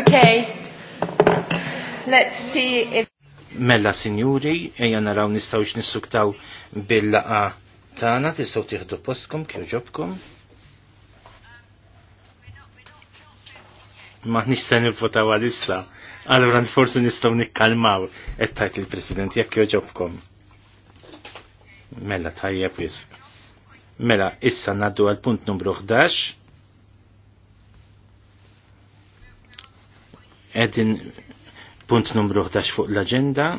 Okay. Let's see if... Mella sinjuri, eja naraw nistawx nissuktaw bil-laqa tana, tistaw tiħdu postkom, kju ġobkom. Ma nista nivvotaw għal-issa, għallura forsi nistaw nikkalmaw, ettajt il-president, jekk kju ġobkom. Mella tajjeb jis. Mela, issa naddu għal-punt numru 11 edin punt numru 11 fuq l-agenda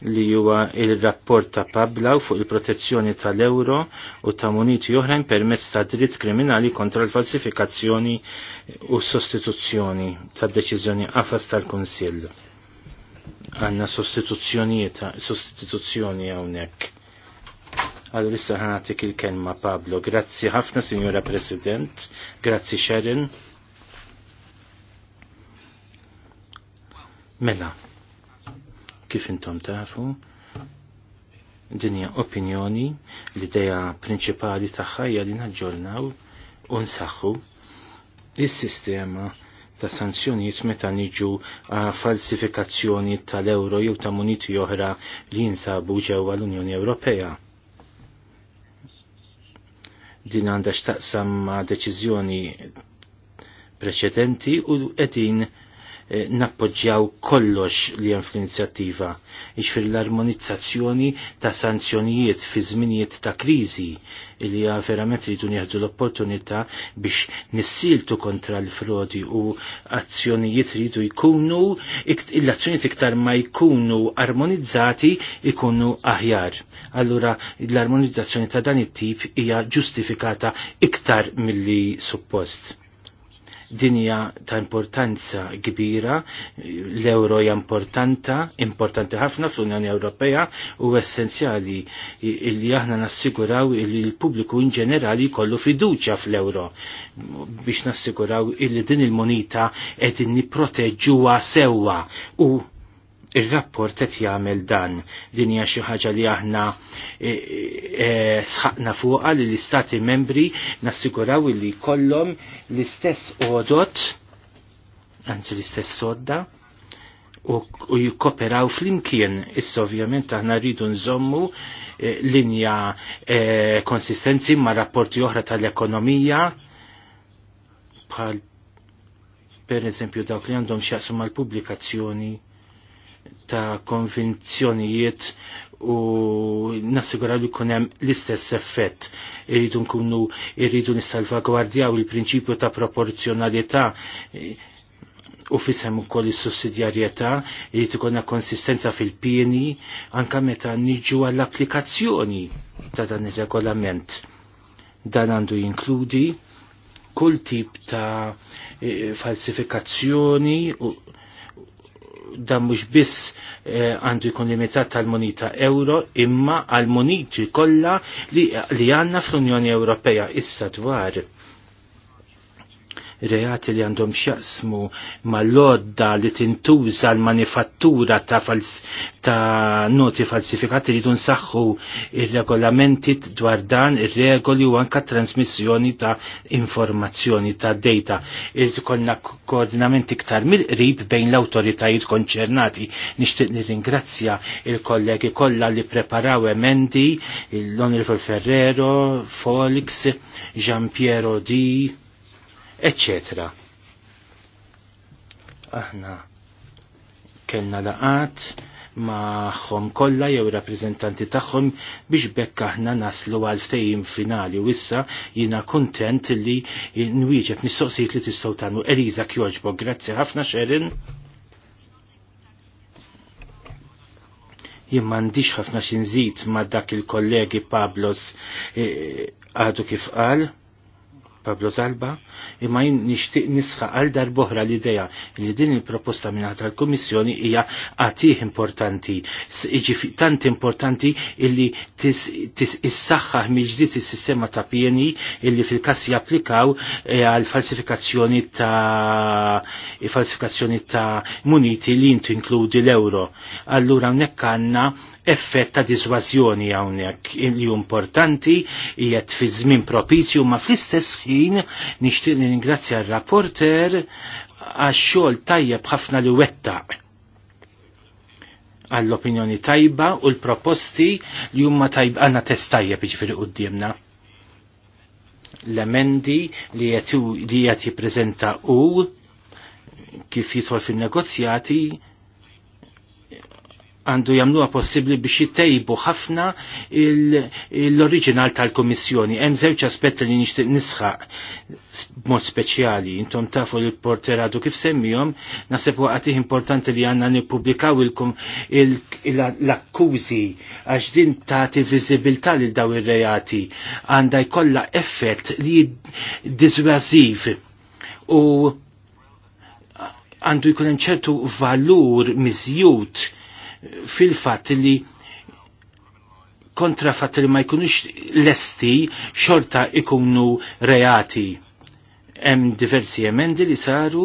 li huwa il-rapport ta' Pabla fuq il-protezzjoni tal-euro u ta' muniti oħrajn permezz ta' dritt kriminali kontra l-falsifikazzjoni u sostituzzjoni ta' deċiżjoni qafas tal-Kunsill. Għanna sostituzzjonijiet, sostituzzjoni hawnhekk. Allora issa ħanatik il-kelma Pablo. Grazzi ħafna, Signora President. Grazzi Sharon Mela, kif intom tafu, dinja opinjoni l-ideja prinċipali taħħajja li naġġornaw u nsaħħu il-sistema ta' sanzjonijiet meta niġu falsifikazzjoni tal-euro jew ta' muniti oħra li jinsabu ġewwa l-Unjoni Ewropea. Din għandha x'taqsam ma' deċiżjoni preċedenti u qegħdin Eh, nappoġġjaw kollox li hemm fl-inizjattiva. Ixfir l-armonizzazzjoni ta' sanzjonijiet fi żminijiet ta' kriżi li hija verament ridu nieħdu l-opportunità biex nissiltu kontra l-frodi u azzjonijiet ridu jkunu l-azzjonijiet iktar ma jkunu armonizzati ikunu aħjar. Allura l-armonizzazzjoni ta' dan it-tip hija ġustifikata iktar milli suppost dinja ta' importanza kbira, l-euro hija importanta, importanti ħafna fl-Unjoni Ewropea u essenzjali li aħna nassiguraw li l-pubbliku in ġenerali kollu fiduċja fl-euro biex nassiguraw li din il-monita qegħdin nipproteġuha sewwa u il-rapport qed jagħmel dan din hija xi ħaġa li aħna e, e, sħaqna fuqha li l-istati membri nassiguraw li kollhom l-istess għodot anzi l-istess sodda u, u jikkoperaw flimkien issa ovvjament aħna rridu nżommu e, linja e, konsistenzi ma' rapporti oħra tal-ekonomija bħal per eżempju dawk li għandhom xjaqsu mal-pubblikazzjoni ta' konvinzjonijiet u nassigura li kunem l-istess effett. Irridu nkunu, irridu nissalvagwardjaw il-prinċipju ta' proporzjonalità e, u fissem u is sussidjarjetà li tikonna konsistenza fil-pieni anka meta niġu għall-applikazzjoni ta' dan ir-regolament. Dan għandu jinkludi kull tip ta' e, falsifikazzjoni u dan mhux biss eh, għandu jkun limitat tal-monita euro imma għal moniti kollha li għandna fl-Unjoni Ewropea issa dwar reati li għandhom xjaqsmu mal-lodda li tintuża l-manifattura ta', fals ta noti falsifikati li tunsaxħu il regolamenti dwar dan ir-regoli u anka trasmissjoni ta' informazzjoni ta' data. Il-konna koordinamenti iktar mill-qrib bejn l-autoritajiet konċernati. Nixtieq nirringrazzja il-kollegi kollha li preparaw emendi l-Onrifol Ferrero, Folix, Gian Piero Di, eccetera. Aħna kellna laqat maħħom kollha jew rappreżentanti tagħhom biex bekk aħna naslu għal fejjim finali u issa jiena kuntent li nwieġeb mistoqsijiet li tistgħu tagħmlu. Eliza Kjoġbok, grazzi ħafna xerin. Jien m'għandix ħafna xi nżid ma' dak il-kollegi Pablos eh, għadu kif qal Pablo Zalba, imma jien nixtieq nisħa għal darboħra l-idea li din il-proposta minn tal-Kummissjoni hija għatih importanti, iġi tant importanti illi tissaħħaħ mill-ġdid is-sistema ta' pieni illi fil-każ japplikaw eh, għal falsifikazzjoni ta' falsifikazzjoni ta' muniti li inkludi l-euro. Allura hawnhekk għandna effett ta' diswazjoni hawnhekk li importanti qiegħed fi żmien propizju ma fl-istess ħin nixtieq ningrazzja r-rapporter għax-xogħol tajjeb ħafna li wettaq għall-opinjoni tajba u l-proposti li huma tajba għanna test tajjeb ġifiri qudiemna. L-emendi li qed jippreżenta u kif jidħol fin-negozjati għandu jamluwa possibbli biex jittejbu ħafna l original tal-Komissjoni. Hemm żewġ aspetti li nixtieq nisħaq b'mod speċjali. Intom tafu li porteradu kif semmihom, naħseb waqgħet importanti li għandna nippubblikaw l-akkużi għax din tagħti viżibilità lil daw ir-reati għandha jkollha effett li diswaziv u għandu jkun ċertu valur miżjud fil-fatt li kontra fat li ma jkunux lesti xorta ikunu reati. Hemm diversi emendi li saru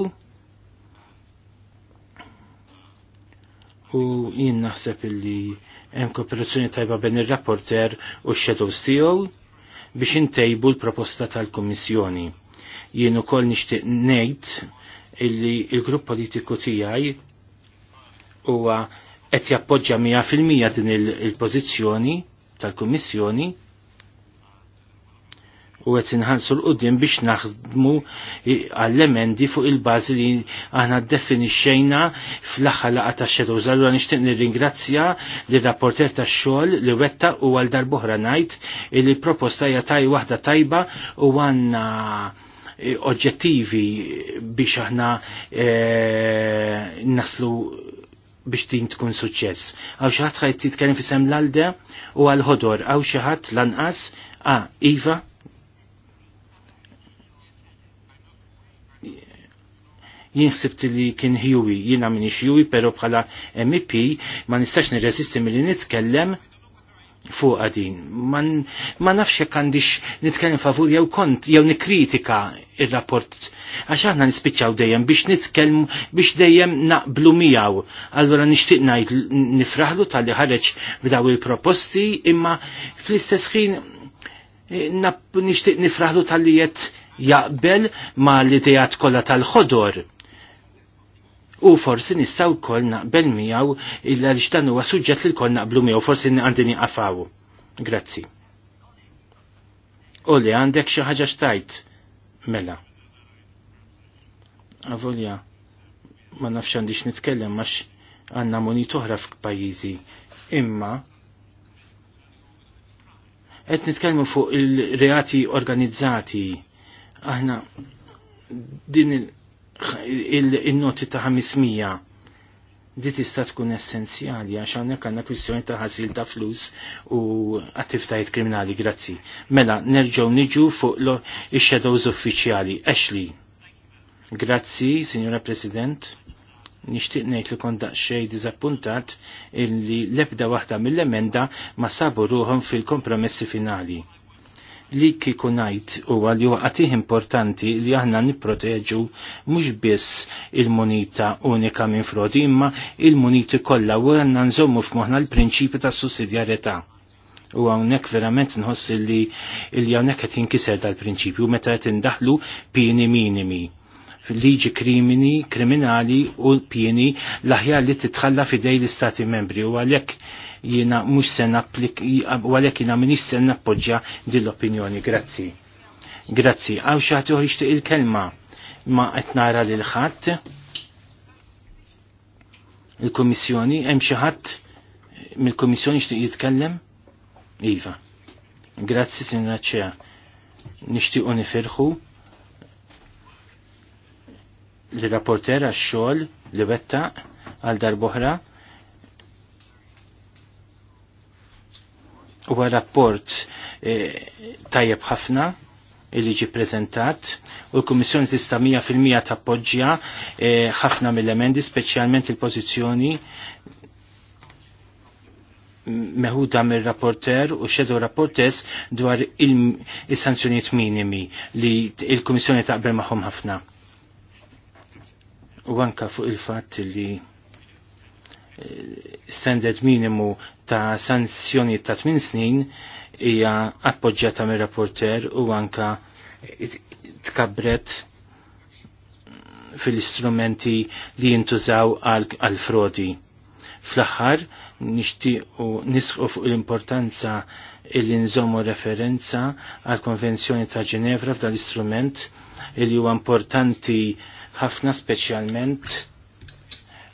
u jien naħseb illi hemm kooperazzjoni tajba bejn ir-rapporter u x-shadows tiegħu biex intejbu l-proposta tal-Kummissjoni. Jien ukoll nixtieq ngħid illi il-grupp politiku tiegħi huwa qed jappoġġja 100% din il-pożizzjoni tal-Kummissjoni u qed inħallsu l-qudiem biex naħdmu għall-emendi fuq il-bażi li aħna ddefinixxejna fl-aħħar laqgħa tax-xedows. Allura nixtieq nirringrazzja lir-rapporter tax-xogħol li wetta u għal darb'oħra ngħid li proposta hija taj waħda tajba u għandna e, oġġettivi biex aħna e, naslu biex din tkun suċċess. Għaw xaħat ħajt titkellem fisem l-alde u għal-ħodor, għaw xaħat lanqas, a, Iva, jien xsibt li kien ħjuwi jiena minix Huey, pero bħala MP ma nistax nirreżisti milli nitkellem fuq għadin. Ma nafx jekk għandix nitkellem favur jew kont jew nikritika il rapport għax aħna nispiċċaw dejjem biex nitkellmu biex dejjem naqblu miegħu. Allura nixtieq ngħid nifraħlu tal-li ħareġ b'daw il-proposti imma fl-istess ħin eh, nixtieq nifraħlu tal-li jaqbel ma l-idejat kollha tal-ħodor U forsi nistaw kol naqbel miegħu illa li xtan huwa suġġett li kol naqblu miegħu forsi għandini għafawu. Grazzi. U li għandek xi ħaġa xtajt mela. Avolja, ma nafx dix nitkellem għax għandna muni toħra f'pajjiżi. Imma qed nitkellmu fuq il-reati organizzati. Aħna din il- il-noti ta' 500 di tista tkun essenzjali għax hawnhekk għandna kwistjoni ta' ħasil ta' flus u attivitajiet kriminali, grazzi. Mela, nerġgħu niġu fuq lo ix-shadows uffiċjali. Ashley. Grazzi, Signora President. Nixtieq ngħid li kont daqsxejn diżappuntat illi l-ebda waħda mill-emenda ma sabu ruħhom fil-kompromessi finali li kiku najt u għal juqatih importanti li aħna niproteġu mux biss il-munita unika minn frodi imma il-muniti kollha u għanna nżommu f'moħna l-prinċipju ta' sussidjarjetà. U għawnek verament nħoss li il għawnek għet jinkiser dal-prinċipju meta għet indaħlu pieni minimi fil-liġi krimini, kriminali u pieni l-aħjar li titħalla fidej l-istati membri u għalek jina mux sen applik, għalek jina minis sen nappoġġa dil-opinjoni, grazzi. Grazzi, għaw xaħti uħri xtiq il-kelma ma etnara li l-ħat il-komissjoni, hemm xi ħadd komissjoni xti jitkellem? Iva. Grazzi sinna ċea. Nixtiequ nifirħu l-rapporter għax-xogħol li wettaq għal darboħra huwa rapport eh, tajjeb ħafna li ġi prezentat u l-Kummissjoni tista' mija fil-mija tappoġġja eh, ħafna mill-emendi, speċjalment il-pożizzjoni meħuda mir rapporter u xedu rapportess dwar il-sanzjoniet minimi li il-Kummissjoni taqbel magħhom ħafna. U anka fuq il-fatt li standard minimu ta' sanzjoni ta' 8 snin hija appoġġjata mir rapporter u anka tkabret fil-istrumenti li jintużaw għal frodi. Fl-aħħar nixtiequ nisħu fuq l-importanza illi nżommu referenza għal konvenzjoni ta' Ġenevra f'dal istrument illi huwa importanti ħafna speċjalment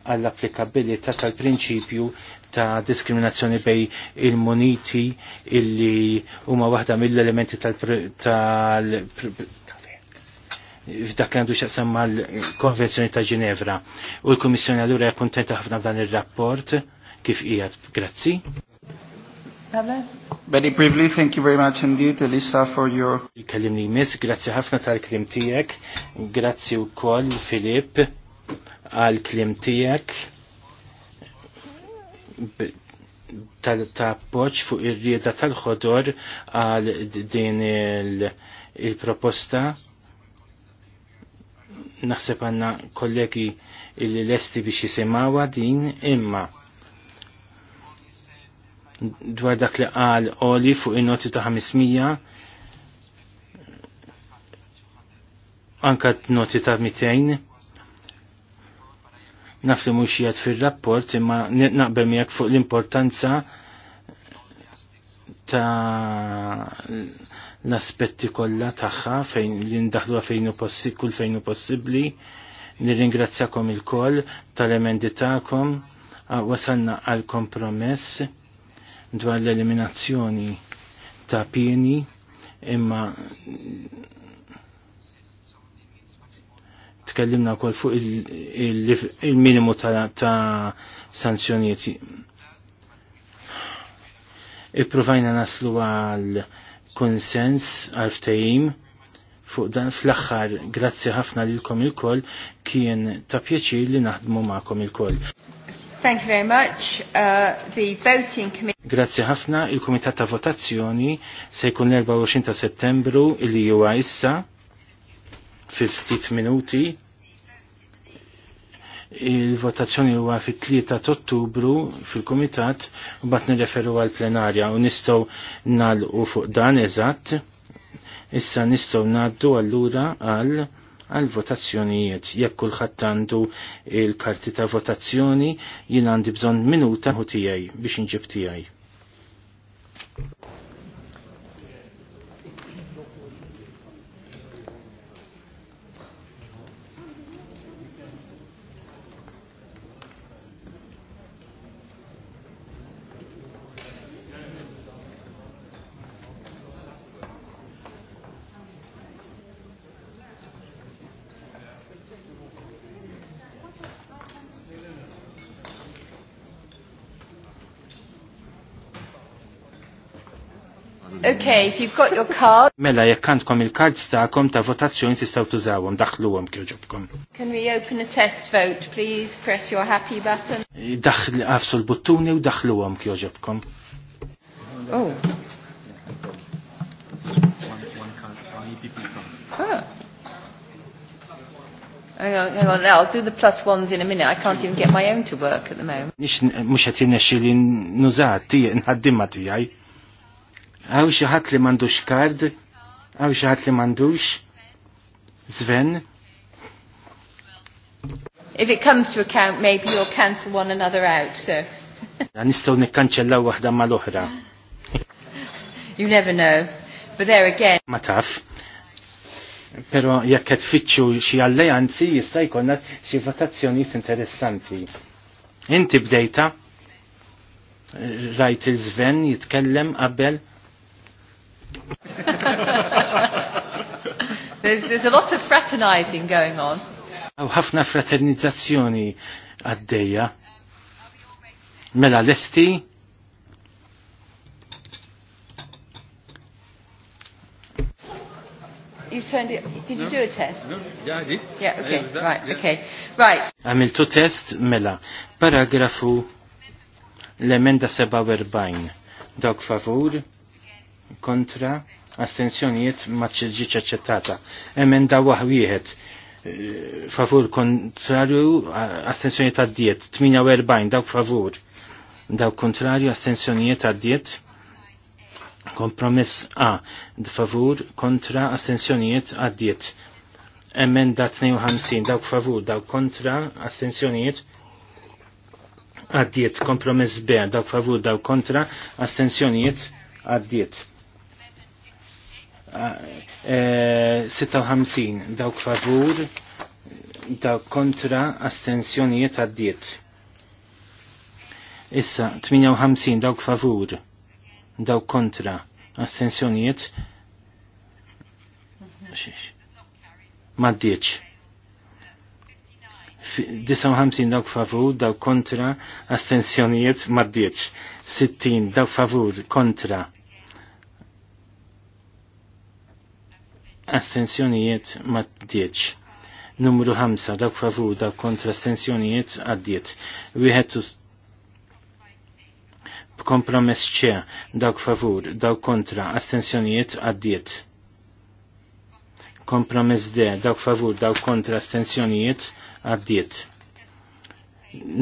għall-applikabilità tal-prinċipju ta' diskriminazzjoni bej il-moniti illi huma waħda mill-elementi tal f'dak li għandu xaqsam l konvenzjoni ta' Ginevra. U l-Komissjoni għallura hija kontenta ħafna f'dan ir-rapport kif qiegħed. Grazzi. Very briefly, thank you very much indeed, Elisa, for your... Kallimni mis, grazzi ħafna tal-klim tijek, grazzi u koll, Filip, għal klim tijek tal-tappoċ fuq ir-rieda tal-ħodor għal din il-proposta. Naħseb għanna kollegi il-lesti biex jisimawa din imma dwar dak li qal oli fuq in-noti ta' 500 anka t-noti ta' 200 naf li mhux fir-rapport imma naqbel miegħek fuq l-importanza ta' l-aspetti kollha tagħha fejn li ndaħlu fejn kull fejn hu possibbli. Nirringrazzjakom il-koll tal-emendi tagħkom wasalna għal kompromess dwar l-eliminazzjoni ta' pieni imma Tkellimna wkoll fuq il-minimu ta' sanzjonijiet. Ippruvajna naslu għal konsens għal ftehim fuq dan fl-axħar grazzi ħafna lilkom il-koll kien ta' pjaċir li naħdmu ma'kom il-koll. Thank you very much. Uh, the voting committee. Grazzi ħafna, il-Kumitat ta' Votazzjoni se jkun l-24 ta' Settembru il-li huwa issa 50 minuti il-votazzjoni huwa fit-3 ta' Ottubru fil-Kumitat u bat nirreferu għal plenarja u nistgħu nagħlqu fuq dan eżatt. Issa nistgħu ngħaddu allura għal għal votazzjonijiet. Jekk kulħadd għandu il-karti ta' votazzjoni jien għandi bżonn minuta ħu tiegħi biex inġib tiegħi. you've got your card. Mela, jekk għandkom il-kards ta'kom ta' votazzjoni tistgħu tużawhom, daħluhom kieġobkom. Can we open a test vote, please? Press your happy button. Daħl għafsu l-buttuni u daħluhom kieġobkom. Oh. Ah. Hang on, hang on, I'll do the plus ones in a minute. I can't even get my own to work at the moment. Nix mux għatin li nużat, nħaddimma tijaj. Għaw xaħat li mandux kard, għaw xaħat li mandux, zven. If it comes to account, maybe you'll cancel one another out, so. Nistaw nikkanċellaw waħda mal-oħra. You never know. But there again. Ma taf. Pero jekk qed fitxu xi alleanzi jista' jkollna xi votazzjonijiet interessanti. Inti bdejta rajt il zven, jitkellem qabel there's, there's a lot of fraternizing going on. Għaw ħafna fraternizzazzjoni għaddeja. Mela l-esti. You turned it. Did you no. do a test? No. Yeah, I did. Yeah, okay. I right, yeah. okay. Right. Għamiltu test mela. Paragrafu l-emenda 47. Dog favur kontra astenzjonijiet ma aċċettata. aċċettata. Emenda wieħed eh, favur kontrarju astenzjonijiet għaddiet, 48 dawk favur, dawk kontrarju astenzjonijiet għaddiet, kompromess A, favur kontra astenzjonijiet għaddiet. Emenda 52 dawk favur, dawk kontra astenzjonijiet għaddiet, kompromess B, dawk favur, dawk kontra astenzjonijiet għaddiet 56 eh, dawk favur dawk kontra astensjonijiet għaddiet. Issa 58 dawk favur dawk kontra astensjonijiet maddiċ. 59 dawk favur, dawk kontra, astensjonijiet maddiċ. 60 dawk favur, kontra, astensjonijiet ma tdieċ. Numru 5 dak favur dak kontra astensjonijiet għaddiet. Wieħed kompromess ċe dak favur dak kontra astensjonijiet għaddiet. Kompromess de, dak favur dak kontra astensjonijiet għaddiet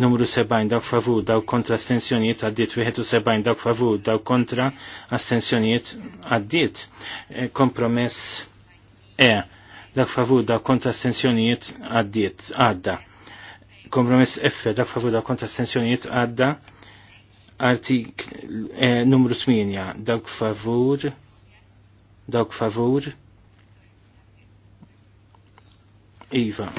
numru 70 dak favur dak kontra astensjonijiet għaddiet 71 dak favur dak kontra astensjonijiet għaddiet eh, kompromess E, dak favur da kontra astensjonijiet għaddiet, għadda. Kompromess F, dak favur dak kontra astensjonijiet għadda. Artik e, numru 8, dak favur, dak favur. Iva,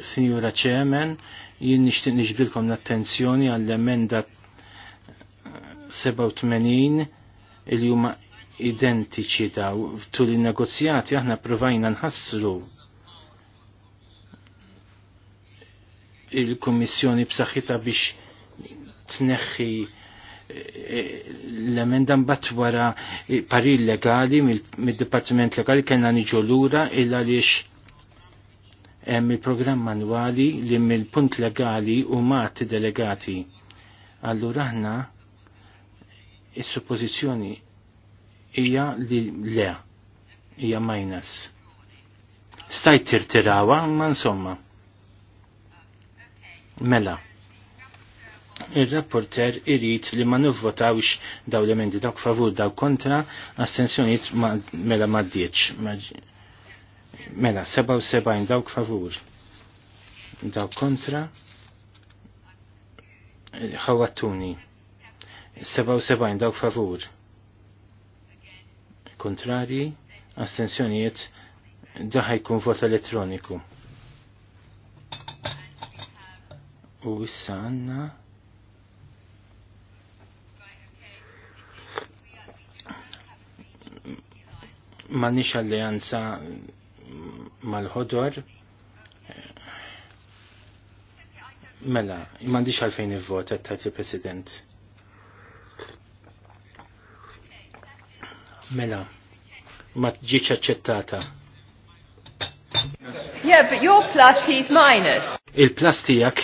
Signora Chairman, jien nixtieq nixbdilkom l-attenzjoni għall-emenda 87 il huma identiċi daw tul il-negozjati aħna provajna nħassru il-Kommissjoni b'saħħitha biex tneħħi eh, l-emenda mbagħad wara parir legali mid-Dipartiment Legali kellna niġu lura illa għaliex hemm il-programm manwali li mill-punt legali u mat delegati. Allura aħna is-suppożizzjoni hija li le ija minus. Stajt tirtirawa ma insomma. Mela. Ir-rapporter irrit li ma nuvvotawx daw l-emendi dawk favur daw kontra astensjoniet mela ma d-dieċ. Mela 77 dawk favur daw kontra ħawattuni. 77 dawk favur kontrarji, astensjonijiet, daħaj jkun vot elettroniku. U issa għanna manix alleanza mal-ħodor mela, nix għalfejn il-vot għattat il-President. Mela, ma tġiċ aċċettata. Yeah, but your plus he's minus. Il-plus tijak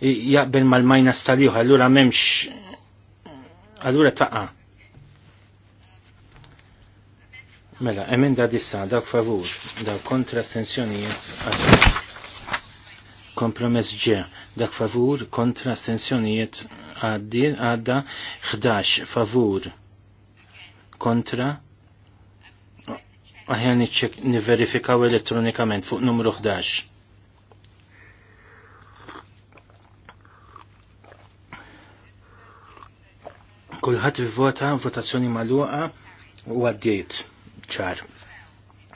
jaqbel mal-minus tal-juħ, allura memx, allura taqa. Mela, emenda dissa, dak favur, dak kontra stensjonijiet Kompromess ġe, dak favur, kontra stensjonijiet għadda, 11 favur, kontra iċċek niverifikaw elettronikament fuq numru 11. Kulħadd vivota votazzjoni magħluqa u għaddiet ċar.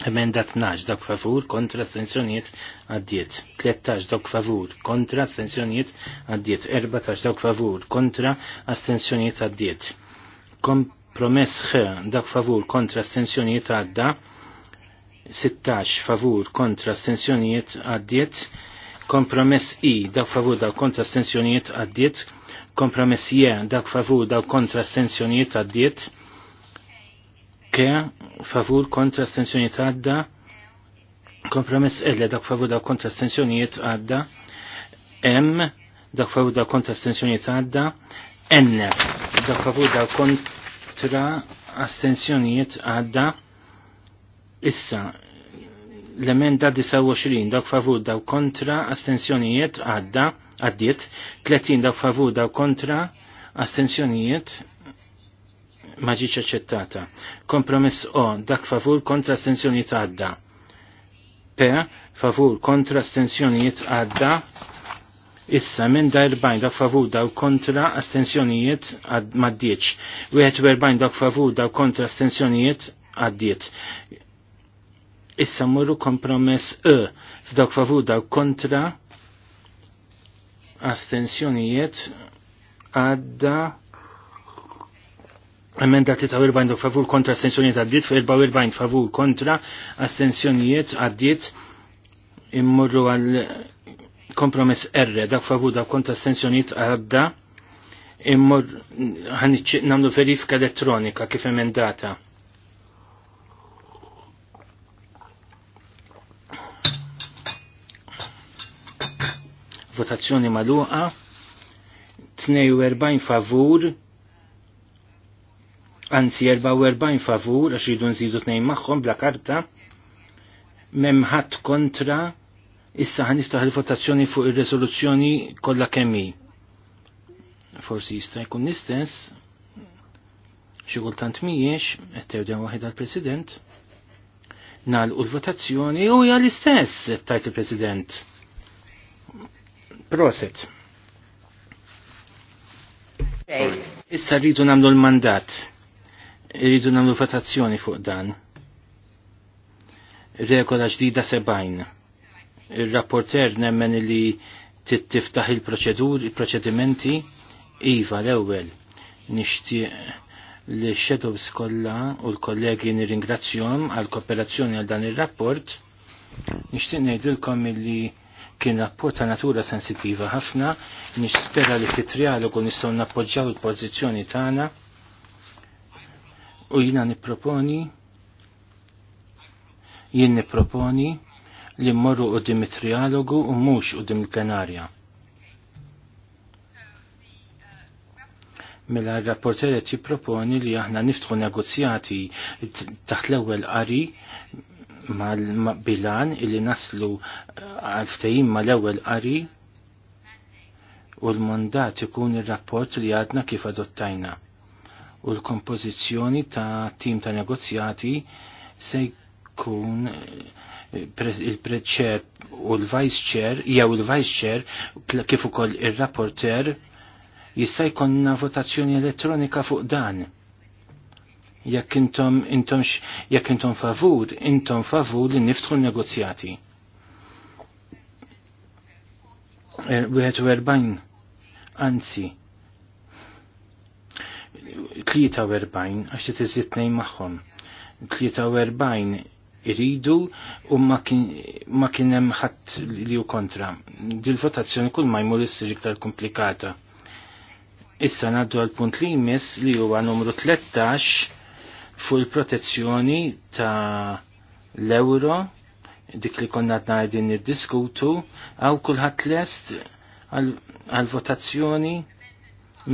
Emenda 12 dak favur kontra astensjonijiet għaddiet. 13 dak favur kontra astensjonijiet għaddiet. 14 dak favur kontra astensjonijiet għaddiet. Kompromess dak favur kontra astensjonijiet għadda. 16 favur kontra astensjonijiet għaddiet, kompromess I dak favur dak kontra stensjonijiet għaddiet, kompromess J dak favur dak kontra astensjonijiet għaddiet, K favur kontra stensjonijiet għadda, kompromess L dak favur dak kontra stensjonijiet għadda, M dak favur dak kontra stensjonijiet għadda, N dak favur dak kontra astensjonijiet għadda, Issa, l-emenda 29 dawk favur daw kontra astensjonijiet għadda għaddiet 30 dawk favur daw kontra astensjonijiet ma ġiċ aċċettata. Kompromess O dak favur kontra astensjonijiet għadda. P favur kontra astensjonijiet għadda. Issa minn da 40 dak favur daw kontra astensjonijiet għad ma 10. 41 dak favur daw kontra astensjonijiet għaddiet. Issa morru kompromess E f'dak favur daw kontra astensjonijiet għadda emenda 43 favur kontra astensjonijiet għaddiet, f'44 favur kontra astensjonijiet għaddiet immorru għal kompromess R, dak favur daw kontra astensjonijiet għadda immur namlu verifika elettronika kif emendata. votazzjoni maluqa 42 favur anzi 44 favur għax jidu nżidu tnejn magħhom bla karta memħat kontra issa iftaħ il-votazzjoni fuq ir-resoluzzjoni kollha kemm hi. Forsi jista' jkun nistess xi kultant mhijiex qed tewdew waħed għall-President nagħlqu l-votazzjoni u hija l-istess tajt il-President. Proset. Issa rridu namlu l-mandat. Rridu namlu votazzjoni fuq dan. Regola ġdida sebajn. Il-rapporter nemmen li tittiftaħ il-proċedur, il-proċedimenti, iva l-ewel. Nishtiq li x skolla kollha u l-kollegi nir-ingrazzjon għal kooperazzjoni għal dan ir-rapport. Nixtieq ngħidilkom li kien rapport ta' natura sensitiva ħafna, nispera li fit trialogu nistgħu nappoġġjaw il-pożizzjoni tagħna u jiena nipproponi jien nipproponi li mmorru u it-trialogu u mhux qudiem il-Kanarja. Mela r-rapporteret jipproponi li aħna niftħu negozjati taħt l-ewwel qari mal-bilan illi naslu eh, għal ftajim mal-ewel qari u l-mandat ikun il-rapport li għadna kif adottajna u l-kompożizzjoni ta' tim ta' negozjati se jkun eh, il-preċep u l-vice chair jew il-vice chair kif ukoll ir-rapporter jista' jkollna votazzjoni elettronika fuq dan jekk intom intom jekk intom favur, intom favur li niftħu l-negozjati. 41 er, anzi 43 għax qed tnejn magħhom. 43 iridu u ma kien hemm ħadd li hu kontra. Dil-votazzjoni kull ma jmur issir iktar komplikata. Issa naddu għal punt li jmiss li huwa numru 13 fuq il-protezzjoni ta' l-euro dik li konna għadin niddiskutu għaw kulħadd lest għal votazzjoni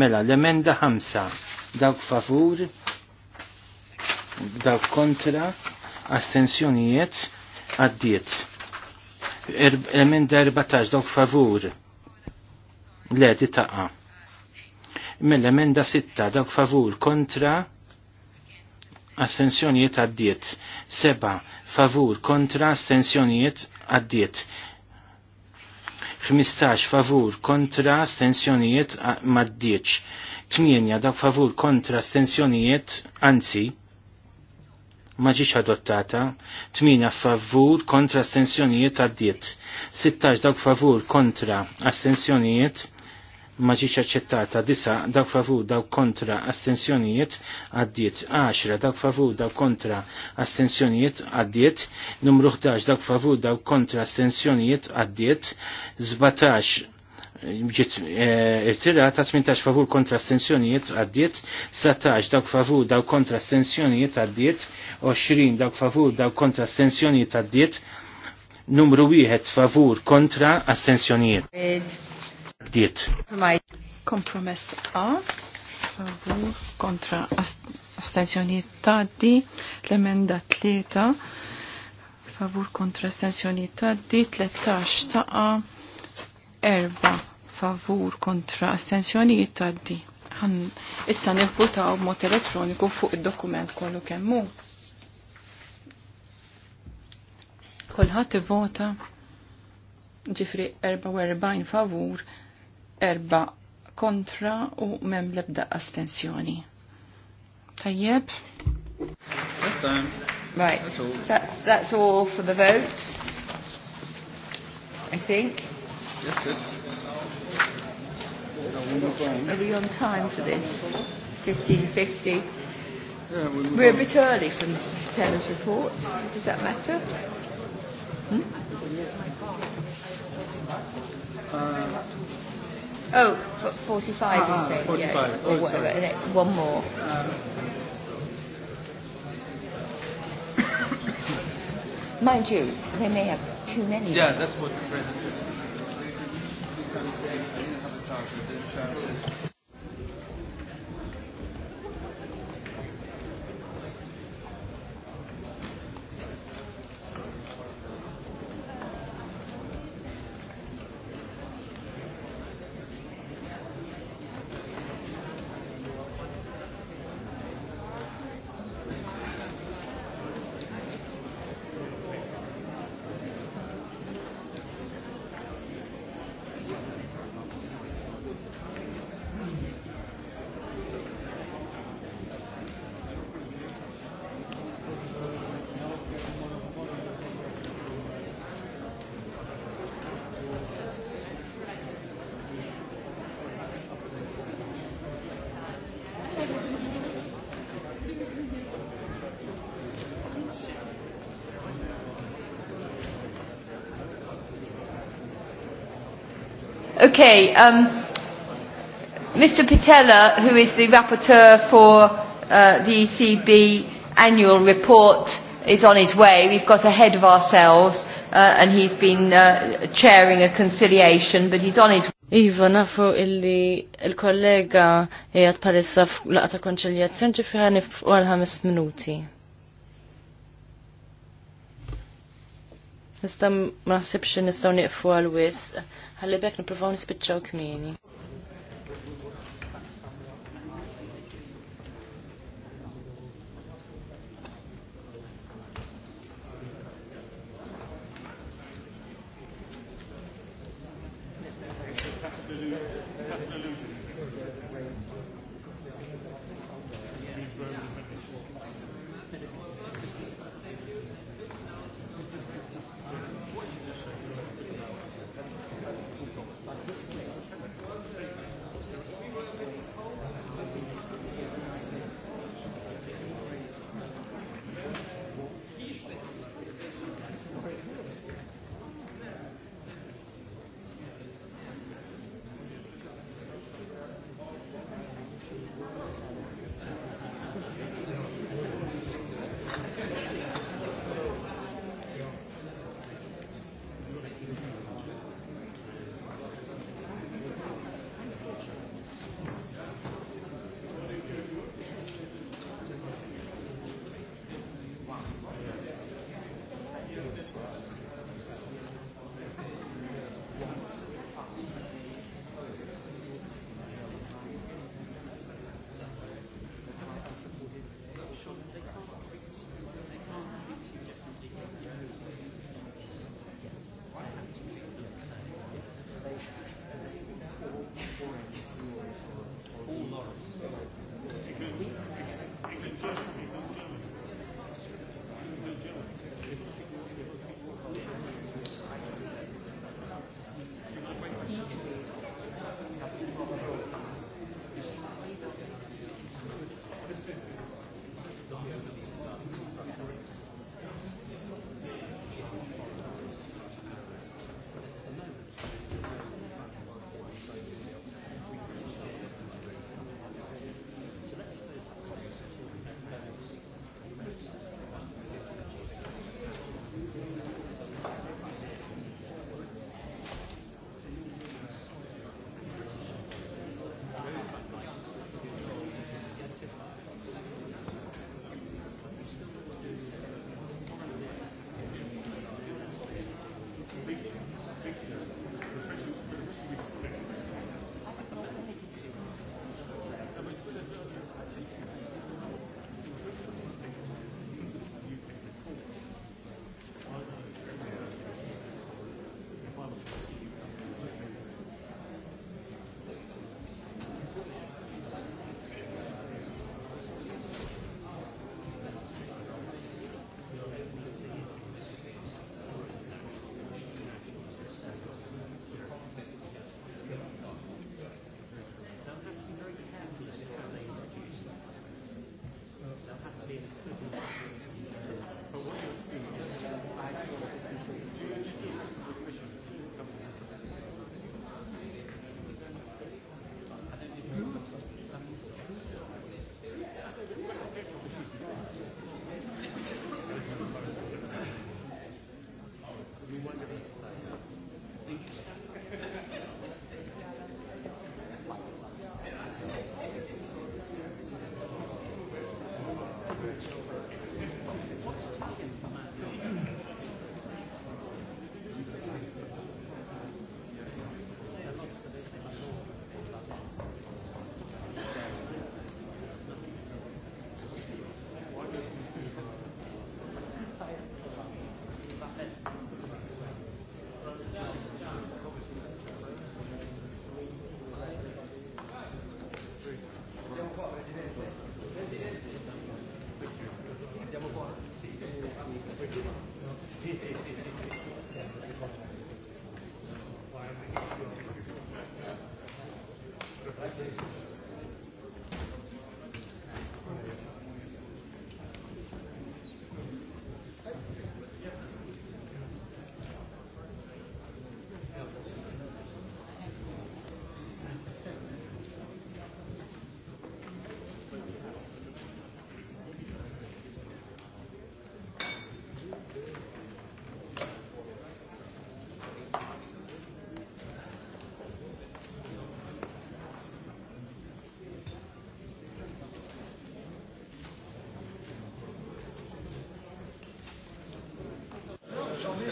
mela l-emenda ħamsa dawk favur dawk kontra astensjonijiet għaddiet er, l-emenda 14 dawk favur le edi taqa mela l-emenda 6 dawk favur kontra astensjonijiet għaddiet. Seba, favur kontra astensjonijiet għaddiet. 15 favur kontra astensjonijiet maddiċ. 8 dak favur kontra astensjonijiet, anzi, maġiċ adottata, 8 favur kontra astensjonijiet għaddiet. 16 dak favur kontra astensjonijiet ma ċettata aċċettata disa daw favu daw kontra astensjonijiet għaddiet 10 daw favur daw kontra astensjonijiet għaddiet numru 11 dawk favur dawk kontra astensjonijiet għaddiet 17 ġiet ta' 18 favur kontra astensjonijiet għaddiet 17 daw favur daw kontra astensjonijiet għaddiet 20 daw favur dawk kontra astensjonijiet għaddiet numru 1 eh, favur kontra astensjonijiet. Diet. Kompromess A. Favur kontra astenzjoniet taddi. L-emenda tlieta. Favur kontra astenzjoniet taddi. 13 taqa. Erba. Favur kontra astenzjoniet taddi. Għan issa nibbutaw b'mod elettroniku fuq id-dokument kollu kemmu. Kolħat i-vota ġifri 44 favur, erba kontra u mem lebda astensjoni. Tajjeb. right. That's all. That's, that's all for the votes. I think. Yes, yes. Are we on time for this? 15.50? Yeah, We're on. a bit early for Mr. Taylor's report. Does that matter? Hmm? Uh, Oh, 45, ah, you think? 45. Yeah, or whatever. Oh, One more. Mind you, they may have too many. Yeah, that's what the president. is. Okay, um, Mr. Pitella, who is the rapporteur for uh, the ECB annual report, is on his way. We've got ahead of ourselves, uh, and he's been uh, chairing a conciliation, but he's on his way. Iva, nafu illi il-kollega jgħat palissa f'laqta konċiljazzjon ġifiħan għal ħames minuti. Nistam, ma naħsibx nistgħu nieqfu għal wis, ħalli bekk niprofaw nispiċċaw kmieni.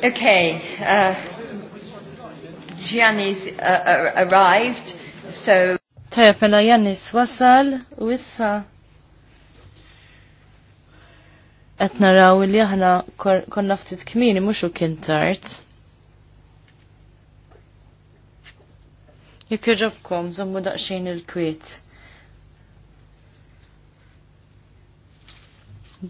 Okay, uh, Gianni's uh, uh, arrived, so... Tajab, mela Giannis wasal u issa qed li aħna konna ftit kmini mhux u kien tard. Jekk jogħġobkom żommu daqsxejn il-kwiet.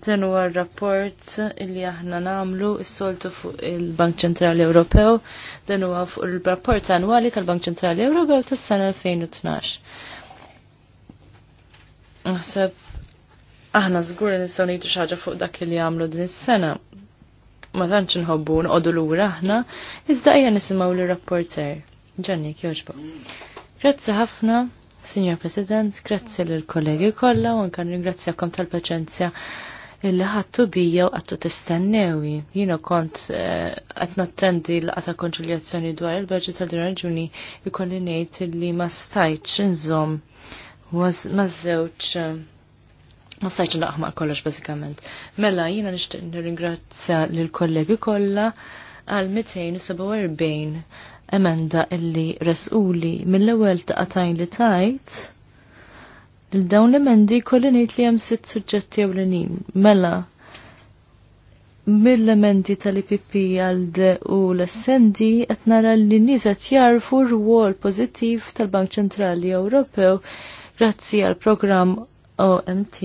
Dan huwa rapport illi aħna nagħmlu s-soltu fuq il-Bank Ċentrali Ewropew, dan huwa fuq il-rapport annwali tal-Bank Ċentrali Ewropew tas-sena 2012. Naħseb aħna żgur nistgħu ngħidu xi ħaġa fuq dak li jagħmlu din is-sena. Ma tantx inħobbu nqogħdu lura aħna, iżda ejja nisimgħu lir-rapporter. Ġenni, jogħġbu. Grazzi ħafna, Signor President, grazzi lill kollegi kollha u anke ringrazzjakom tal-paċenzja illi ħattu bija u għattu tistennewi. Jina kont eh, għat nattendi l-għata konċiljazzjoni dwar il bħġi tal-din raġuni jikolli nejt illi ma stajċ nżom ma zewċ eh, ma stajċ naqma kollox bazzikament. Mela jina nishtiq nirringrazzja l-kollegi kolla għal 247 emenda illi resquli mill-ewel taqatajn li tajt L-dawn l-emendi kolli ngħid li hemm sitt suġġetti ewlenin. Mela, mill-emendi tal-IPP għal u l-essendi qed nara li nies qed jarfu r-rwol pozittiv tal-Bank Ċentrali Ewropew grazzi għal programm OMT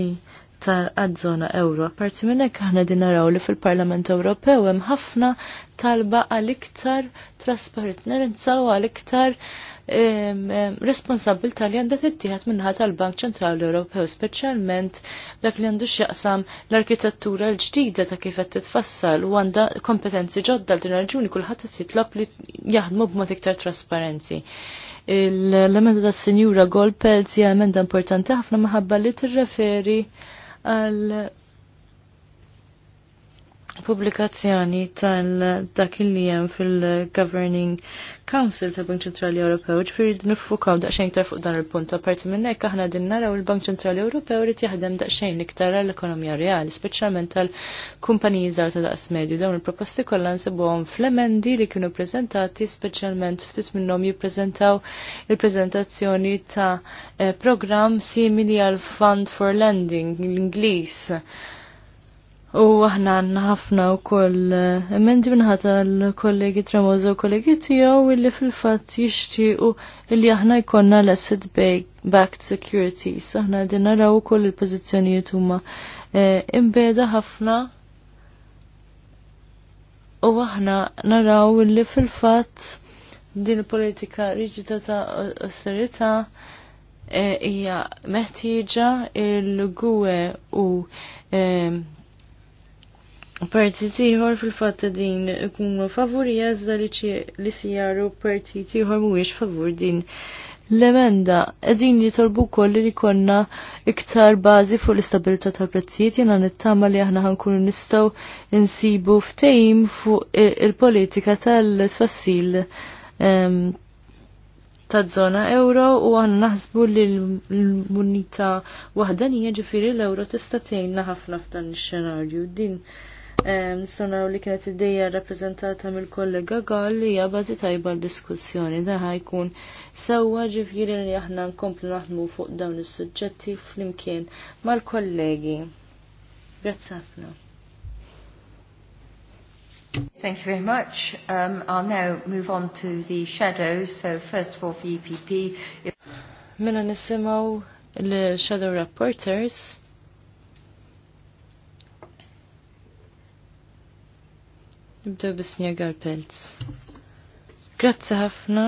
tal-għadżona euro. Parti minnek aħna din naraw li fil-Parlament Ewropew hemm ħafna talba għal iktar trasparenza u għal iktar responsabilta li għandha tittieħed minnaħa tal-Bank Ċentrali Ewropew, speċjalment dak li għandu x'jaqsam l-arkitettura l-ġdida ta' kif qed titfassal u għandha kompetenzi ġodda l din raġuni kulħadd qed jitlob li jaħdmu b'mod iktar trasparenzi l-emenda ta' Sinjura Golpelz hija emenda importanti ħafna maħabba li tirreferi għal pubblikazzjoni tal-dak li hemm fil-Governing Council tal-Bank Ċentrali Ewropew, ġifieri nifukaw daqsxejn iktar fuq dan il-punt. Apparti minn hekk aħna din naraw il-Bank Ċentrali Ewropew rid jaħdem daqsxejn iktar għall-ekonomija reali, speċjalment tal-kumpaniji żgħar ta' daqs medju. Dawn il-proposti kollha nsibuhom fl-emendi li kienu prezentati, speċjalment ftit minnhom jippreżentaw il-preżentazzjoni ta' eh, programm simili għal Fund for Lending l-Ingliż U aħna għanna ħafna u koll eh, emendi minnħata l-kollegi Tremoza u kollegi tijaw illi fil-fat u illi aħna jkonna l-asset backed securities. Aħna din naraw u koll il-pozizjonijiet huma eh, imbeda ħafna u aħna naraw illi fil-fat din politika riġita ta' austerita eh, hija meħtieġa il-gwe u Partit ieħor fil-fatt din ikunu favori jazda li sijaru partit ieħor mhuwiex favur din l-emenda li jitolbu koll li konna iktar bazi fuq l-istabilità tal-prezzijiet jena nittama li aħna ħankunu nistaw insibu ftejim fuq il-politika tal-tfassil ehm, ta' zona euro u għan naħsbu li l-munita wahdanija ġifiri l-euro tista' tgħinna ħafna f'dan ix-xenarju din nistanaw li kienet id-dija rappresentata mill-kollega Gall li hija bażi tajba l-diskussjoni. Dan ħajkun sewwa ġifieri li aħna nkomplu naħdmu fuq dawn is-suġġetti flimkien mal-kollegi. Grazzi ħafna. Thank you very much. Um, I'll now move on to the shadows. So first of all, for EPP. Mela nisimaw l-shadow reporters. Nibdew bis-Sinjor Galpelz. Grazzi ħafna,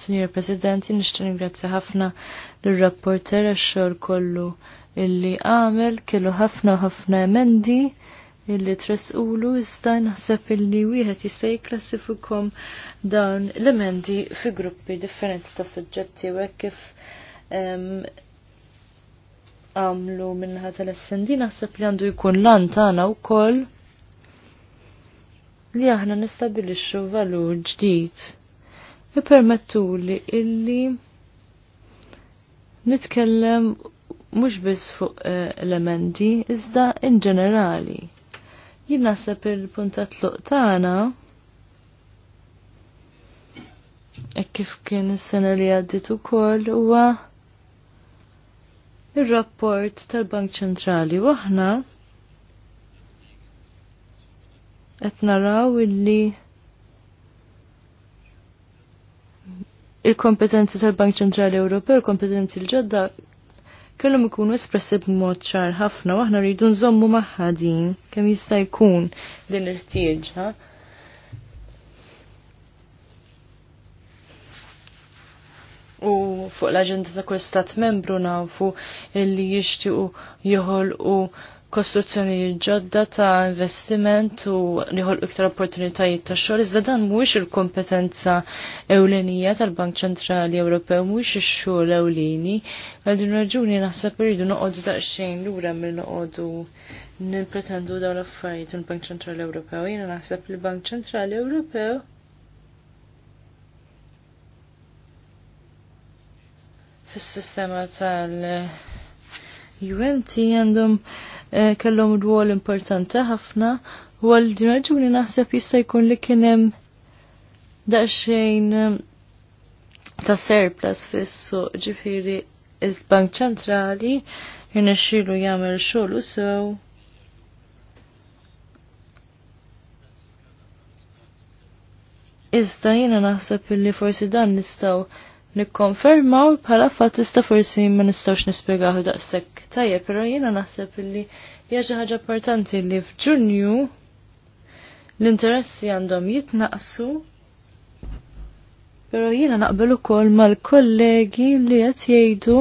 Sinjor President, nixtieq ningrazzja ħafna l rapporter għax-xogħol kollu illi għamel kellu ħafna ħafna emendi illi tresqulu iżda naħseb illi wieħed jista' jikklassifikhom dawn l-emendi fi gruppi differenti ta' suġġetti u kif għamlu minnaħa tal-essendi naħseb li għandu jkun lan tagħna wkoll li aħna nistabilixxu valur ġdid ipermettu li illi nitkellem mhux biss fuq eh, l iżda in ġenerali. Jien naħseb il-puntat tagħna e kif kien is-sena li għaddit ukoll huwa ir-rapport tal-Bank Ċentrali waħna aħna qed naraw illi il-kompetenzi tal-Bank Ċentrali Ewropew, il-kompetenzi l-ġodda kellhom ikunu espressi b'mod ċar ħafna u aħna rridu nżommu magħha din kemm jista' jkun din il-ħtieġa. U fuq l-aġenda ta' kull stat membru nafu li jixtiequ joħolqu kostruzzjoni ġodda ta' investiment u liħol iktar opportunitajiet ta' xogħol iżda dan mhuwiex il-kompetenza ewlenija tal-Bank Ċentrali Ewropew mhuwiex ix-xogħol ewlieni. Għal din raġuni naħseb iridu noqogħdu daqsxejn lura mill noqogħdu nippretendu dawn l-affarijiet il bank Ċentrali Ewropew. Jiena naħseb li bank Ċentrali Ewropew fis-sistema tal- UMT għandhom Eh, kellhom rwol importanti ħafna u għal din raġuni naħseb jista' jkun li kien hemm daqsxejn eh, ta' surplus fis-suq ġifieri il-Bank Ċentrali jirnexxielu jagħmel xogħol sew. Iżda jiena naħseb illi forsi dan nistgħu nikkonfermaw bħala fatt tista' forsi ma nistgħux nispjegaw daqshekk tajjeb, però jiena naħseb illi hija xi ħaġa importanti li f'Ġunju l-interessi għandhom jitnaqsu Pero jiena naqbel ukoll mal-kollegi li qed jgħidu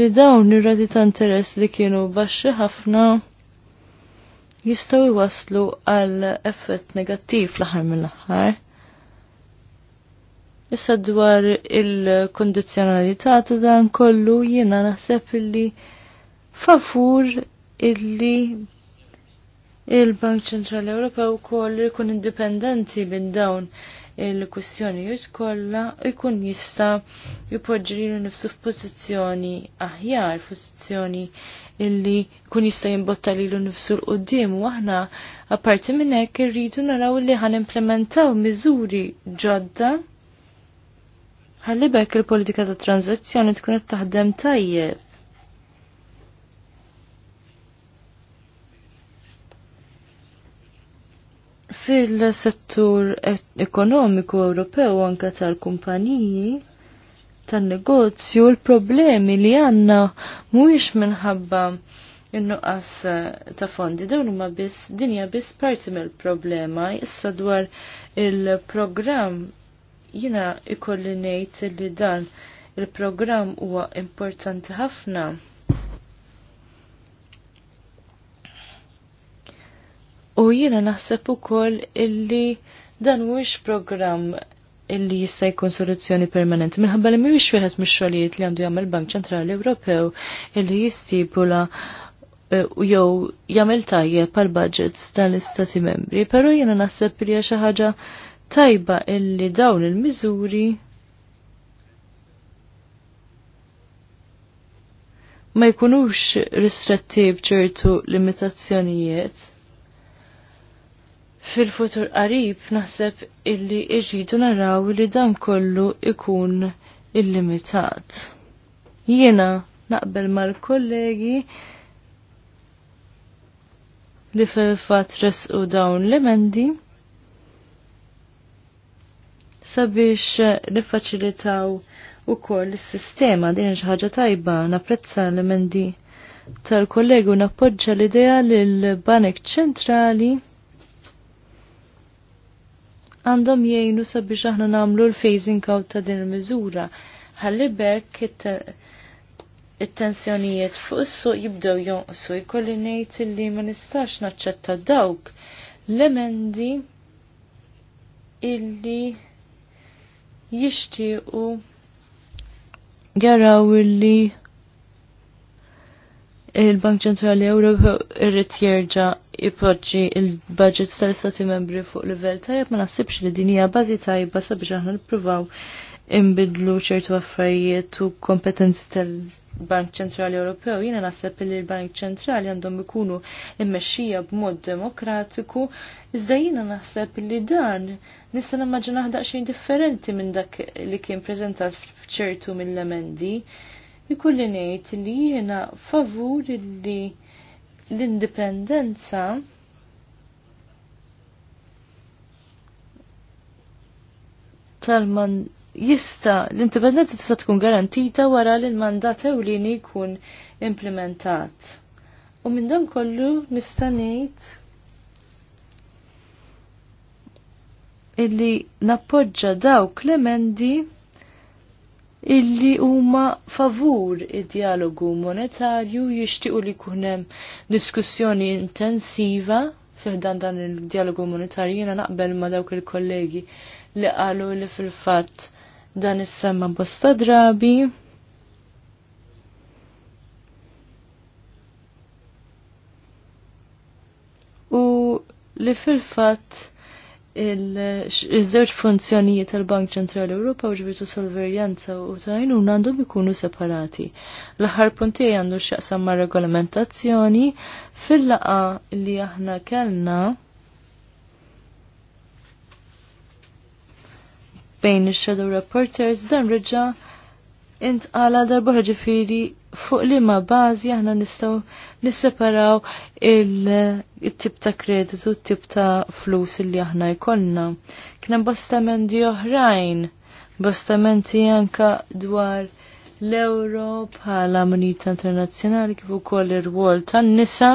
li dawn ir-rati ta' interess li kienu baxxi ħafna jistgħu jwaslu għal effett negattiv l-aħħar mill-aħħar. Issa dwar il-kondizjonalità ta' dan kollu jiena naħseb illi favur illi il-Bank Ċentrali Ewropew ukoll ikun indipendenti minn dawn il-kwistjonijiet kollha jkun jista' jpoġġi nifsu f'pożizzjoni aħjar, pożizzjoni illi kun jista' jimbotta lilu nifsu l qudiem u aħna apparti minn hekk irridu naraw li ħan implementaw miżuri ġodda ħalli bekk il-politika ta' tranzizzjoni tkun qed taħdem tajjeb. Fil-settur e-, ekonomiku Ewropew anke tal-kumpaniji, tan-negozju l-problemi li għanna mhuwiex minħabba in-nuqqas eh, ta' fondi dawn huma biss dinja biss parti mill-problema issa dwar il-programm jiena ikolli ngħid li dan il-programm huwa importanti ħafna. U jiena naħseb ukoll illi dan mhuwiex programm illi jista' jkun soluzzjoni permanenti. Minħabba li mhuwiex wieħed mix-xogħlijiet li għandu jagħmel Bank Ċentrali Ewropew illi jistipula eh, jew jagħmel tajjeb għal budgets tal-istati membri, però jiena naħseb li hija xi ħaġa tajba illi dawn il-miżuri ma jkunux ristretti bċertu limitazzjonijiet fil-futur qarib naħseb illi irridu naraw li dan kollu ikun illimitat. Jiena naqbel mal-kollegi li fil-fat resqu dawn l-emendi sabiex faċilitaw u kol l sistema din ħaġa tajba napprezza l-emendi tal-kollegu nappoġġa l-idea l-Banek ċentrali għandhom jgħinu sabiex aħna nagħmlu l-phasing out ta' din il-miżura. Ħalli bekk it-tensjonijiet fuq is-suq jibdew jonqsu jkolli ngħid illi ma nistax naċċetta dawk l-emendi illi jixtiequ jaraw illi il-Bank Ċentrali Ewropew irrid jerġa' ipoġġi il-budget tal-Istati Membri fuq livell tajjeb ma naħsibx li din hija bażi tajba sabiex aħna nippruvaw imbidlu ċertu affarijiet u kompetenzi tal-Bank Ċentrali Ewropew. Jiena naħseb li l-Bank Ċentrali għandhom ikunu immexxija b'mod demokratiku, iżda jiena naħseb li dan nista' nimmaġina ħdaqxin differenti minn dak li kien preżentat f'ċertu mill-emendi ikolli ngħid li jiena favur li l-indipendenza tal-man jista l-indipendenza tista' tkun garantita wara li l-mandat ewlieni jkun implementat. U minn dan kollu nista' ngħid illi nappoġġa dawk l-emendi illi huma favur id-dialogu monetarju jixtiequ li jkun hemm diskussjoni intensiva fiħdan dan il-dialogu monetarju jiena naqbel ma dawk il-kollegi li qalu li fil-fatt dan is-semma bosta drabi. li fil-fatt il-żewġ funzjonijiet tal-Bank Ċentrali Ewropa u ġbitu sorveljanza u tajn u għandhom ikunu separati. L-aħħar punti għandu x'jaqsam ma' regolamentazzjoni fil-laqa li aħna kellna bejn ix-Shadow Reporters dan reġa' Int għala darbohra ġifiri fuq li ma bazi aħna nistaw nisseparaw il-tip ta' kreditu, tip ta' flus li aħna jkollna. Kna bostamenti oħrajn, bostamenti anka dwar l-euro bħala moneta internazzjonali kif ukoll ir-rwol tan-nisa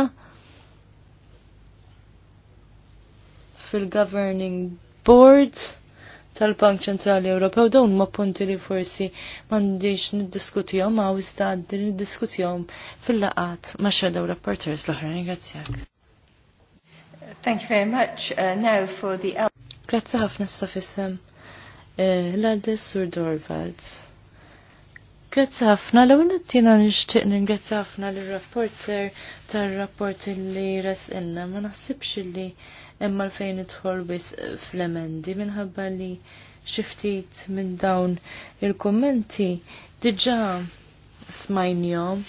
fil-governing board tal-Bank Ċentrali Ewropew dawn ma punti li forsi m'għandix niddiskutihom ma iżda għaddi niddiskutihom fil-laqat ma' Shadow rapporters l-oħra. Ringrazzjak. Thank you very much. Uh, now for the Grazzi ħafna s-safissem. Eh, l Sur Dorvalds. Grazzi ħafna, l-għuna t nishtiq ningrazzi ħafna l-rapporter tal-rapport li resqilna, ma naħsibx li imma l-fejn idħol biss fl-emendi minħabba li xiftit minn dawn il-kommenti diġa smajnjom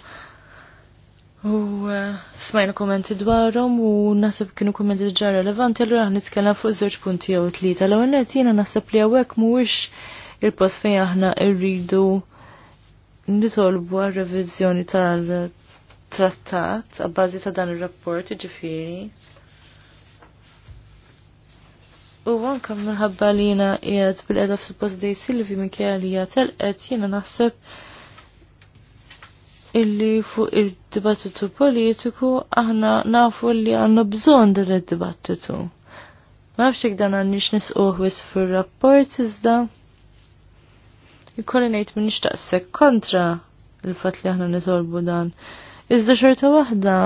u eh, smajna kommenti dwarhom u nasib kienu kommenti diġa relevanti allura nitkellem fuq żewġ punti jew tlieta l ewwel jiena naħseb li għawek mhuwiex il-post fejn aħna rridu nitolbu għal-reviżjoni tal-trattat għabbażi ta' dan ir rapport ġifieri U għankam minħabba li jena jgħed bil-edha f-suppost dej Silvi kja li jgħatel qed jena naħseb illi fuq il-dibattitu politiku aħna nafu li għanna bżon dan il-dibattitu. Ma nafx jek dan għandix nisquħwis fil-rapport iżda. ikkolli ngħid minn nixtaqsek kontra il-fatt li aħna nitolbu dan. Iżda xorta waħda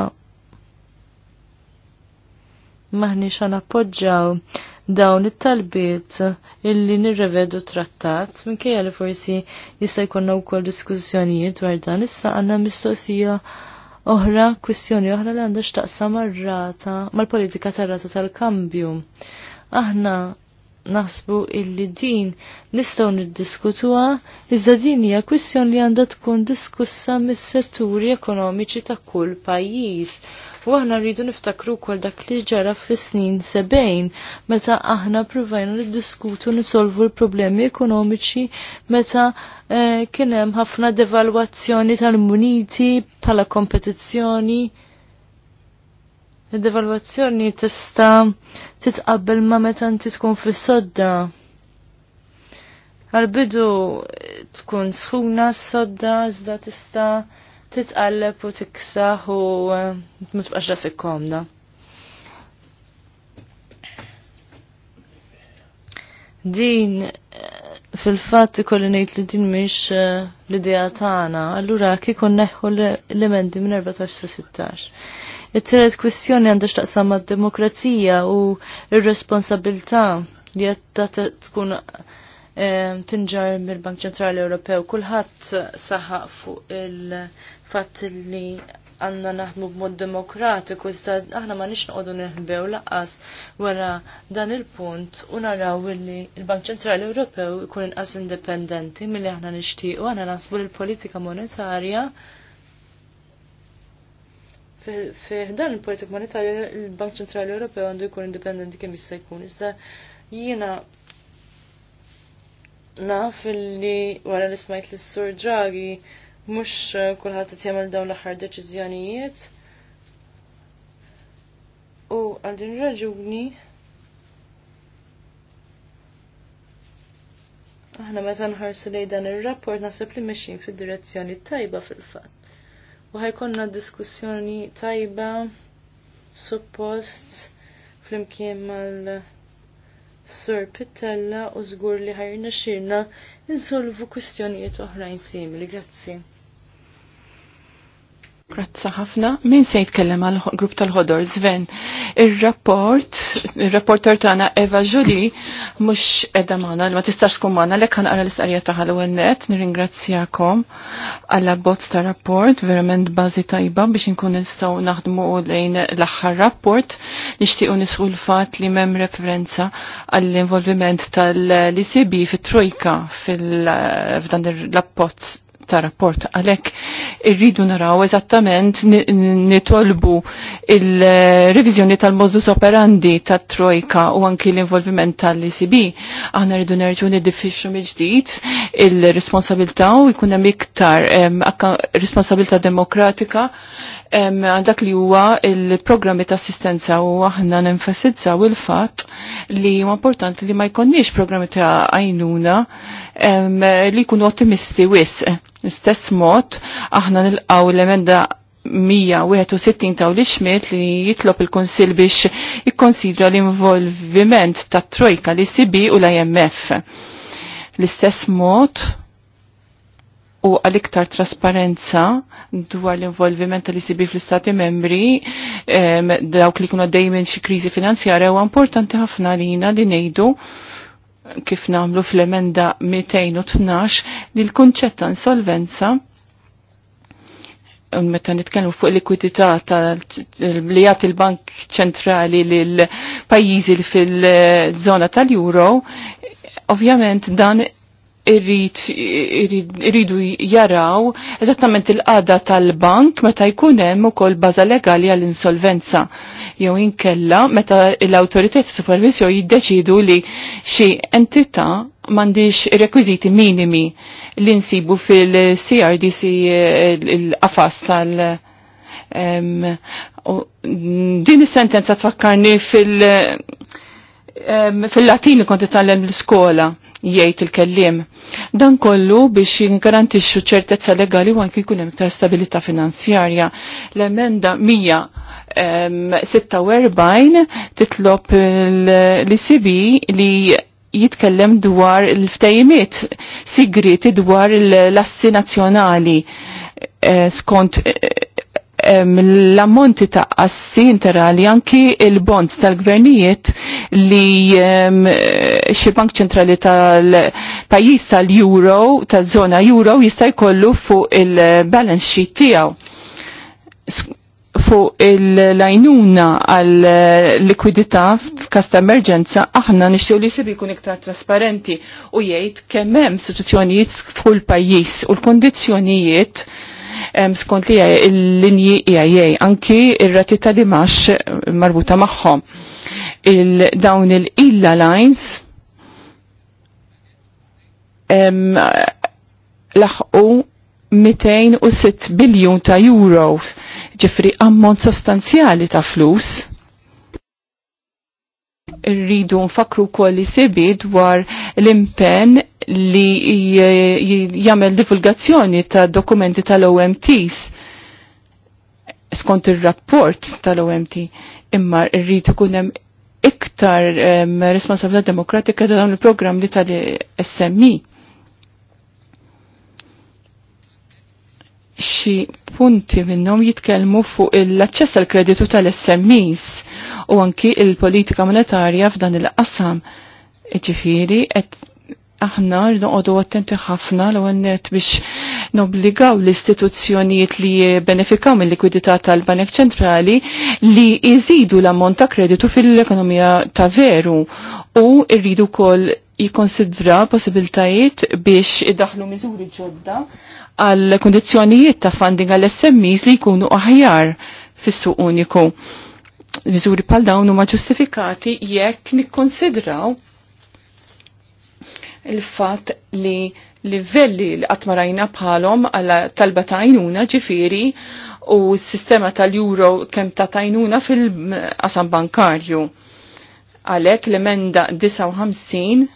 maħni xan appoġġaw dawn it-talbiet illi nirrevedu trattat minkejja li forsi jista' jkollna wkoll diskussjonijiet dwar dan issa għandna mistoqsija oħra kwistjoni oħra li għandha x'taqsam mar-rata mal-politika tar-rata tal-kambju. Aħna naħsbu illi din nistgħu niddiskutuha iżda din hija kwistjoni li għandha tkun diskussa mis-setturi ekonomiċi ta' kull pajjiż U aħna rridu niftakru wkoll dak li ġara fis-snin sebejn meta aħna pruvajna niddiskutu nisolvu l-problemi ekonomiċi meta e, kien hemm ħafna devalwazzjoni tal-muniti bħala kompetizzjoni. Id-devalwazzjoni tista' titqabbel ma meta inti tkun fis-sodda għal-bidu tkun sħuna s-sodda, iżda tista titqalleb u tiksaħ eh, u ma tibqax komda. Din eh, fil-fatt ikolli ngħid li din mhix eh, l-idea tagħna, allura kieku neħħu l-elementi minn 14 sa 16. It-tielet kwistjoni għandha x'taqsam mad-demokrazija u r-responsabilità li qed tkun tinġar mill-Bank Ċentrali Ewropew kulħadd saħaq fuq il- fatt li għanna naħdmu b'mod demokratiku, iżda aħna ma nix noqogħdu neħbew laqas wara dan il-punt u naraw li l-Bank Ċentrali Ewropew ikun inqas indipendenti milli aħna nixtiequ aħna nasbu l politika monetarja fi dan il politika monetarju il-Bank Ċentrali Ewropew għandu jkun indipendenti kemm jista' jkun. Iżda jiena naf li wara li smajt lis sur Draghi mux eh, kullħat t-tjemel dawn l-ħar deċizjonijiet. U għaldin raġuni aħna meta nħarsu lej dan ir-rapport nasib li mexin fil direzzjoni tajba fil-fatt. U ħajkonna diskussjoni tajba suppost flimkien mal Sur Pittella u żgur li ħajrna xirna insolvu kwistjonijiet oħrajn simili. Grazzi. Grazza ħafna. Min se jitkellem għal grupp tal-ħodor, Sven. Il-rapport, il-rapporter tagħna Eva Joli mhux edha maħna, ma tistax kum maħna, lek ħanqara l-istqarrija taħal ewwel net, nirringrazzjakom għalla bot ta' rapport, verament bażi tajba biex nkun nistgħu naħdmu lejn l-aħħar rapport. Nixtiequ nisqu l-fatt li m'hemm referenza għall-involviment tal-ICB fit-Trojka fil-dan l-appozz ta' rapport għalek irridu naraw eżattament nitolbu il-revizjoni tal-modus operandi ta' trojka u anki l-involviment tal-ECB. Aħna rridu nerġu nidifixxu mill-ġdid il-responsabilta u jkun hemm iktar responsabilta demokratika għal dak li huwa il-programmi ta' assistenza u aħna nenfasizzaw il-fatt li huwa importanti li ma jkonniex programmi ta' għajnuna li jkunu ottimisti wis. Istess mod aħna nilqaw l-emenda 161 ta' li xmiet li jitlob il-Konsil biex jikkonsidra l-involviment ta' Trojka li sibi u l-IMF. L-istess mod u għal-iktar trasparenza dwar l-involviment tal sibi fl-Istati membri um, dawk li kuna dejjem xi kriżi finanzjarja huwa importanti ħafna jina li ngħidu kif namlu fl-emenda 212 li l-kunċett ta' insolvenza meta nitkellmu fuq likwidità li jagħti il bank Ċentrali lil pajjiżi fil-żona tal-Euro, ovvjament dan Iridu jaraw eżattament il-qada tal-bank meta jkun hemm ukoll baza legali għall-insolvenza jew inkella meta l-awtorità ta' supervisjon jiddeċidu li xi entità m'għandix rekwiżiti minimi li nsibu fil-CRDC il-qafas tal- din is-sentenza tfakkarni fil- fil-Latin kont itallem l-iskola jgħid il-kellim. Dan kollu biex jingarantixxu ċertezza legali u anki jkun hemm iktar stabilità finanzjarja. L-emenda 146 titlob l-ICB li jitkellem dwar il ftejmiet sigriti dwar l-assi nazzjonali eh, skont eh, l-ammonti ta' assi interali anki il-bonds tal-gvernijiet li xi bank ċentrali tal-pajjiż tal-euro, tal-żona euro jista' jkollu fuq il-balance sheet tiegħu fuq il-lajnuna għal likwidità f'kas ta' emerġenza aħna nixtiew li jsib jkun iktar trasparenti u jgħid kemm hemm istituzzjonijiet f'kull pajjiż u l-kondizzjonijiet skont li l-linji EIA, anki ir-rati tal-imax eh, marbuta magħhom. Il dawn il-illa lines laħqu 206 biljun ta' euro, ġifri ammont sostanzjali ta' flus rridu nfakru koll li sebi dwar l-impen li jagħmel divulgazzjoni ta' dokumenti tal-OMTs skont ir-rapport tal-OMT imma rrid ikun hemm iktar responsabilità demokratika ta' dawn il-programm li tal-SMI. xi punti minnhom jitkellmu fuq l-aċċess għal kreditu tal-SMEs u anki il-politika monetarja f'dan il-qasam. Ġifiri, qed aħna rnoqodu attenti ħafna l għannet biex nobligaw l-istituzzjonijiet li benefikaw mill-likwidità tal-Banek Ċentrali li jżidu l-ammont ta' kreditu fil-ekonomija ta' veru u rridu kol jikonsidra possibiltajiet biex iddaħlu miżuri ġodda għal kondizjonijiet ta' funding għal SMEs li jkunu aħjar fis-suq uniku. Miżuri pal dawn huma ġustifikati jekk nikkonsidraw il-fat li livelli li għatmarajna bħalom għalla talba ta' għajnuna ġifiri u s-sistema tal juro kem ta' tajnuna fil-qasam bankarju. Għalek l-emenda 59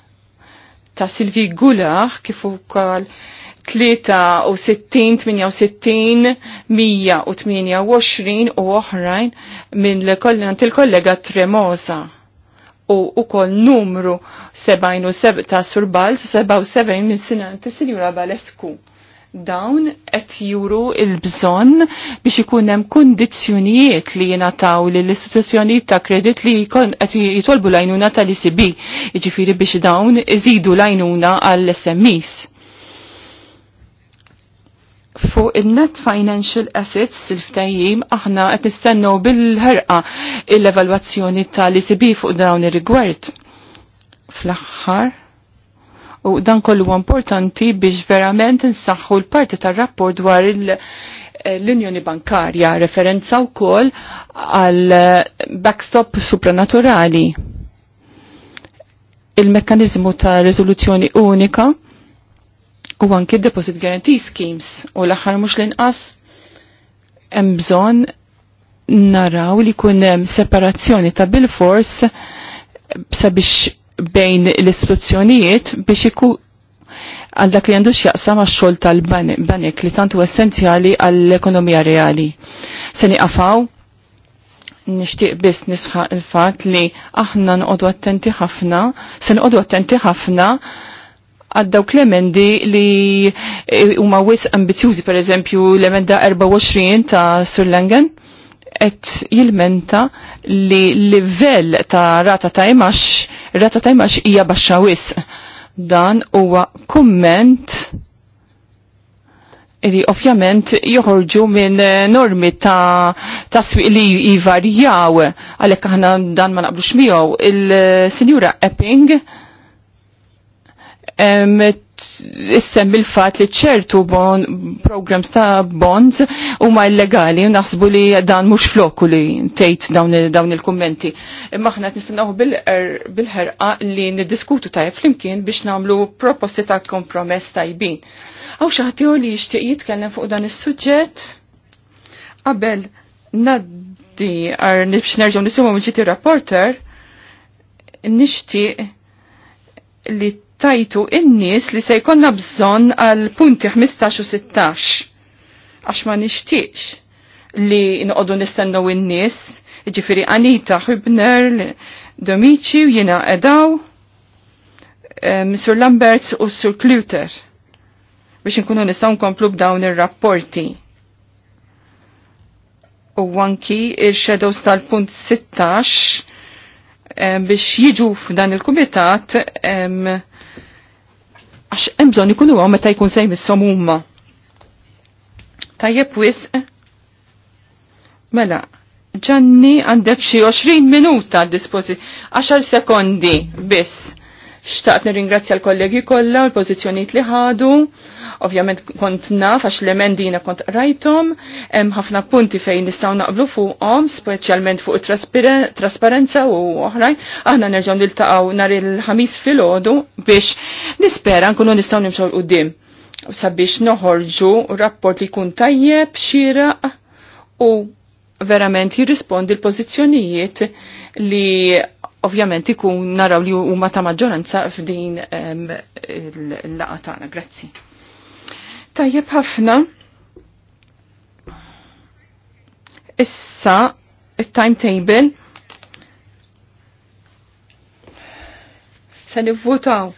ta' Silvi Gulaħ kif ukoll 63-68-128 u oħrajn minn l-kollega Tremosa u ukoll numru 77 ta' surbal 77 minn sinanti ta' Sinjura Balesku. Dawn qed juru il-bżonn biex ikun hemm kundizzjonijiet li l lill istituzzjonijiet ta' kredit li qed jitolbu l-għajnuna tal-ICB, jiġifieri biex dawn iżidu l-għajnuna għall-SMEs fuq il-net financial assets il-ftajjim aħna qed nistennew bil-ħerqa l-evalwazzjoni tal-ECB fuq dawn ir-rigward. Fl-aħħar u dan kollu importanti biex verament nsaħħu l-parti tar-rapport dwar l-Unjoni Bankarja referenza wkoll għal backstop supranaturali il-mekkanizmu ta' rezoluzzjoni unika u anki deposit guarantee schemes u l-axar mux l-inqas bżon naraw li kun separazzjoni ta' bil-fors sabiex bejn l istruzzjonijiet biex iku għal dak li għandu xjaqsam għax xol tal-banek li tantu essenzjali għall-ekonomija reali. Se għafaw, nishtiq biss nisħaq il-fat li aħna nqodu attenti ħafna, se nqodu attenti ħafna għaddaw klemendi li eh, huma wis ambizjużi per eżempju l-emenda 24 ta' Sur Langen et jilmenta li livell ta' rata ta' imax rata ta' imax hija baxxa wis dan huwa kumment li ovvjament joħorġu minn eh, normi ta' taswiq li jivarjaw għalhekk aħna dan ma naqblux miegħu il-Sinjura Epping issem bil-fat li ċertu bon, programs ta' bonds u ma' illegali u naħsbu li dan mux floku li tejt dawn il-kommenti. Maħna t nistennaw er, bil-ħerqa li niddiskutu ta' flimkien biex namlu proposti ta' kompromess tajbin. Għaw xaħti li jishtiq jitkellem fuq dan is-suġġett qabel naddi għar nibx nerġaw nisimu mġiti rapporter nishtiq li tajtu innis nies li se jkollna bżonn għal punti 15 u 16. Għax ma nixtiex li nqogħdu nistennu innis, nies ġifieri Anita Hübner, Domici Jina edaw, eh, Mr. Lamberts u Sur Kluter biex nkunu nistgħu nkomplu b'dawn ir-rapporti. U anki il-shadows tal-punt 16 eh, biex jiġu f'dan il-kumitat għax imżon ikunu għom meta jkun sejm issom huma. Tajjeb wis. Mela, ġanni għandek xi 20 minuta għal dispożi 10 sekondi biss. Xtaqt nirringrazzja l-kollegi kollha u l-pożizzjonijiet li ħadu. Ovvjament kont naf għax l-emendina kont rajtom, hemm ħafna punti fejn nistgħu naqblu fuqhom, speċjalment fuq trasparenza u oħrajn. Aħna nerġgħu niltaqgħu nhar il-ħamis filgħodu biex nispera nkunu nistgħu nimxu l qudiem sabiex noħorġu rapport li jkun tajjeb, xiraq u verament jirrispondi l-pożizzjonijiet li ovvjament ikun naraw li huma ta' maġġoranza f'din il-laqa tagħna. Grazzi. Tajjeb ħafna. Issa it-timetable se nivvotaw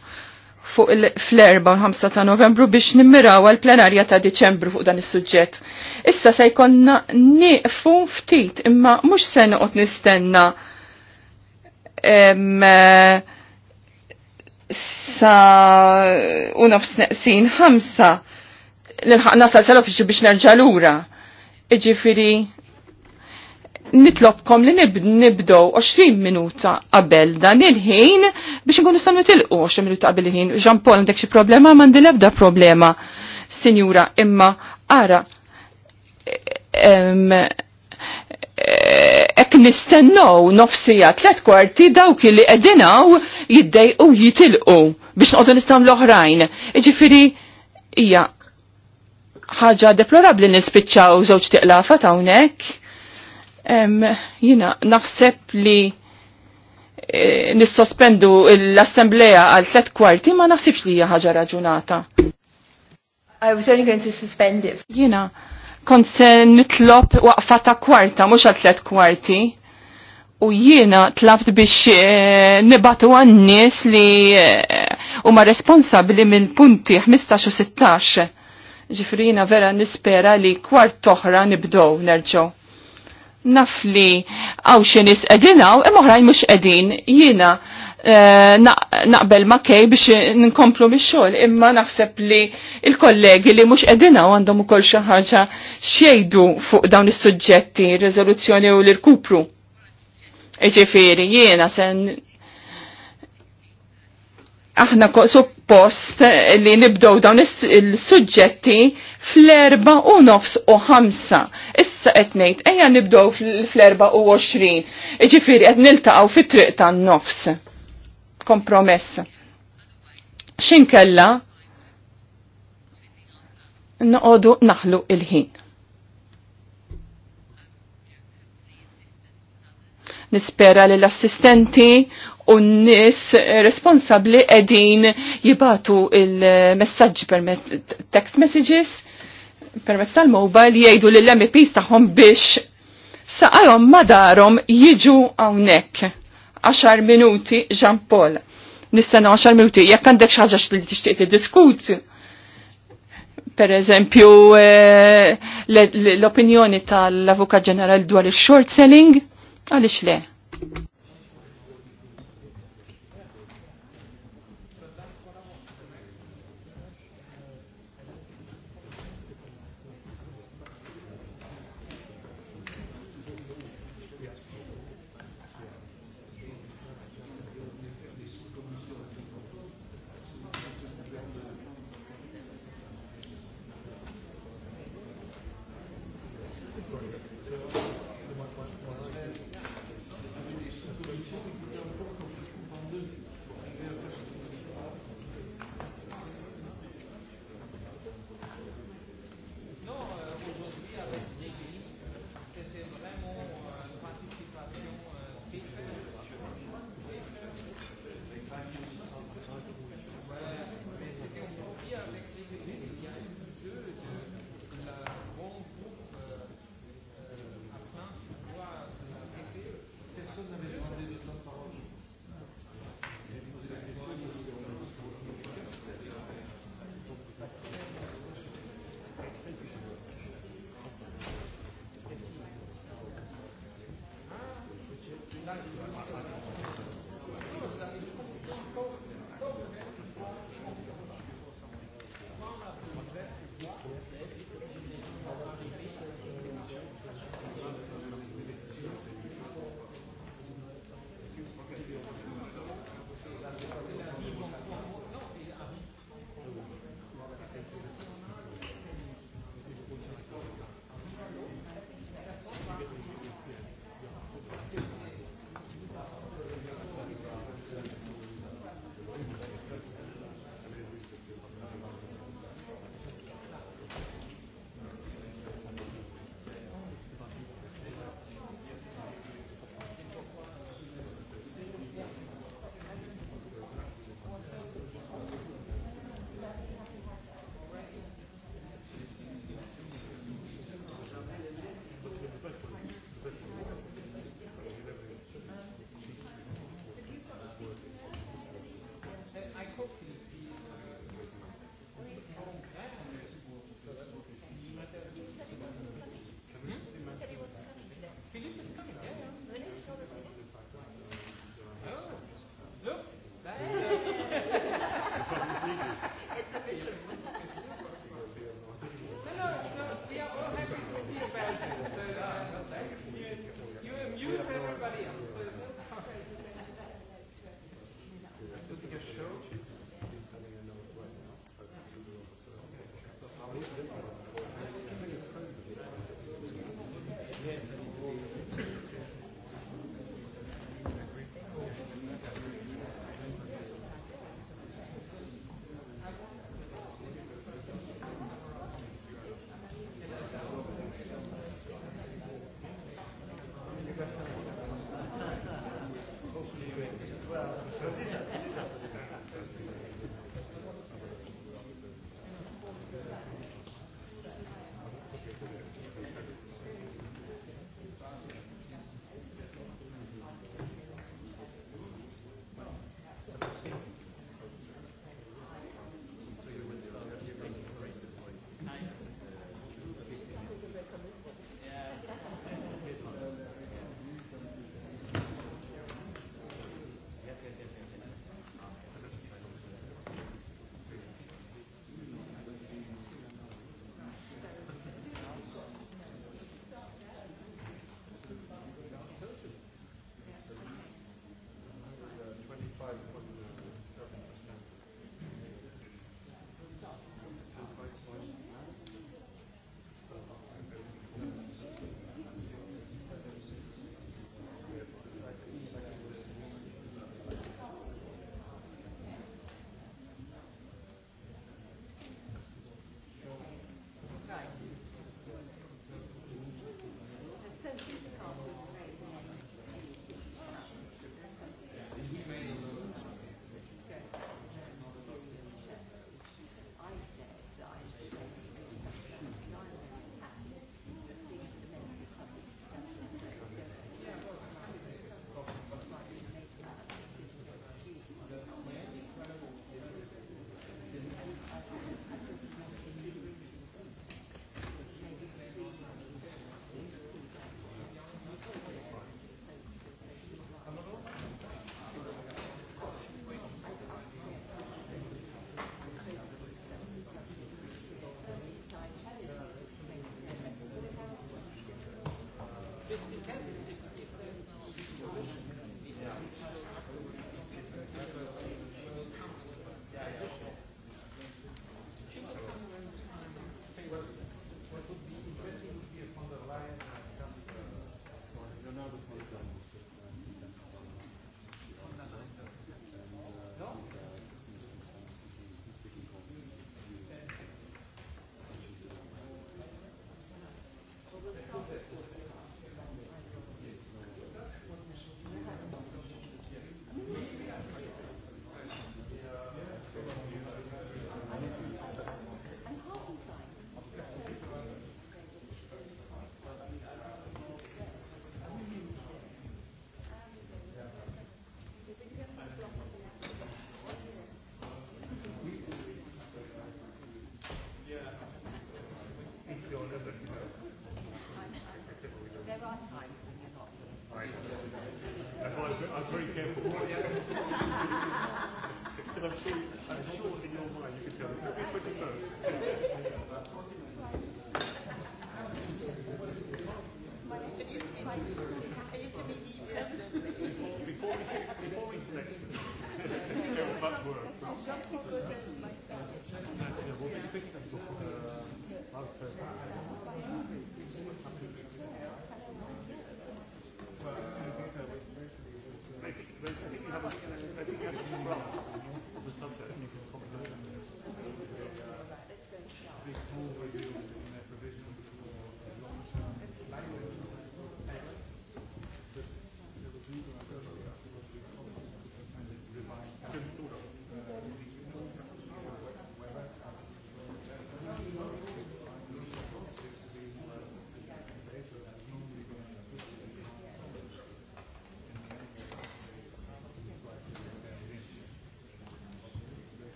fuq fl-4 5 ta' novembru biex nimmiraw għal plenarja ta' Diċembru fuq dan is-suġġett. Issa se jkollna nieqfu ftit imma mhux se noqgħod nistenna Eh, sa unof sin ħamsa l ħak sa l-offiċu biex nerġalura. Iġifiri, nitlobkom li nibdo 20 minuta qabel dan il-ħin biex nkunu sanu tilqu 20 minuta qabel il-ħin. Jean Paul, għandek xi problema, mandi lebda problema, sinjura, imma ara ek nistennow nofsija tlet kwarti dawk li edinaw jiddejqu jitilqu biex nqodu nistam l-oħrajn. Iġifiri, ija, ħaġa deplorabli nispiċċaw żewġ tiqlafa hawnhekk. Jina, naħseb li e, nissospendu l-assembleja għal tlet kwarti ma naħsibx li hija ħaġa raġunata. I was only going to suspend it. Jina, kont se nitlob waqfa ta' kwarta, mhux għal tliet kwarti. U jiena tlabt biex eh, nibatu għan-nies li eh, huma e, responsabbli mill-punti 15 u 16. Ġifri jiena vera nispera li kwart toħra nibdow nerġgħu. Naf li għaw xi nies qegħdin imma oħrajn mhux qegħdin jiena Eh, naqbel ma kej biex ninkomplu biex xogħol imma naħseb li il-kollegi li mhux edina għandhom ukoll xi ħaġa xiejdu fuq dawn is-suġġetti, riżoluzzjoni u l-irkupru. Ġifieri jiena sen aħna suppost li nibdow dawn il-suġġetti fl-erba u nofs u ħamsa. Issa qed ngħid ejja nibdow fl-erba u 20. Ġifieri qed niltaqgħu fit-triq tan-nofs kompromess. Xinkella noqodu naħlu il-ħin. Nispera li l-assistenti u n-nis responsabli edin jibatu il messagġ permezz text messages permezz tal-mobile jgħidu l-MPs taħħom biex saqajhom madarhom jiġu hawnhekk 10 minuti Jean Paul. Nistenna 10 minuti, jekk għandek xi ħaġa li tixtieq diskut. Per eżempju, eh, l-opinjoni tal-Avukat Ġenerali dwar il-short selling, għaliex le? Thank you.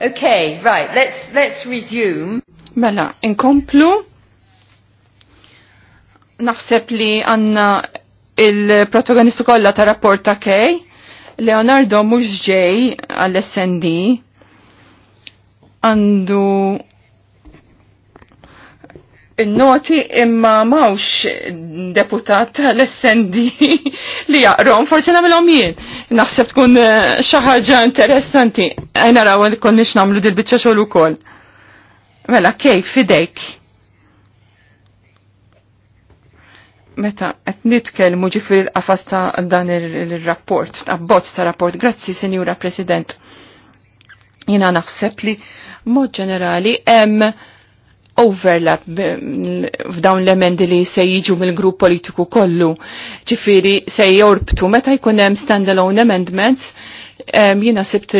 Okay, right, let's, let's resume. Mela, inkomplu. Naħseb li għanna il-protagonistu kollha ta' rapport ta' Kej. Leonardo mhux ġej għall-SND għandu il-noti imma mawx deputat l-SND li jaqrom, forsi namilom jien. Naħseb tkun eh, xaħġa interessanti għajna raw li konniex namlu dil-bicċa xogħol ukoll. Mela, Kej, fidejk. Meta qed nitkellmu muġi fil qafas ta' dan ir-rapport, ta' bozz ta' rapport. Grazzi, Sinjura President. Jiena naħseb li mod ġenerali hemm overlap f'dawn l-emendi li se jiġu mill-grupp politiku kollu. Ġifiri se jorbtu meta jkun hemm standalone amendments, jina sibt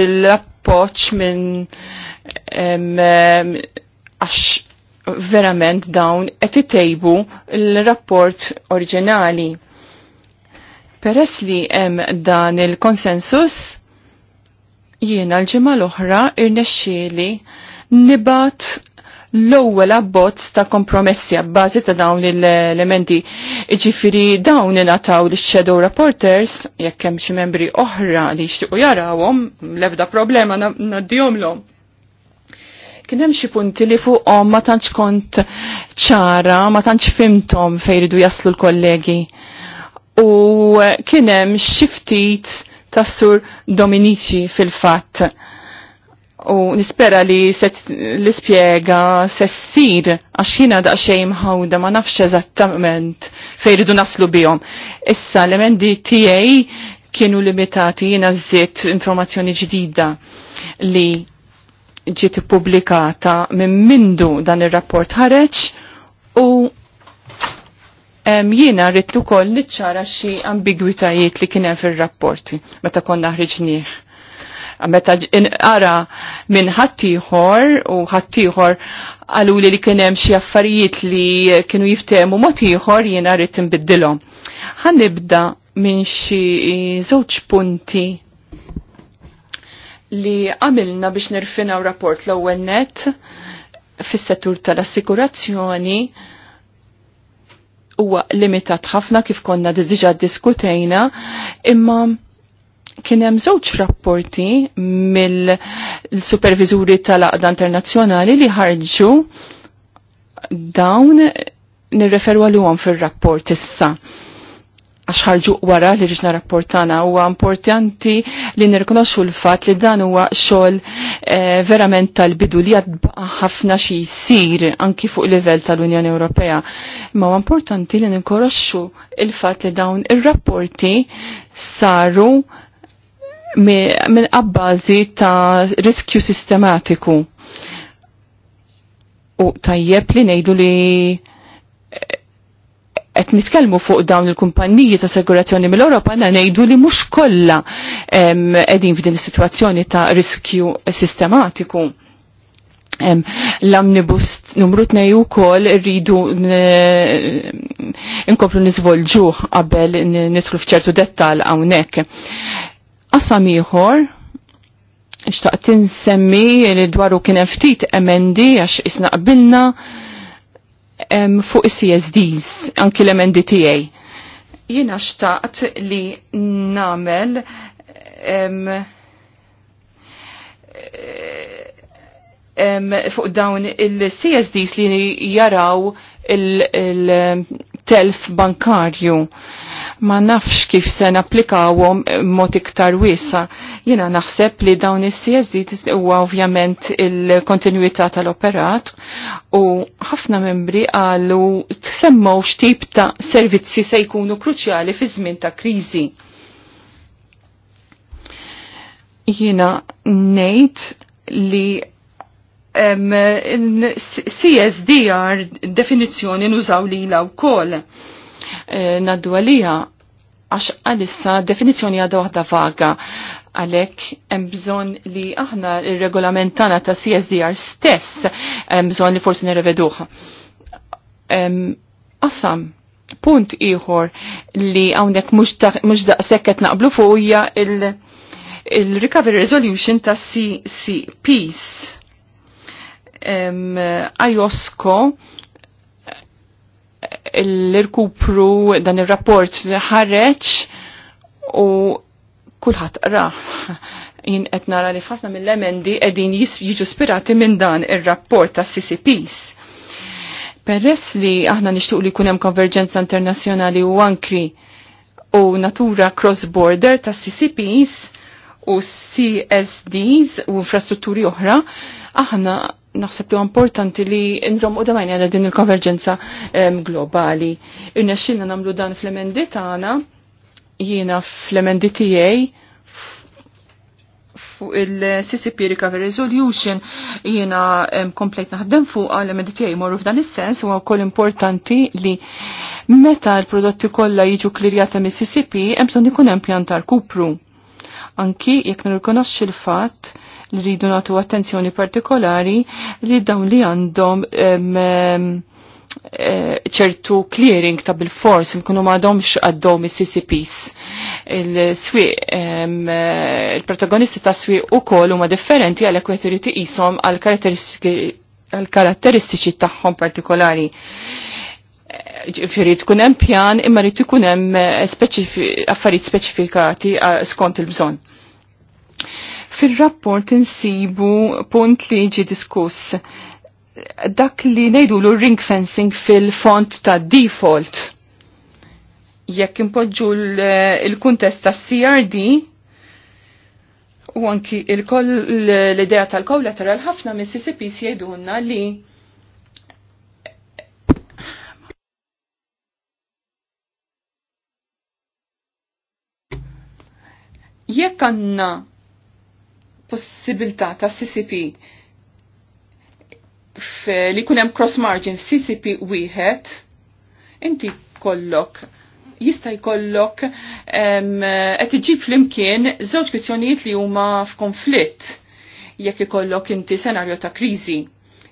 appoċ minn għax verament dawn qed itejbu l-rapport oriġinali. Peress li hemm dan il-konsensus, jiena l-ġimgħa l-oħra irnexxieli nibat l-ewwel abbozz ta' kompromessi b'bażi ta' dawn l-elementi. Iġifieri dawn ingħataw lix shadow reporters jekk hemm xi membri oħra li jixtiequ jarawhom l-ebda problema ngħaddihomlhom. Kien hemm xi punti li fuqhom ma tantx kont ċara, ma tantx fimtom fejn iridu jaslu l-kollegi. U kien hemm xi ftit tas-sur Dominici fil-fatt u nispera li l spiega sessir għax jina daqxejn ħawda ma nafx eżattament fejridu naslu bihom. Issa l-emendi tijaj kienu limitati jina żiet informazzjoni ġdida li ġiet ippubblikata minn mindu dan ir-rapport ħareġ u jiena rrid ukoll niċċara xi ambigwitajiet li kien hemm fir-rapporti meta konna ħriġnieh meta inqara minn ħattijħor u ħattijħor għalu li li kienem xie affarijiet li kienu jiftemu motiħor jiena rrit nbiddilom. Għanibda minn xie zoċ punti li għamilna biex nirfina u rapport l ewwel net fis-settur tal-assikurazzjoni huwa limitat ħafna kif konna diġa diskutejna imma kien hemm żewġ rapporti mill-supervizuri tal-aqda internazzjonali li ħarġu dawn nirreferu għalihom fir-rapport issa għax ħarġu wara li ġna rapportana huwa importanti li nirkonoxxu l-fatt li dan huwa xogħol e, verament tal-bidu li għad ħafna xi jsir anki fuq livell tal-Unjoni Ewropea. Ma huwa importanti li nirkonoxu il-fatt li dawn ir-rapporti saru minn qabbażi ta' riskju sistematiku. U tajjeb li ngħidu li eh, qed nitkellmu fuq dawn il-kumpanniji ta' segurazzjoni mill europa na ngħidu li mhux kollha qegħdin f'din is-sitwazzjoni ta' riskju sistematiku. l-amnibus numru tnej neju kol rridu eh, nkomplu nizvolġu qabel nitru fċertu dettal għawnek. Qasam ieħor xtaqt insemmi li dwaru kien ftit emendi għax isna qbilna fuq is-CSDs anki l-emendi tiegħi. Jiena xtaqt li namel em, em, fuq dawn il-CSDs li jaraw il-telf il telf bankarju ma nafx kif se napplikawhom mod iktar wiesa. Jiena naħseb li dawn is-CSD huwa ovvjament il-kontinwità tal-operat u ħafna membri qalu semmaw x'tip ta' servizzi se jkunu kruċjali fi żmien ta' kriżi. Jiena ngħid li CSDR definizjoni nużaw li la wkoll. kol Eh, naddu għalija għax għalissa definizjoni għadha waħda vaga għalek bżon li aħna il-regolamentana ta' CSDR stess bżon li forsi nereveduħa. Assam, punt iħor li għawnek mux sekket naqblu fuqja il-Recovery Resolution ta' CCPs. Um, l-irkupru dan il-rapport ħareġ u kulħadd ra jien qed nara li ħafna mill-emendi qegħdin jiġu spirati minn dan ir-rapport tas CCPs. Peress li aħna nixtuq li jkun hemm konverġenza internazzjonali u anki u natura cross-border tas CCPs u CSDs u infrastrutturi oħra, aħna naħseb li importanti li nżom u damajni għana din il-konverġenza globali. Irnexxilna namlu dan fl-emendi tagħna, jiena fl-emendi tiegħi fuq il-CCP Recovery Resolution jiena komplejt naħdem fuq għal emendi tiegħi morru f'dan is-sens huwa wkoll importanti li meta l-prodotti kollha jiġu klirjata mis-CCP hemm bżonn ikun hemm pjantar kupru. Anki jekk nirrikonoxxi l-fatt li rridu nagħtu attenzjoni partikolari li dawn li għandhom eh, ċertu clearing ta' bil-fors nkunu m'għadhomx għaddhom is-CCPs. Il-swieq eh, il-protagonisti ta' swieq ukoll huma differenti għalhekk wieħed irid iqishom għal karatteristiċi tagħhom partikolari eh, ġifiri tkun hemm pjan imma rid ikun hemm affarijiet speċifikati skont il-bżonn. Fil-rapport insibu punt li ġi diskuss dak li nejdu l ring fencing fil-font ta' default. Jekk impoġġu l-kuntest ta' CRD u anki l-idea tal-collateral ħafna minn CCPs jgħidulna li jekk għanna possibilità ta' CCP li kunem cross margin CCP wieħed inti kollok jista' jkollok qed iġib flimkien żewġ kwistjonijiet li huma f'konflitt jekk ikollok inti senarju ta' kriżi.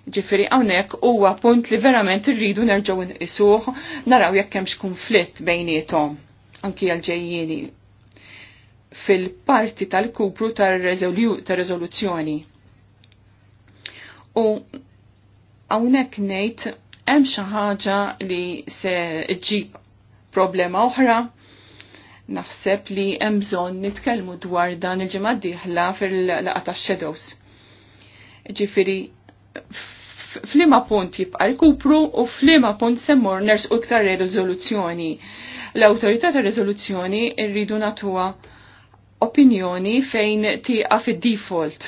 Ġifieri hawnhekk huwa punt li verament irridu nerġgħu nqisuh naraw jekk hemmx konflitt bejniethom anki għal ġejjieni fil-parti tal-kubru tal-rezoluzzjoni. U għawnek nejt hemm xi ħaġa li se ġib problema oħra naħseb li hemm bżonn nitkellmu dwar dan il-ġimgħa d-dieħla fil-laqgħa tax-shadows. Ġifieri flima punt jibqa' kupru u flima punt semmor nersqu iktar riżoluzzjoni. L-awtorità tar-riżoluzzjoni rridu natuha opinjoni fejn tieqa fid-default.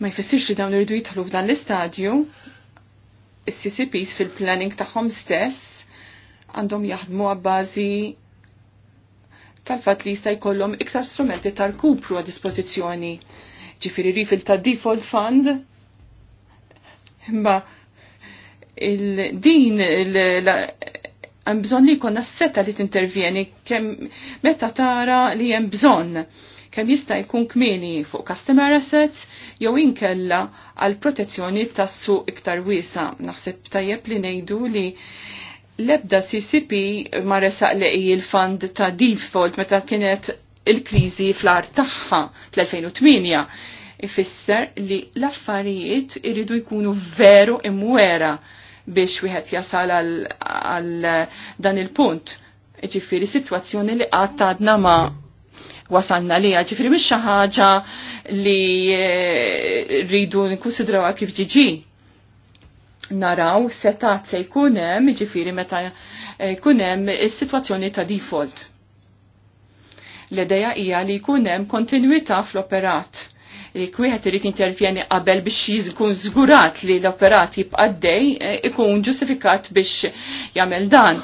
Ma jfissirx li dawn irridu jitħlu f'dan l-istadju, is-CCPs fil-planning tagħhom stess għandhom jaħdmu għabbażi tal-fat li jista' jkollhom iktar strumenti tal-kupru għad dispożizzjoni. Ġifieri rifil ta' default fund imma il-din il Hemm bżonn li jkollna seta li t-intervjeni kemm meta tara li hemm bżonn kemm jista' jkun kmieni fuq customer assets jew inkella għal protezzjoni tas-suq iktar wiesa. Naħseb tajjeb li ngħidu li l-ebda CCP ma resaq li il-fund ta' default meta kienet il-kriżi fl-ar tagħha fl-2008 ifisser li l-affarijiet iridu jkunu veru imwera biex wieħed jasal għal dan il-punt. Ġifiri situazzjoni li qatt ma wasalna li ġifiri mux xaħġa ħaġa li eh, rridu nikkunsidrawha kif ġiġi. Naraw setat se jkun hemm, ġifiri meta eh, jkun hemm is-sitwazzjoni ta' default. l ideja hija li jkun hemm kontinwità fl-operat li kwieħed irid intervjeni qabel biex jkun żgurat li l-operat jibqaddej e, ikun ġustifikat biex jagħmel dan.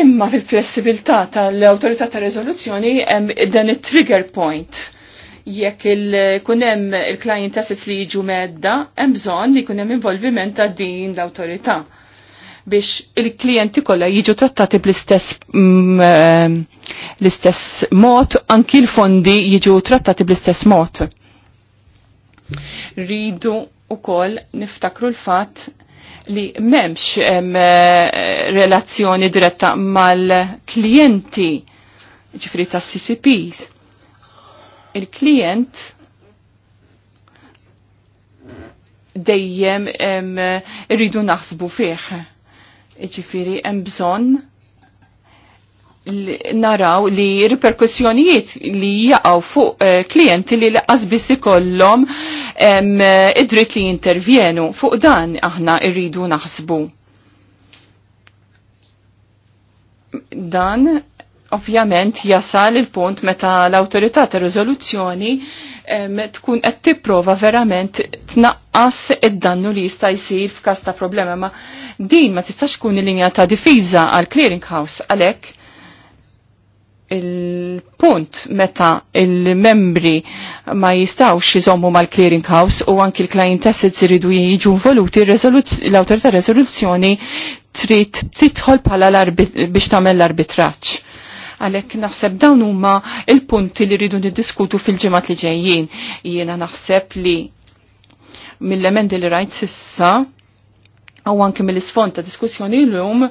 Imma fil-flessibilità tal-autorità ta' rezoluzzjoni dan it-trigger point jekk il-kunem il client assess li jiġu medda, hemm bżonn li kunem involviment ta' din l-autorità biex il-klienti kollha jiġu trattati bl-istess mm, eh, l-istess mod, anki l-fondi jiġu trattati bl-istess mod. Ridu ukoll niftakru l-fatt li memx em, eh, relazzjoni diretta mal-klienti ġifri ta' CCPs. Il-klient dejjem irridu naħsbu fih. Ġifiri hemm bżonn naraw li riperkussjonijiet li jaqaw fuq eh, klienti li laqqas biss ikollhom eh, id-dritt li jintervjenu fuq dan aħna irridu naħsbu. Dan ovvjament jasal il-punt meta l-autorità ta' riżoluzzjoni tkun qed tipprova verament tnaqqas id-dannu li jista' jsir f'każ ta' problema ma' din ma tistax tkun il-linja ta' difiża għal clearing house għalhekk il-punt meta il-membri ma jistawx jizommu mal-clearing house u anki l-client assets iridu jiġu voluti l-autorita rezoluzzjoni trid titħol pala biex tagħmel l-arbitraġġ. Għalhekk naħseb dawn huma il-punti li rridu niddiskutu fil-ġimgħat li ġejjin. Jiena naħseb li mill-emendi li rajt sissa għaw anke mill-isfond ta' diskussjoni l-lum,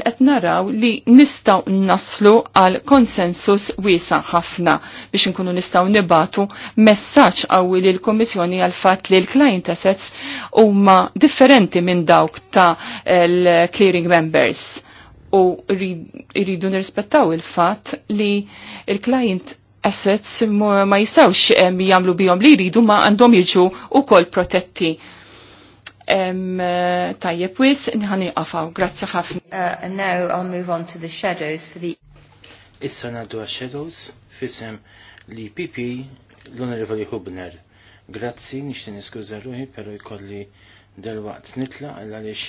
qed naraw li nistaw naslu għal konsensus wiesa ħafna biex nkunu nistaw nibatu messaġġ qawwi li l-Kommissjoni għal fatt li l-client assets huma differenti minn dawk ta' l-clearing members u rridu nirrispettaw il-fatt li l-client assets ma jistawx eh, jagħmlu bihom li jridu ma għandhom jiġu ukoll protetti Eh, tajjeb wis nħani għafaw, Grazzi ħafna. Uh, and now I'll move on to the shadows for the Issa naddu shadows fissem li PP l-Onorevoli Hubner. Grazzi, nixtin niskuża ruħi, pero jkolli del-waqt nitla għalix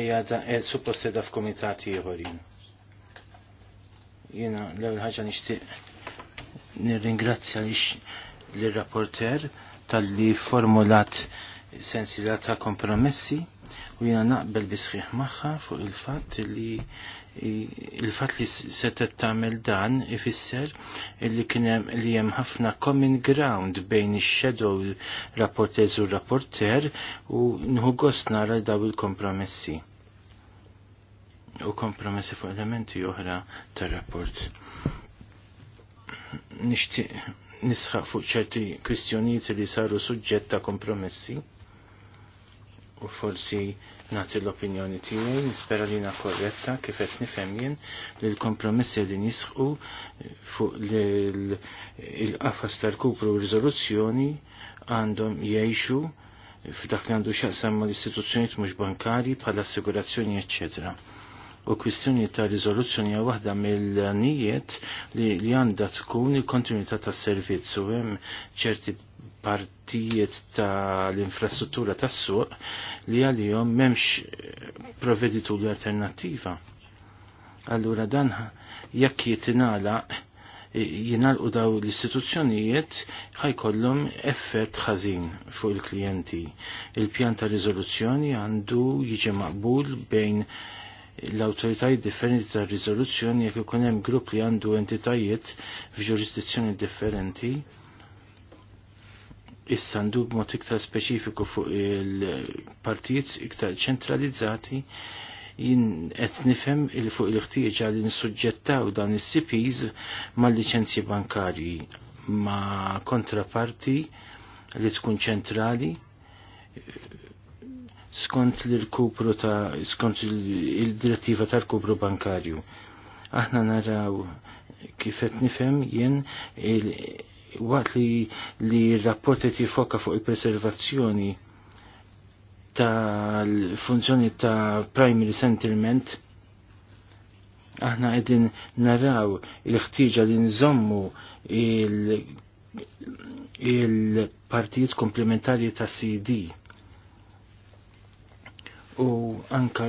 eja da e supposta da f'komitati jħorin. Jena l-ewwel ħaġa nixtieq nirringrazzja lix l-rapporter tal-li formulat sensila ta' kompromessi u jina naqbel bisħiħ maħħa fuq il-fat li il-fat li setet tamel dan ifisser li kienem li jem ħafna common ground bejn il-shadow rapportez u rapporter u nħu gost għal daw il-kompromessi u kompromessi fuq elementi oħra tar-rapport. Nishtiq nisħaq fuq ċerti kwistjonijiet li saru suġġett ta' kompromessi u forsi nagħti l-opinjoni tiegħi, nispera li na korretta kif qed nifhem jien li l kompromissi li nisħu fuq il-qafas tal-kupru u riżoluzzjoni għandhom jgħixu f'dak li għandu xaqsam ma l t mhux bankari bħala assigurazzjoni ecc. u kwistjoni ta' rizoluzzjoni hija waħda mill-nijiet li, li għandha tkun il-kontinuità tas-servizzu hemm ċerti partijiet tal-infrastruttura tas-suq li għalihom m'hemmx eh, provvedituri alternattiva. Allura dan jekk jitinala eh, u daw l-istituzzjonijiet ħajkollhom effett ħażin fuq il-klijenti. Il-pjan ta' riżoluzzjoni għandu jiġi maqbul bejn l-autoritajiet differenti ta' riżoluzzjoni jekk ikun hemm grupp li għandu entitajiet f'ġurisdizzjoni differenti issa ndub mod iktar speċifiku fuq il-partijiet iktar ċentralizzati jien qed nifhem il fuq il-ħtieġa li nsuġġettaw dan is-CPs mal-liċenzji bankarji ma' kontraparti li tkun ċentrali skont l-kupru ta' skont il-direttiva tal-kupru bankarju. Aħna naraw kif qed nifhem jien waqt li li rapport qed jifoka fuq il-preservazzjoni tal-funzjoni ta' primary sentiment aħna qegħdin naraw il-ħtieġa li nżommu il- il-partijiet komplementari ta' CD u anka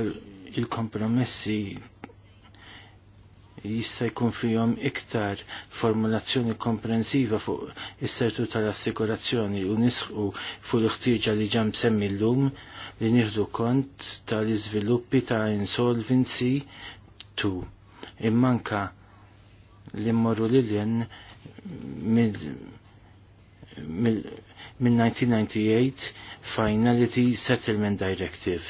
il-kompromessi jista' jkun fihom iktar formulazzjoni komprensiva fuq is-sertu tal-assikurazzjoni u nisħu fuq l-ħtieġa li ġam semmi llum li nieħdu kont tal-iżviluppi ta' insolvency tu immanka li mmorru liljen mill-1998 Finality Settlement Directive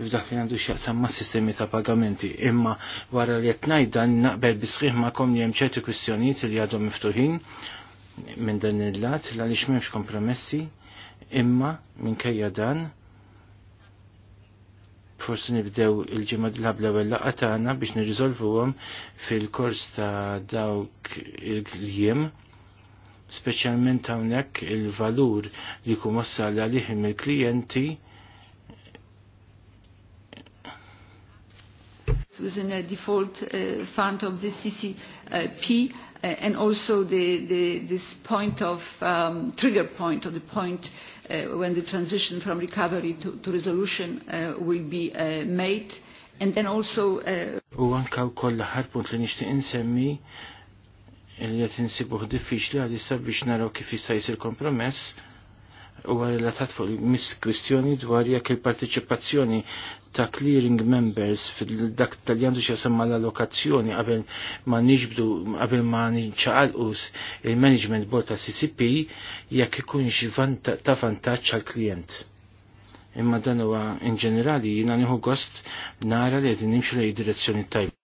f'dak li għandu x'jaqsam ma' sistemi ta' pagamenti. Imma wara li qed dan naqbel bisħiħ ma' kom li hemm ċerti kwistjonijiet li għadhom miftuħin minn dan il-lat li għaliex m'hemmx kompromessi imma minkejja dan forsi nibdew il-ġimgħa l-ħab ewwel laqgħa tagħna biex nirriżolvuhom fil-kors ta' dawk il-jiem speċjalment hawnhekk il-valur li jkun wassal għalih mill-klijenti within a default uh, fund of the CCP uh, and also the, the, this point of um, trigger point or the point uh, when the transition from recovery to, to resolution uh, will be uh, made and then also uh, u anka wkoll koll laħar punt li nishti insemmi li qed insibuh diffiċli għalissa biex naraw kif jista' jsir kompromess u relatat fuq mis kwistjoni dwar jekk il parteċipazzjoni ta' clearing members fil-dak tal-jandu xasamma l-allokazzjoni qabel ma nġibdu qabel ma nċaqalqus il-management board ta' CCP jekk ikunx ta' vantaġġ għal klient Imma dan huwa in ġenerali jiena nieħu gost nara li qed nimxu lejn direzzjoni tajba.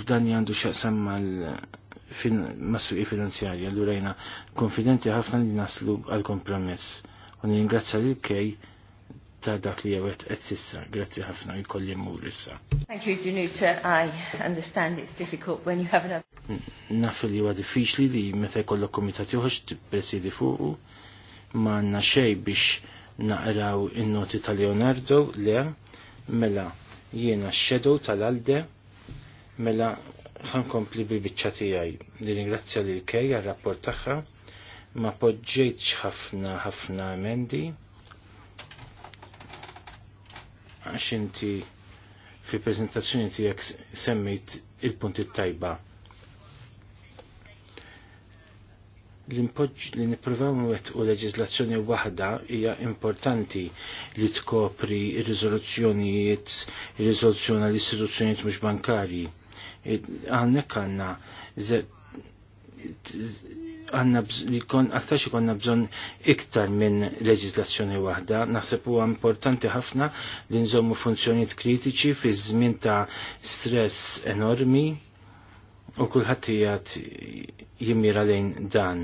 F'dan jandu xaqsam l- mas-suqi finanzjarja l rejna konfidenti ħafna li naslu għal kompromess u ningrazzja lil kej ta' dak li jewet qed sissa. Grazzi ħafna jkolli mmur issa. Thank you, Danuta. I understand it's difficult when you have another. Naf li huwa diffiċli li meta jkollok kumitat joħroġ presidi fuqu ma għandna xejn biex naqraw in-noti ta' Leonardo le mela jiena x-shadow tal-alde mela ħankompli bil-bicċa tijaj. Nirringrazzja li l-kej għal-rapport taħħa, ma poġġejċ ħafna ħafna emendi, għax inti fi prezentazzjoni tijak semmit il-punti tajba. l li nipruvaw mwet u leġizlazzjoni wahda hija importanti li tkopri ir-riżoluzzjonijiet, ir-riżoluzzjoni għall-istituzzjonijiet mhux bankarji għannek għanna għanna li kon aktarx bżon iktar minn leġislazzjoni waħda. Naħseb huwa importanti ħafna li nżommu funzjonijiet kritiċi fi żmien ta' stress enormi u kulħadd jgħid jimmira lejn dan.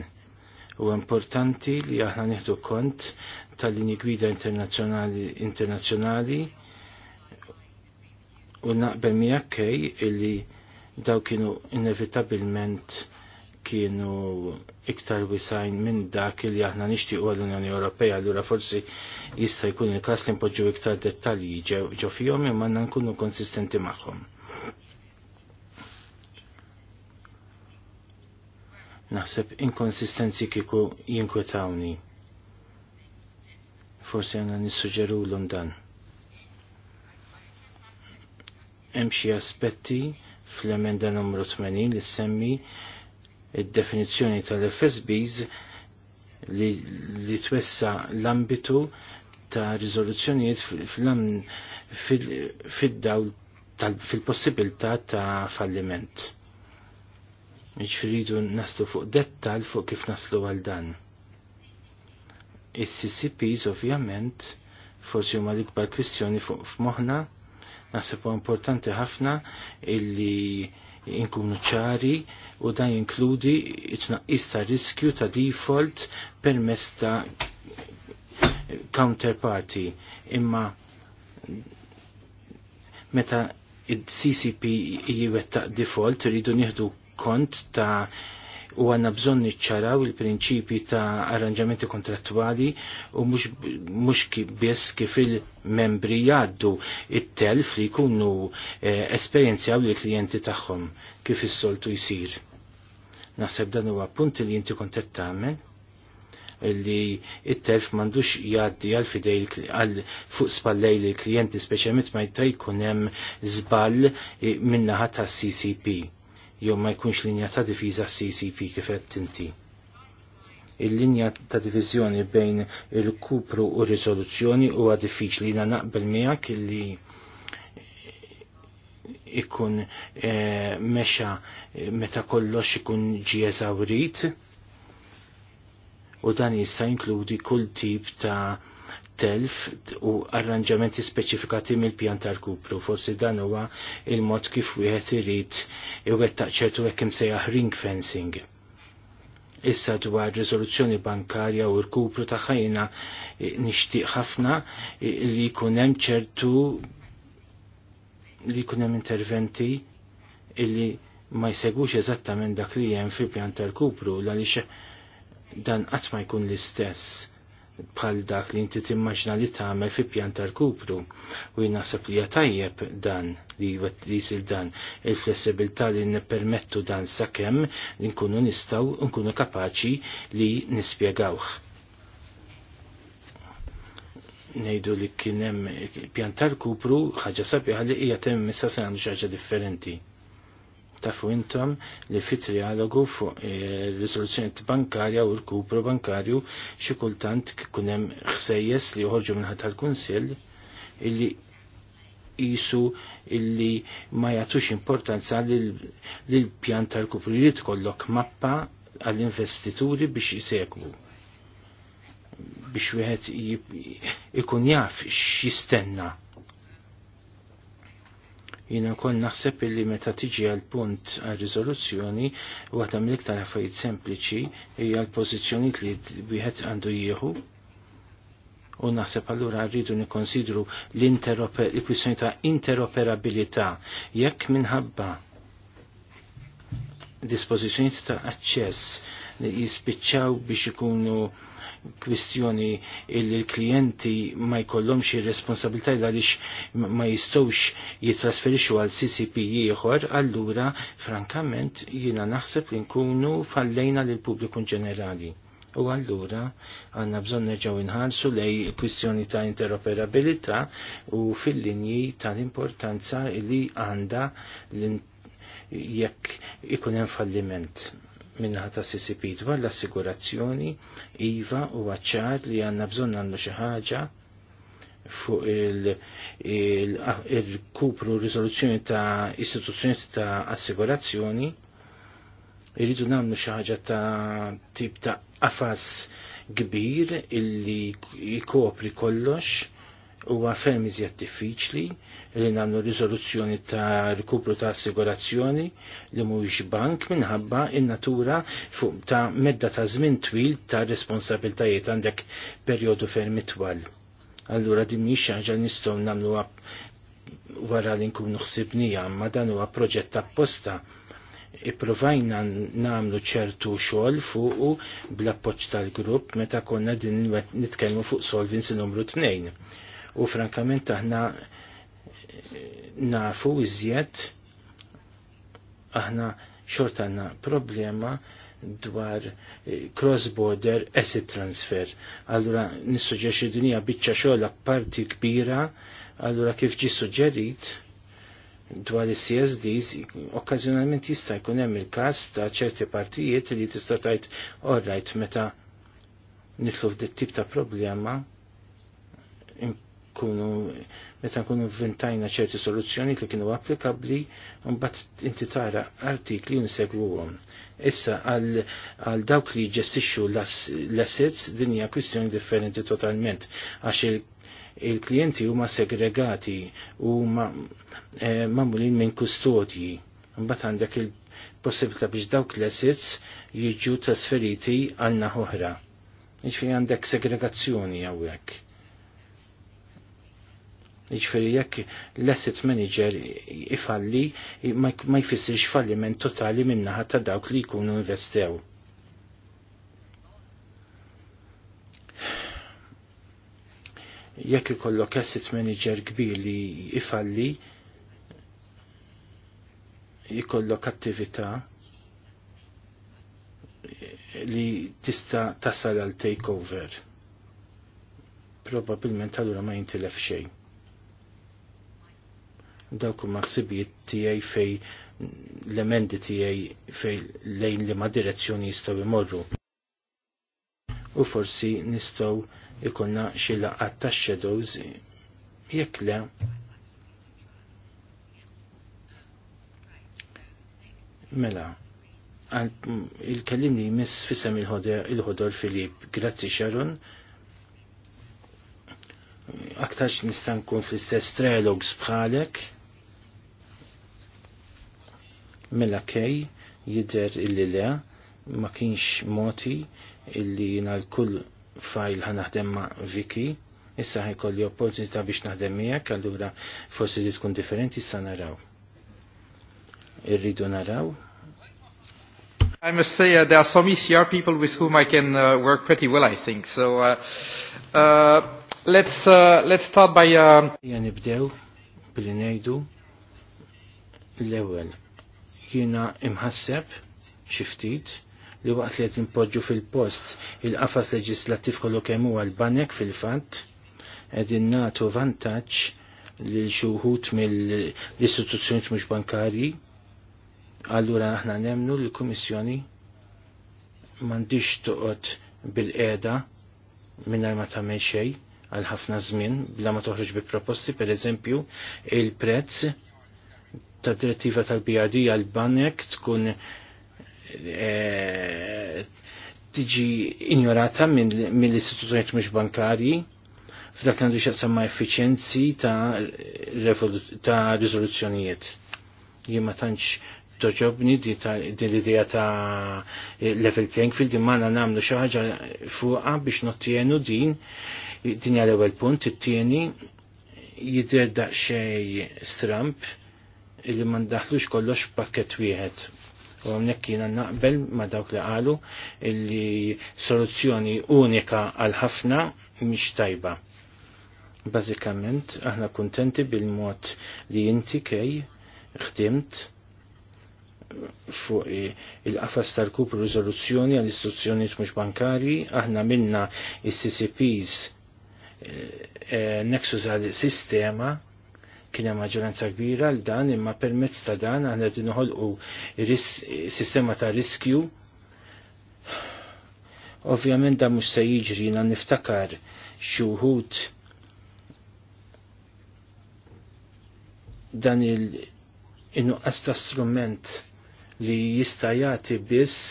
U importanti li aħna nieħdu kont tal-linji gwida internazzjonali u naqbel miegħek illi daw kienu inevitabilment kienu iktar wisajn minn dak li aħna nixtiequ għall-Unjoni Ewropea, allura forsi jista' jkun il-każ li npoġġu iktar dettalji ġew fihom imma nkunu konsistenti magħhom. Naħseb inkonsistenzi kieku jinkwetawni. Forsi għandna nissuġeru l dan. Hemm xi aspetti fl-emenda numru 80 li semmi il definizzjoni tal-FSBs li, li twessa l-ambitu ta' rizoluzzjonijiet fil-dawl fil-possibilità ta' falliment. Iġfiridu naslu fuq dettal fuq kif naslu għal dan. Is-CCPs ovvjament forsi huma l-ikbar kwistjoni fuq f'moħħna Naħseb importanti ħafna illi inkunu ċari u dan jinkludi it-tnaqqis ta' riskju ta' default permess ta' counterparty imma meta id-CCP jiwettaq default rridu nieħdu kont ta' u għanna bżon niċċaraw il-prinċipi ta' arranġamenti kontrattwali u mux biss kif il-membri jaddu it-telf li jkunu eh, esperienzjaw li klijenti tagħhom kif is-soltu jisir. Naħseb dan huwa punt li inti kontet tagħmel li it-telf mandux jaddi għal fidej għal fuq spallej li klijenti speċjalment ma jkun hemm żball eh, minnaħa ta' ccp jew ma jkunx linja ta' difiża CCP kif qed Il-linja ta' diviżjoni bejn il-kupru u riżoluzzjoni huwa diffiċli na naqbel miegħek li ikun e, mexa eh, meta kollox ikun ġi eżawrit u dan jista' jinkludi kull tip ta' telf u arranġamenti speċifikati mill-pjan tal-kupru. Forsi dan huwa il-mod kif wieħed irid iwettaq ċertu hekk imsejjaħ ring fencing. Issa dwar riżoluzzjoni bankarja u l-kupru ta' ħajna e, nixtieq ħafna e, li jkun hemm ċertu li jkun hemm interventi illi ma jsegwux eżattament dak li hemm fil-pjan tal-kupru għaliex dan qatt ma jkun l-istess bħal dak li inti timmaġna li tagħmel fi pjan tal-kupru u jnaħseb li tajjeb dan li jisil dan il-flessibilità li nippermettu dan sakemm li nkunu nistgħu nkunu kapaċi li nispjegawh. Nejdu li kien hemm pjan tal-kupru ħaġa sabiħa li hija temm issa se nagħmlu xi ħaġa differenti tafu intom li fit trialogu fuq eh, risoluzzjoni bankarja u l-kupru bankarju xi kultant xsejjes hemm ħsejjes li uħorġu minħat tal-kunsill illi jisu illi ma jagħtux importanza li l pjan tal-kupru li tkollok mappa għall-investituri biex jisegwu biex wieħed ikun jaf x'jistenna jina kon naħseb illi meta tiġi għal punt għal rizoluzzjoni waħda mill-iktar affarijiet sempliċi hija l-pożizzjoni li wieħed għandu jieħu u naħseb allura rridu nikkonsidru l-kwistjoni ta' interoperabilità jekk minħabba dispożizzjoni ta' aċċess li jispiċċaw biex ikunu kwistjoni il-klienti ma jkollhomx ir-responsabilità għaliex ma jistgħux jitrasferixxu għal CCP ieħor, allura frankament jiena naħseb li nkunu fallejna lil pubbliku ġenerali. U allura għanna bżon nerġaw inħarsu lej kwistjoni ta' interoperabilità u fil-linji tal-importanza li għanda jekk ikun hemm falliment minnaħat ta' CCP dwar l-assigurazzjoni IVA u għacċar li għanna bżon għannu xi ħaġa fuq il-kupru il, risoluzzjoni ta' istituzzjoni ta' assigurazzjoni irridu namlu xi ħaġa ta' tip ta' afas kbir illi jkopri kollox huwa ferm iżjed diffiċli li nagħmlu riżoluzzjoni ta' rikupru ta' assigurazzjoni li mhuwiex bank minħabba in-natura fuq ta' medda ta' żmien twil ta' responsabiltajiet għandek perjodu ferm itwal. Allura din mhix ħaġa nistgħu nagħmluha wara li nkunu ħsibnija, ma dan huwa proġett apposta ipprovajna namlu ċertu xogħol fuq bl-appoġġ tal-grupp meta konna din nitkellmu fuq solvins numru tnejn u frankament aħna nafu iżjed aħna xort għanna problema dwar eh, cross-border asset transfer. Allura nissuġġerixi dinija biċċa xogħol parti kbira, allura kif ġi suġġerit dwar is-CSDs okkażjonalment jista' jkun hemm il-każ ta' ċerti partijiet li tista' tgħid orrajt meta nitlu f'dit tip ta' problema nkunu meta nkunu vintajna ċerti soluzzjoni li kienu applikabli mbagħad inti tara artikli u Issa għal dawk li jġestixxu l-assets din hija kwistjoni differenti totalment għax il-klijenti huma segregati u eh, mamulin minn kustodji. Mbagħad għandek il-possibilità biex dawk l-assets jiġu trasferiti għal naħoħra. oħra għandek segregazzjoni għawek. Ġifiri jekk l-asset manager ifalli ma jfissirx falliment totali minnaħa ta' dawk li jkunu investew. Jekk ikollok asset manager kbir li ifalli jikollok attività li tista' tasal għal takeover. Probabilment allura ma jintilef xejn dawk huma ħsibijiet tiegħi fej l-emendi tiegħi fej lejn li ma direzzjoni jistgħu jmorru. U forsi nistgħu ikunna xi laqgħat tax-shadows jekk le mela il-kellimni jmiss fissam il-ħodor Filip. Grazzi Sharon. Aktarx nistankun kun fl-istess trelog bħalek mela kej jider illi le ma kienx moti illi jina l-kull fajl ħanaħdem ma' Viki issa ħajkolli opportunità biex naħdem miegħek allura forsi li tkun differenti issa naraw. Irridu naraw. I must say uh, there are some ECR people with whom I can uh, work pretty well I think so uh, uh, let's uh, let's start by uh... Ja nibdew billi l-ewwel Jiena imħasseb xiftit li waqt li qed impoġġu fil-post il-qafas leġislattiv kollu kemm għal banek fil-fatt natu nagħtu vantaġġ lil xuħut mill-istituzzjonijiet mhux bankarji. Allura aħna nemnu l-Kummissjoni m'għandix toqgħod bil-qiegħda mingħajr ma tamen xejn għal ħafna żmien bla ma toħroġ bi proposti per eżempju il-prezz ta' direttiva tal-BRD għal-banek tkun e, tiġi ignorata mill-istituzzjoniet mhux bankarji f'dak għandu xaqsamma effiċenzi ta' riżoluzzjonijiet. Jien ma tantx toġobni din l-idea ta' level playing field imma għandna nagħmlu xi ħaġa fuqha biex nottienu din din hija l-ewwel punt, it-tieni jidher daqsxejn stramp illi ma ndaħlux kollox pakket wieħed. U għamnek jina naqbel ma dawk li qalu illi soluzzjoni unika għal ħafna mhix tajba. Bażikament aħna kuntenti bil-mod li inti kej ħdimt fuq il-qafas tal-kup riżoluzzjoni għall istituzzjonijiet mhux bankari, aħna minna is-CCPs eh, nexus għal sistema kien hemm maġġoranza kbira l dan imma permezz ta' dan aħna qed inħolqu sistema ta' riskju. Ovvjament dan mhux se jiġri jiena niftakar xi wħud dan il-nuqqas ta' strument li jista' jagħti biss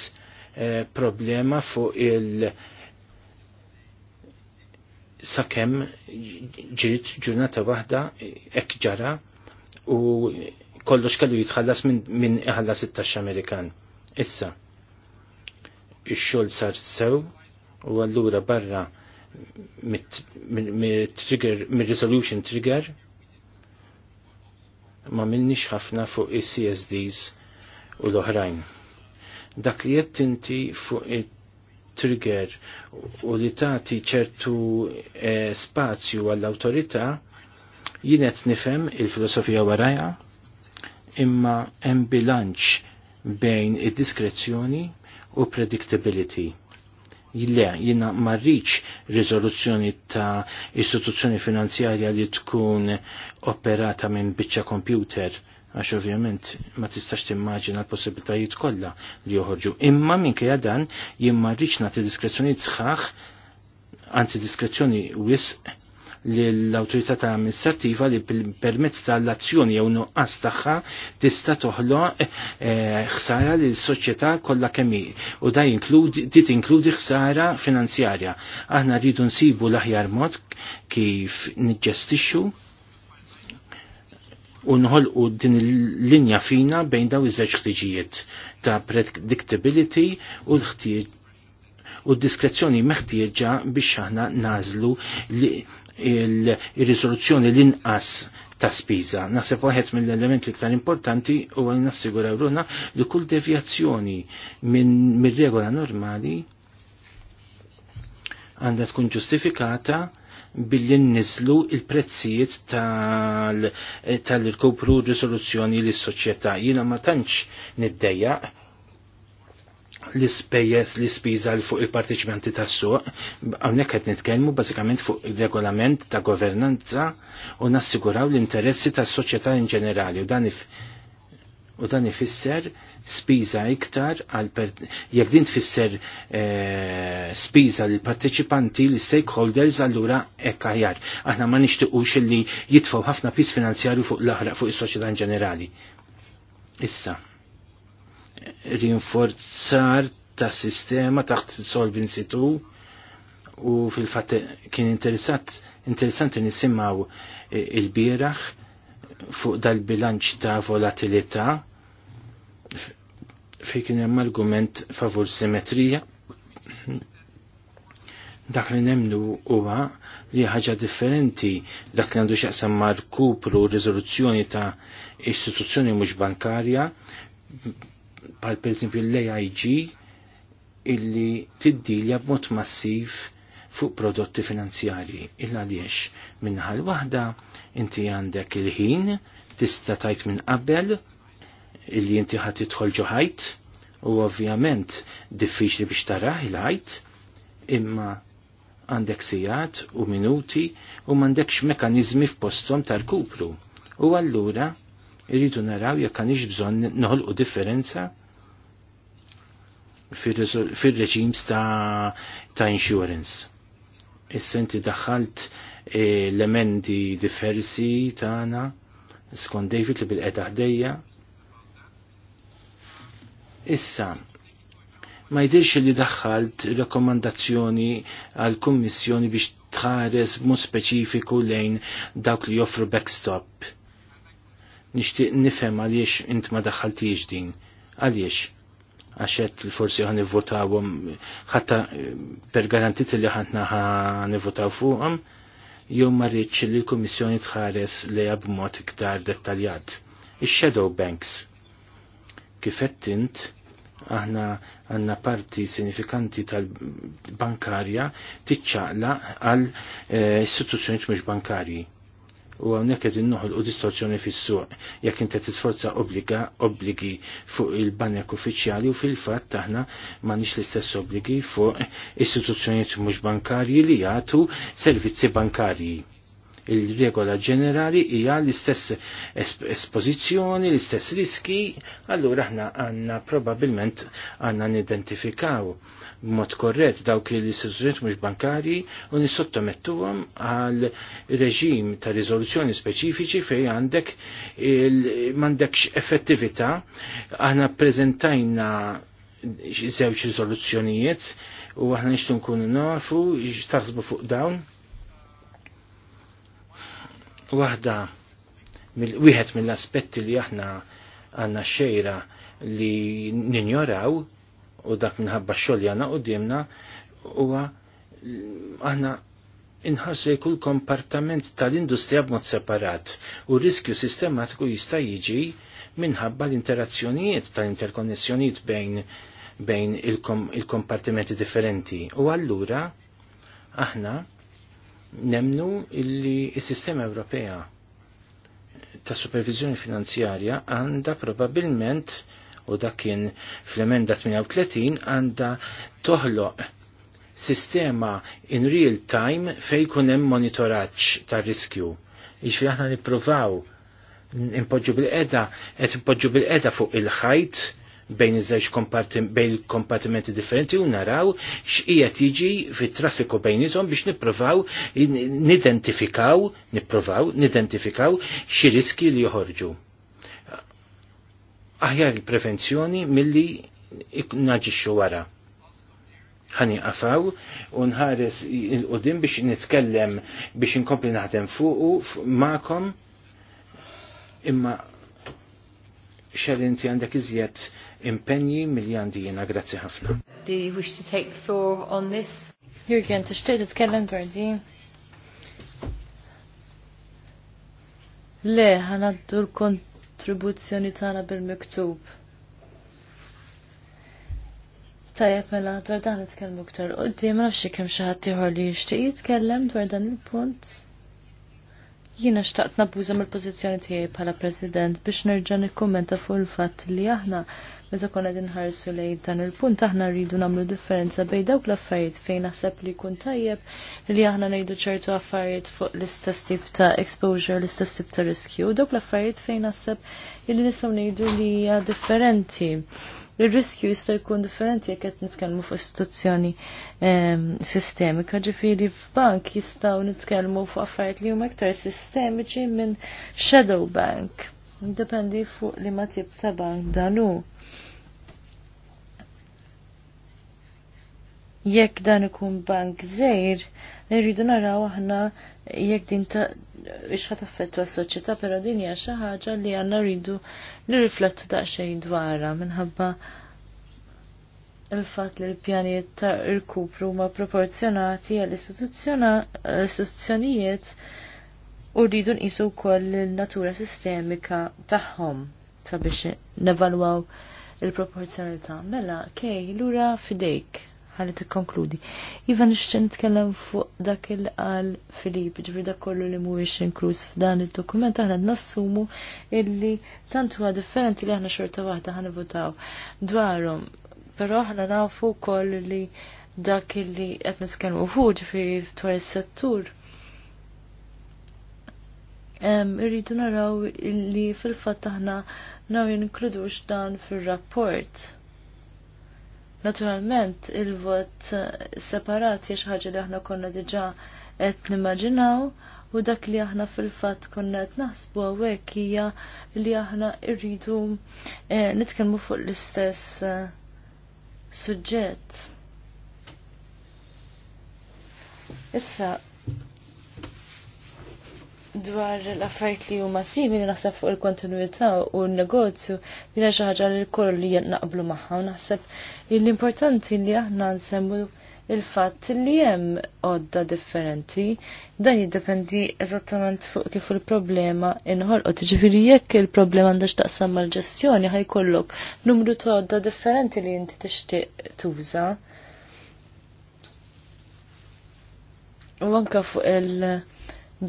eh, problema fuq il- sakemm ġiet ġurnata waħda hekk ġara u kollox kellu jitħallas minn iħallas it-taxxa Amerikan. Issa, ix-xogħol sar sew u allura barra mit-trigger, mit-resolution trigger, ma minnix ħafna fuq is-CSDs u l-oħrajn. Dak li jett inti fuq trigger u li tagħti ċertu eh, spazju għall-awtorità jienet nifhem il-filosofija warajja imma hemm bilanċ bejn id-diskrezzjoni u predictability. Le, jina marriċ rizoluzzjoni ta' istituzzjoni finanzjarja li tkun operata minn biċċa kompjuter għax ovvjament ma tistax timmaġina l-possibilitajiet kollha li joħorġu. Imma minkejja dan jimma rridx nagħti diskrezzjoni sħaħ, anzi diskrezzjoni wisq l-autorità ta' amministrativa li permezz tal-azzjoni jew nuqqas tagħha tista' toħloq eh, eh, ħsara li s-soċjetà kollha kemm u da dit inkludi ħsara finanzjarja. Aħna rridu nsibu l-aħjar mod kif niġġestixxu u nħolqu din il-linja fina bejn daw iż-żewġ ħtiġijiet ta' predictability u l-ħtieġ u d-diskrezzjoni meħtieġa biex aħna nażlu il-riżoluzzjoni l-inqas ta' spiża. Naħseb waħed mill-element l-iktar importanti u għal nassigura runa li kull devjazzjoni minn regola normali għandha tkun ġustifikata billi nizlu il-prezzijiet tal kopru tal risoluzzjoni s soċjetà Jina ma tantx niddeja l-ispejjeż li spiża l fuq il-partiċipanti tas-suq, hawnhekk qed nitkellmu bażikament fuq ir-regolament ta' governanza u nassiguraw l-interessi tas-soċjetà in ġenerali u dan if u dan ifisser spiża iktar għal jekk din tfisser eh, spiża l parteċipanti l stakeholders allura hekk aħjar. Aħna ma nixtiequx illi jitfgħu ħafna pis finanzjarju fuq l-aħraq fuq is-soċjetà ġenerali. Issa, rinforzar ta' sistema taħt Solvency tu u fil-fatt kien interessat interessanti nisimgħu eh, il-bieraħ fuq dal-bilanċ ta' volatilità fejn kien hemm argument favur simetrija dak li nemnu huwa li ħaġa differenti dak li għandu xaqsam ma' kupru riżoluzzjoni ta' istituzzjoni mhux bankarja bħal pereżempju l-AIG illi tiddilja b'mod massiv fuq prodotti finanzjarji il-għaliex minnaħal waħda inti għandek il-ħin tista tajt minn qabel illi inti ħat tidħol ġoħajt u ovvjament diffiċli biex taraħ il-ħajt imma għandek sijat u minuti u mandekx mekanizmi f'postom tal-kuplu. U allura irridu naraw jekk għandix bżonn noħolqu differenza fir-reġims ta', ta insurance. Is-senti daħħalt e, l-emendi diversi tagħna skont David li bil-qeda ħdejja. Issa, ma jidirx li daħħalt rekomandazzjoni għal kummissjoni biex tħares mod speċifiku lejn dawk li joffru backstop. Nixtieq nifhem għaliex int ma daħħaltiex din. Għaliex? għaxet forsi għan nivvotawum, ħatta per garantit li ħatna għan nivvotaw fuqom, jew marriċ li l-Komissjoni tħares li b'mod iktar dettaljat. Ix-shadow banks. Kifett int, aħna għanna parti sinifikanti tal-bankarja tiċċaqla għal eh, istituzzjoniet mhux bankarji u għawnek qed innoħolqu distorsjoni fis-suq jekk inti tisforza obbliga obbligi fuq il-banek uffiċjali u fil-fatt aħna m'għandix l-istess obbligi fuq istituzzjonijiet mhux bankarji li jagħtu servizzi bankarji. Il-regola ġenerali hija l-istess espożizzjoni, l-istess riski, allura aħna għandna probabbilment għandna nidentifikaw b'mod korrett dawk l-istituzzjonijiet mhux bankarji u nissottomettuhom għal reġim ta' riżoluzzjoni speċifiċi fej għandek m'għandekx effettività. Aħna preżentajna żewġ riżoluzzjonijiet u aħna nixtu nkunu nafu x'taħsbu fuq dawn waħda wieħed mill-aspetti li aħna għanna xejra li ninjoraw u dak minħabba xogħol li għandna qudiemna huwa aħna inħarsu jkun kompartament tal-industrija b'mod separat u riskju sistematiku jista' jiġi minħabba l-interazzjonijiet tal-interkonnessjonijiet bejn bejn il-kompartimenti differenti. U allura aħna nemnu illi il-sistema Ewropea ta' supervizjoni finanzjarja għanda probabilment u dakin fl-emenda 38 għanda toħloq sistema in real time fej kunem monitoraċ ta' riskju. Ixri jiġifieri aħna niprovaw impoġġu bil edha et impoġġu bil-qeda fuq il-ħajt bejn iż-żewġ bejn kompartimenti differenti u naraw x'qiegħed jiġi fit-traffiku bejnithom biex nippruvaw nidentifikaw, nippruvaw nidentifikaw xi riski li joħorġu. Aħjar il-prevenzjoni milli naġixxu wara qafaw u nħares il qudiem biex nitkellem biex inkompli naħdem fuqu ma'kom imma xel inti għandek iżjed impenji mill-għandi jena, grazzi ħafna. Do you wish to take the floor on this? Jurgen, t-ixtiet t-tkellem dwar din? Le, ħanaddu l-kontribuzzjoni tagħna bil-miktub. Tajab mela dwar dan it-tkellem iktar qudiem ma nafx kemm xi ħadd ieħor li jixtieq jitkellem dwar dan il-punt. Jiena xtaqt nabbuża mill-pożizzjoni tiegħi bħala President biex nerġa' nikkummenta fuq il-fatt li aħna meta konna dinħarsu lejn dan il-punt aħna rridu nagħmlu differenza bejn dawk l-affarijiet fejn naħseb li jkun tajjeb li aħna ngħidu ċertu affarijiet fuq l-istess tip ta' exposure, l-istess tip ta' riskju, dawk l-affarijiet fejn naħseb li nistgħu ngħidu li hija differenti il-riskju jista' jkun differenti jekk qed nitkellmu fuq istituzzjoni ehm, sistemika, ġifieri f'bank jistgħu nitkellmu fuq affarijiet li huma aktar sistemiċi minn shadow bank. Dependi fuq li ma tib ta' bank dan hu. jekk dan ikun bank żejr, nirridu naraw aħna jekk din ta' ixħat affettu s-soċieta, pero din hija xi ħaġa li għandna rridu nirriflettu daqsxejn dwarha minħabba il-fat li l-pjanijiet ta' irkupru ma' proporzjonati għall-istituzzjonijiet u rridu nqisu wkoll il-natura sistemika tagħhom sabiex nevalwaw il-proporzjonalità. Mela, kej, lura fidejk ħalli tikkonkludi. Iva nixtieq nitkellem fuq dak il qal Filip, ġvri dak kollu li mhuwiex inkluż f'dan id-dokument aħna nassumu illi tant huwa differenti li aħna xorta waħda votaw dwarhom. Però aħna nafu wkoll li dak illi qed nitkellmu fuq ġifri dwar is-settur. Irridu naraw li fil-fatt aħna naw jinkludux dan fir-rapport Naturalment, il-vot separat jiex ħaġa li aħna konna diġa qed nimmaġinaw u dak li aħna fil-fatt konna qed naħsbu hawnhekk hija li aħna rridu eh, nitkellmu fuq l-istess eh, suġġett. Issa, dwar l-affarijiet li huma simili naħseb fuq il-kontinuità u n-negozju jiena xi ħaġa li l-koll li naqblu magħha u naħseb l-importanti li aħna nsemmu il-fatt li hemm għodda differenti dan jiddependi eżattament fuq kif il-problema inħolqu Ġifieri jekk il-problema għandax taqsam mal-ġestjoni ħajkollok numru ta' għodda differenti li inti tixtieq tuża. U anke fuq il-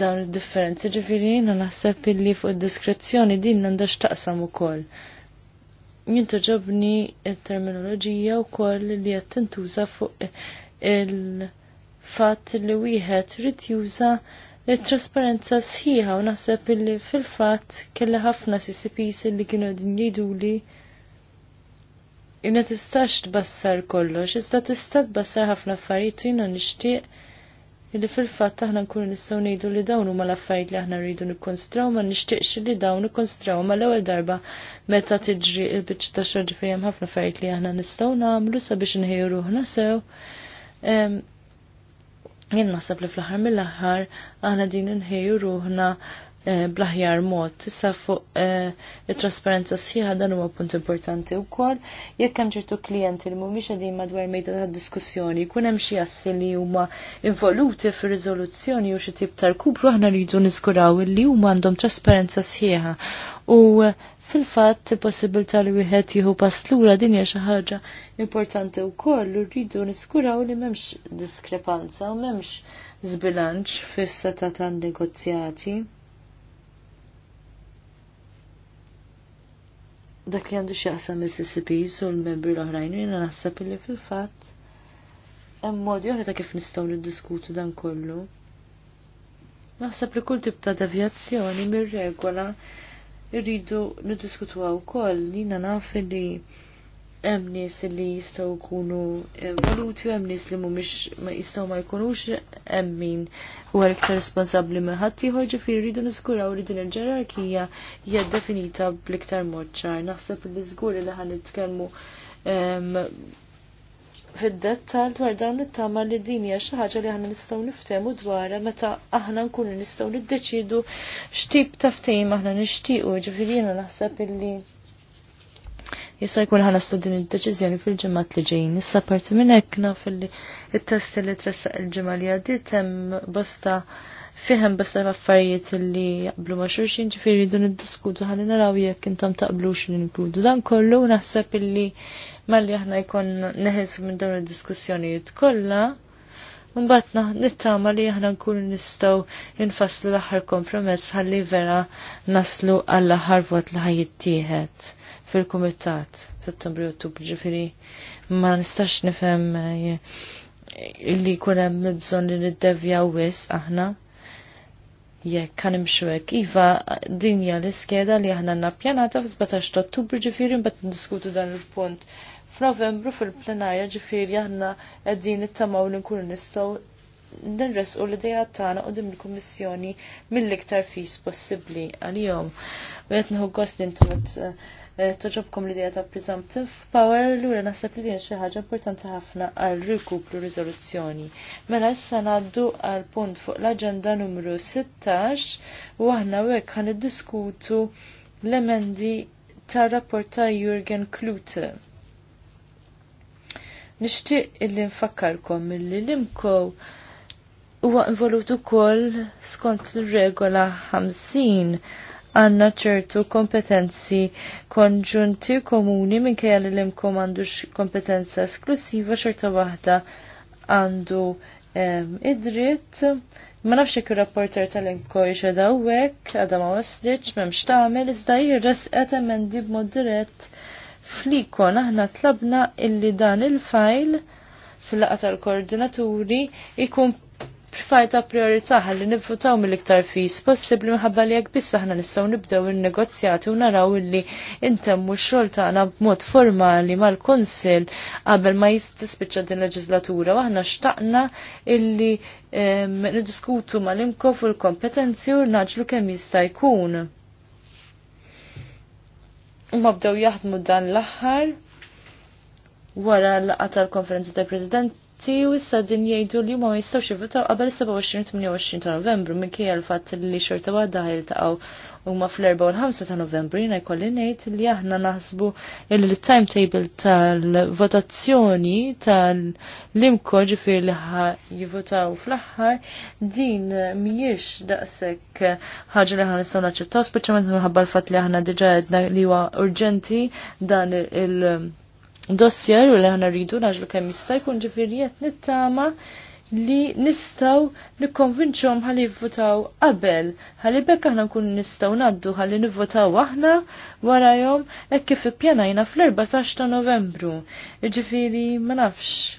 dawn id-differenzi. ġifiri jiena naħseb illi fuq id-diskrezzjoni din għandha x'taqsam ukoll. Jintu ġobni t-terminoloġija wkoll li qed tintuża fuq il-fatt li wieħed rrit juża il-trasparenza sħiħa u naħseb illi fil-fatt kelli ħafna CCPs li kienu din jgħiduli Jina tistax tbassar kollox, iżda tista' tbassar ħafna affarijiet u jina nixtieq illi fil-fatt aħna nkunu nistgħu ngħidu li dawn huma l-affarijiet li aħna rridu nikkonsidraw ma nixtieqx li dawn nikkonsidraw ma l-ewwel darba meta tiġri l-biċċa ta' xogħol ġifieri hemm ħafna affarijiet li aħna nistgħu nagħmlu sabiex nħejju ruħna sew. Jien naħseb li fl-aħħar mill-aħħar aħna din inħejju ruħna Eh, blaħjar mod. tissa fuq eh, il-trasparenza sħiħa dan huwa punt importanti wkoll. Jekk hemm ċertu klijenti li mhumiex qegħdin madwar mejda ta' diskussjoni, jkun hemm xi assi li huma involuti fir-riżoluzzjoni u xi tip ta' kubru aħna rridu niskuraw li huma għandhom trasparenza sħiħa. U fil-fatt il-possibilità li wieħed jieħu pass lura din hija xi ħaġa importanti wkoll u rridu niskuraw li m'hemmx diskrepanza u m'hemmx zbilanċ fis-seta tan-negozjati. dak li għandu xaqsam Mississippi ccps l-membri l-oħrajn, jina naħseb li fil-fat, hemm modi oħra ta' kif nistgħu niddiskutu dan kollu. Naħseb li kull tip ta' devjazzjoni mir-regola irridu għaw wkoll, jina naf li hemm nies li jistgħu jkunu eh, voluti u hemm nies li mhumiex ma jistgħu ma jkunux hemm min huwa iktar responsabbli minn ħadd ieħor ġifieri rridu niskuraw li din il-ġerarkija hija definita bl-iktar mod ċar. Naħseb li żgur li ħan nitkellmu ehm, fid-dettal dwar dawn it-tama li din hija xi ħaġa li aħna nistgħu niftehmu dwarha meta aħna nkunu nistgħu niddeċidu x'tip ta' ftehim aħna nixtiequ, ġifieri naħseb illi jissa jkun ħana din id-deċiżjoni fil ġemat li ġejn. Issa parti minn hekk naf li t-test li tressaq il-ġimgħa li għaddiet hemm bosta fihem bosta affarijiet li jaqblu ma' xulxin dun id niddiskutu ħalli naraw jekk intom taqblux xin inkludu dan kollu naħseb illi malli aħna jkun neħilsu minn dawn id-diskussjonijiet kollha. Mbagħad nittama li aħna nkunu nistgħu infasslu l-aħħar kompromess ħalli vera naslu għall-aħħar vot li ħajjittieħed fil-kumitat settembru ottubru ġifiri ma nistax nifhem illi eh, kunem hemm bżonn li niddevja wis aħna jekk kan imxwek. Iva, dinja l-iskeda li aħna nappjanata f-17 ottubru ġifiri mbagħad ndiskutu dan il-punt. F'Novembru fil-plenarja ġifiri aħna qegħdin nittamaw li nkunu nistgħu nirresqu l-idea tagħna dim il-Kummissjoni mill-iktar fis possibbli għalihom. U qed nħu gost intu eh, Eh, toġobkom l-idea ta' presumptive power l-ura naħseb li din xi ħaġa importanti ħafna għal rikupru riżoluzzjoni. Mela issa ngħaddu għal punt fuq l-aġenda numru 16 u aħna hekk ħan diskutu l-emendi tar rapport ta' Jürgen Klute. Nixtieq illi nfakkarkom il-li l-imkow huwa involut ukoll skont ir regola 50 għanna ċertu kompetenzi konġunti komuni minn kajja li l-imkom għandu kompetenza esklusiva ċerta waħda għandu id-dritt. Ma nafx nafxek rapporter tal-inkoj xedawwek, għada ma wasliċ, memx taħmel, iżda jirres emendi b'mod dirett flikon aħna tlabna illi dan il-fajl fil-laqa tal-koordinaturi ikun f'fajt ta' priorità ħalli nifutaw mill-iktar fis possibbli minħabba li jekk biss aħna nistgħu nibdew in-negozjati u naraw illi intemmu x-xogħol tagħna b'mod formali mal-Kunsill qabel ma jistispiċċa din leġislatura u aħna xtaqna illi niddiskutu mal-imkom fuq il-kompetenzi u naġlu kemm jista' jkun. U ma bdew jaħdmu dan l-aħħar wara l-laqgħa tal-konferenza tal-President tiju u issa din jgħidu li ma jistgħux jivvotaw qabel 27-28 ta' Novembru minkejja l-fatt li xorta waħda ħiltaqgħu huma fl-4 u l-5 ta' Novembru jiena jkolli ngħid li aħna naħsbu il-timetable tal-votazzjoni tal-limko ġifier li jivvotaw fl-aħħar din mhijiex daqshekk ħaġa li ħan nistgħu naċċettaw speċjalment minħabba l fat li aħna diġà għedna li huwa urġenti dan il- dossier u li ħana rridu naġlu kemm jista' jkun ġifieri qed nittama li nistaw nikkonvinċhom ħalli jivvotaw qabel, ħalli bekk aħna nkun nistaw naddu ħalli nivvotaw aħna warajhom hekk kif ippjanajna fl-14 ta' Novembru. Jiġifieri ma nafx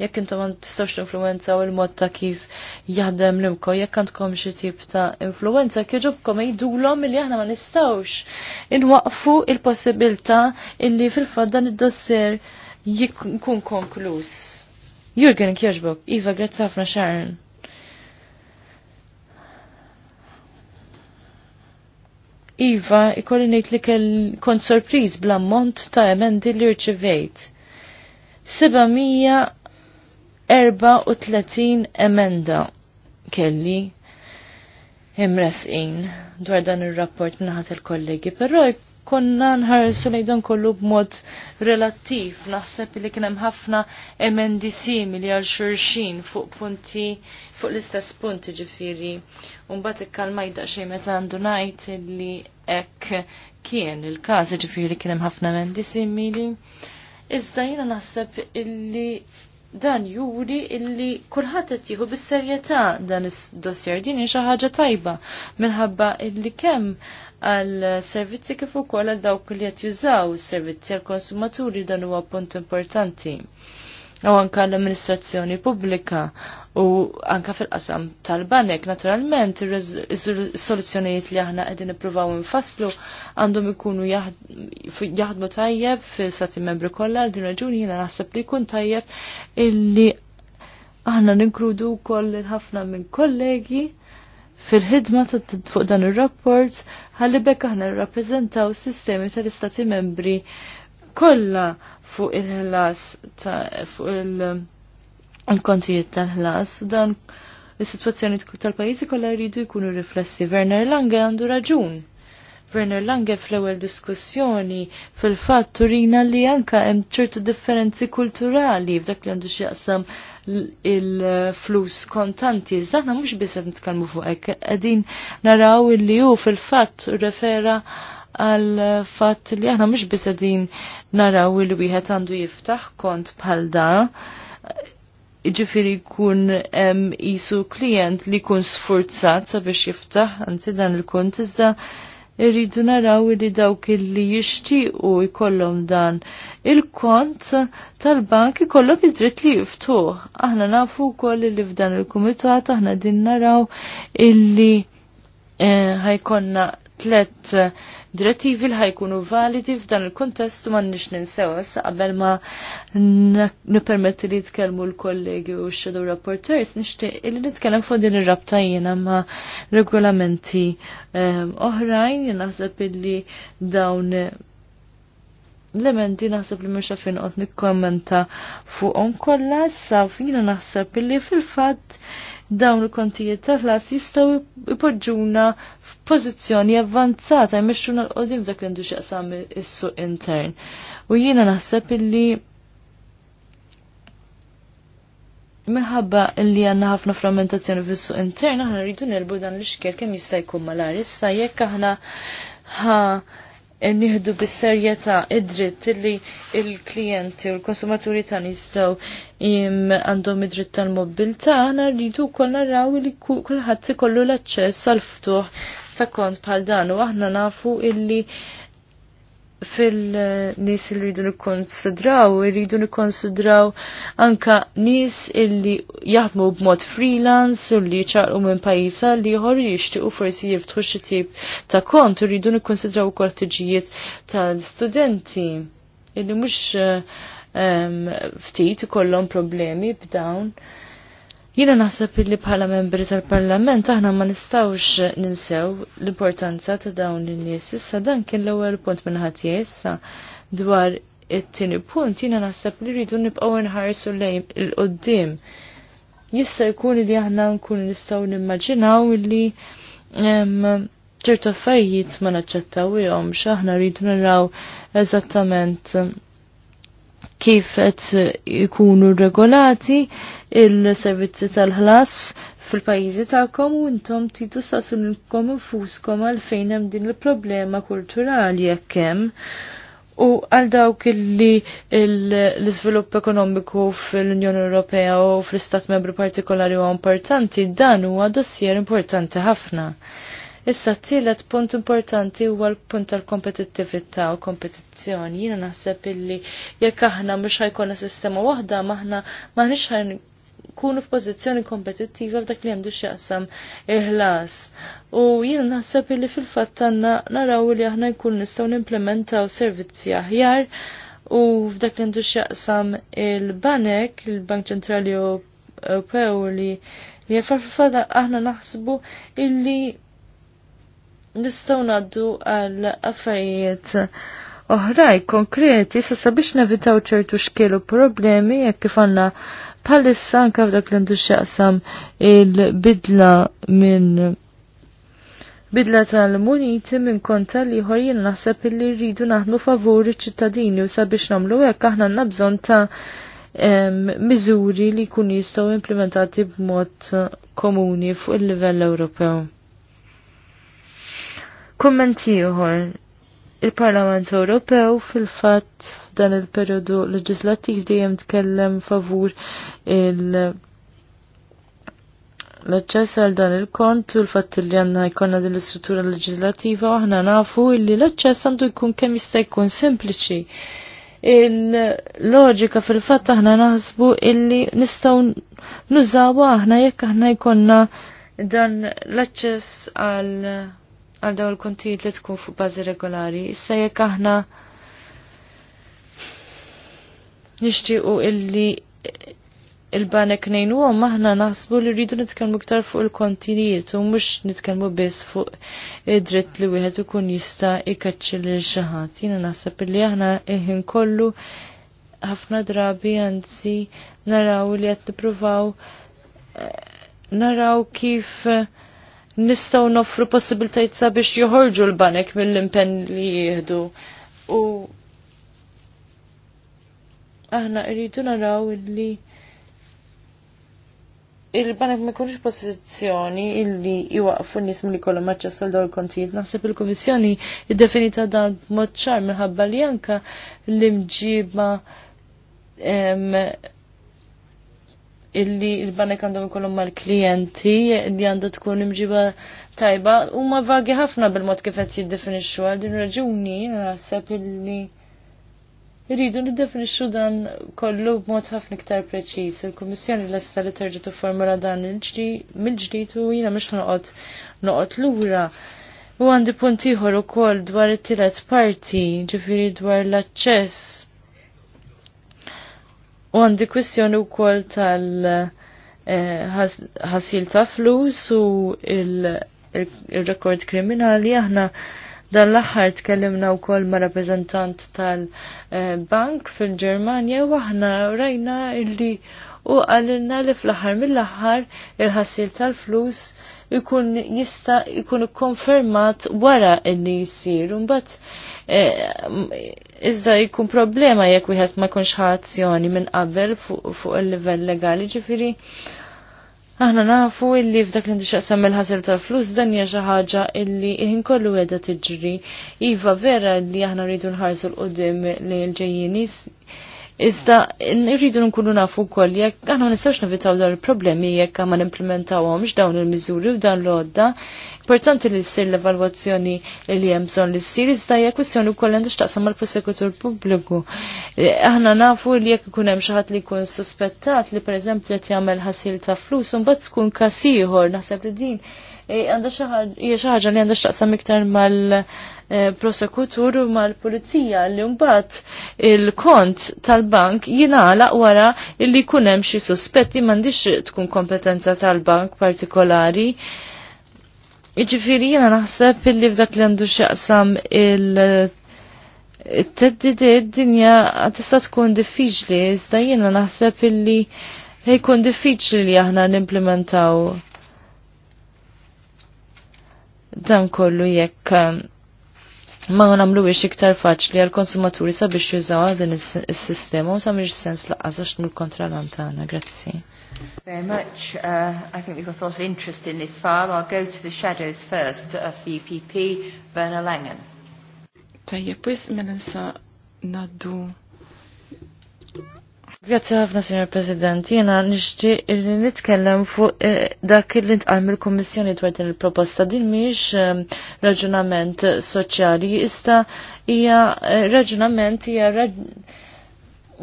jekk intom ma tistgħux u l mod ta' kif jaħdem l-imko, jekk għandkom xi tip ta' influenza, kieġobkom jgħidulhom li aħna ma nistgħux inwaqfu il-possibilità illi fil-fatt dan id-dossier jkun konkluż. Jurgen kieġbok, Iva, grazzi ħafna Sharon. Iva, ikolli ngħid li kont sorpriż bl-ammont ta' emendi li rċivejt. 700 34 emenda kelli imresqin dwar dan ir-rapport minnaħat il-kollegi, però konna nħarsu lejdan kollu b'mod relattiv. Naħseb li kienem ħafna emendi simili għal xurxin fuq punti fuq l-istess punti ġifiri. ikkalma ikkalmajda xej meta għandu najt li ek kien il-każ ġifiri kienem ħafna emendi simili. Iżda jina naħseb illi dan juri illi kulħadd qed jieħu bis-serjetà dan is-dossier din hi xi ħaġa tajba minħabba illi kemm għal servizzi kif ukoll għal dawk li qed jużaw is-servizzi għall konsumaturi dan huwa punt importanti u anka l-amministrazzjoni pubblika u anka fil-qasam tal-banek naturalment il soluzzjonijiet li aħna qegħdin nippruvaw infasslu għandhom ikunu jaħdmu tajjeb fil-sati membri kollha din raġuni jiena naħseb li jkun tajjeb illi aħna ninkludu wkoll ħafna minn kollegi fil-ħidma fuq dan ir-rapport ħalli bekk aħna nirrappreżentaw sistemi tal-istati membri kollha fuq il-ħlas ta' fuq il-kontijiet tal-ħlas dan is-sitwazzjoni tal-pajjiżi kollha jridu jkunu riflessi. Werner Lange għandu raġun. Werner Lange fl-ewwel diskussjoni fil-fatt turina li anka hemm ċertu differenzi kulturali f'dak li għandu x'jaqsam il-flus kontanti. Iżda mhux biss qed nitkellmu fuq hekk, qegħdin naraw illi hu fil-fatt refera għal fatt li aħna mhux biss qegħdin naraw il- wieħed għandu jiftaħ kont bħal da ġifiri kun jisu klient li kun sfurzat sabiex jiftaħ anzi dan il-kont iżda irridu naraw li dawk li jixtiequ jkollhom dan il-kont tal-bank ikollhom id-dritt li jiftuħ. Aħna nafu wkoll li f'dan il-kumitat aħna din naraw illi eh, ħajkonna tlet direttivi li ħajkunu validi f'dan il-kontest ma nix ninsewa sa qabel ma nippermetti li jitkellmu l-kollegi u x-shadow rapporteurs nixtieq li nitkellem fuq din ir-rabta jiena ma' regolamenti ehm, oħrajn jien naħseb illi dawn eh, l-elementi naħseb li mux għafin għot nikkommenta fuqhom kollha sa fina naħseb li fil-fat dawn il-kontijiet ta' ħlas jistgħu ipoġġuna f'pożizzjoni avvanzata jmexxuna l-qoddim f'dak li għandu x'jaqsam is-suq intern. U jiena naħseb illi minħabba li għanna ħafna frammentazzjoni fis-suq intern, aħna rridu nelbu dan l ixkel kemm jista' jkun malar. Issa jekk aħna ħa nieħdu bis-serjetà id-dritt illi il-klijenti u l-konsumaturi ta' nistgħu għandhom id-dritt tal-mobilità, aħna rridu wkoll naraw li kulħadd ikollu l-aċċess għal ftuħ ta' kont bħal dan u aħna nafu illi fil-nis li rridu nikkonsidraw, rridu nikkonsidraw anka nis illi jaħdmu b'mod freelance u li ċarqu minn pajjiża li jħor jixtiequ forsi jiftħu xi tip ta' kont u rridu nikkonsidraw ukoll tiġijiet tal-studenti illi mhux ehm, ftit ikollhom problemi b'dawn. Jina naħseb li bħala membri tal-parlament aħna ma nistawx ninsew l-importanza ta' dawn l nies Issa dan kien l-ewwel punt minn ħadd issa dwar it-tieni punt jina naħseb li rridu nibqgħu nħarsu lejn il qudiem Jista' jkun li aħna nkunu nistgħu nimmaġinaw li ċertu affarijiet ma naċċettawhomx aħna rridu naraw eżattament kif qed ikunu regolati il-servizzi tal-ħlas fil-pajjiżi tagħkom u intom tidu sasunilkom infuskom għalfejn hemm din il-problema kulturali jekk hemm. U għal dawk li l-izvilupp ekonomiku fil-Unjoni Ewropea u fl-Istat membru partikolari huwa importanti, dan huwa dossier importanti ħafna. Issa t-tielet punt importanti huwa l-punt tal-kompetittività u kompetizzjoni. Jiena naħseb illi jekk aħna mhux ħajkolna sistema waħda maħna maħniex ħajn kunu f'pożizzjoni kompetittiva f'dak li għandu x'jaqsam il-ħlas. U jina naħseb li fil-fatt għandna naraw li aħna jkun nistgħu nimplementaw servizzi aħjar u f'dak li għandu x'jaqsam il-Banek, il-Bank Ċentrali Ewropew li li fil aħna naħsbu illi nistgħu ngħaddu għal affarijiet oħraj konkreti sa sabiex nevitaw ċertu xkielu problemi jekk kif għandna bħalissa anke f'dak li ndu xaqsam il-bidla minn Bidla tal-muniti minn konta li jien naħseb li rridu naħnu favori ċittadini u sabiex nagħmlu hekk aħna nabżon bżonn ta' miżuri li jkunu jistgħu implementati b'mod komuni fuq il-livell Ewropew. Kummenti uħor, il-Parlament Ewropew fil-fatt f'dan il-periodu leġislattiv dejjem tkellem favur il- L-aċċess għal dan il-kont u l-fatt li għanna jkonna din l-istruttura leġislativa aħna nafu li l-aċċess għandu jkun kemm jista' jkun sempliċi. Il-loġika fil-fatt aħna naħsbu illi nistgħu nużaw aħna jekk aħna jkonna dan l-aċċess għal għal daw il-kontijiet li tkun fuq bażi regolari. Issa jekk aħna nixtiequ illi il-banek nejnu għom maħna naħsbu li rridu nitkellmu ktar fuq il-kontinijiet u mux nitkellmu biss fuq id-dritt li wieħed ikun jista' ikaċċi lil xi ħadd. Jiena naħseb li aħna iħin kollu ħafna drabi anzi naraw li qed nippruvaw eh, naraw kif uh, nistaw noffru possibiltajt sabiex joħorġu l-banek mill impenn li jihdu. U aħna irridu naraw li il-banek ma jkunx pozizjoni illi iwaqfu n-nis mill kollhom għal dawn il-kontijiet. Naħseb il-Kummissjoni iddefinita dan b'mod ċar minħabba li anka l-imġiba illi il-banek għandhom ikollhom mal-klijenti li għandha tkun imġiba tajba huma vagi ħafna bil-mod kif qed jiddefinixxu għal din raġuni naħseb illi rridu niddefinixxu dan kollu b'mod ħafna iktar preċiż. Il-Kummissjoni lesta li terġa' tifformula dan mill-ġdid u jiena mhux noqgħod noqgħod lura. U għandi punt ieħor ukoll dwar it-tielet parti, ġifieri dwar l-aċċess U għandi kwistjoni wkoll tal-ħasil eh, ta' flus u il-rekord kriminali aħna dan l-aħħar tkellimna wkoll ma' rappreżentant tal-bank fil-Ġermanja u aħna rajna illi u għalilna li fl-aħħar mill-aħħar il-ħassil tal-flus ikun jista' ikun konfermat wara li jsir. Imbagħad Eh, iżda jkun problema jekk wieħed ma jkunx ħazzjoni minn qabel fuq il-livell legali ġifiri. aħna nafu illi f'dak li xaqsam il-ħasel tal-flus dan hija xi ħaġa illi ħin kollu qiegħda tiġri. Iva vera li aħna rridu nħarsu l-qudiem li l-ġejjin Iżda, rridu nkunu nafu wkoll jekk aħna ma nistgħux nevitaw dawn il-problemi jekk ma nimplementawhomx dawn il-miżuri u dan l-għodda, Importanti li ssir l-evalwazzjoni li hemm bżonn li ssir iżda hija kwistjoni wkoll għandha x'taqsam mal-prosekutur pubbliku. Eh, aħna nafu li jekk ikun hemm xi ħadd li jkun suspettat li pereżempju qed jagħmel ħasil ta' flus un mbagħad tkun kasiħor, ieħor naħseb li din eh, għanda xaħġa xi ħaġa li għandha x'taqsam iktar mal-prosekutur eh, u mal-pulizija li mbagħad il-kont tal-bank jingħalaq wara li jkun hemm xi sospetti m'għandix tkun kompetenza tal-bank partikolari. Iġifiri jena naħseb illi f'dak li għandu xaqsam il- it id-dinja tista' tkun diffiċli, iżda jiena naħseb illi ħejkun diffiċli li aħna n-implementaw dan kollu jekk um, ma nagħmlu biex iktar faċli għal konsumaturi sabiex jużaw din is-sistema u sabiex sens laqqa għax l kontra l-antana. Grazie. Very much. Uh, I think we've got a lot of interest in this file. I'll go to the shadows first of the EPP, Werner Langen. Tajjeb, wis mill-insa naddu. Grazie ħafna, Signor President. Jena nixti li nitkellem fuq eh, dak li ntqal mill-Kummissjoni dwar din il-proposta. Din mhijiex ehm, raġunament soċjali, ista hija eh, raġunament hija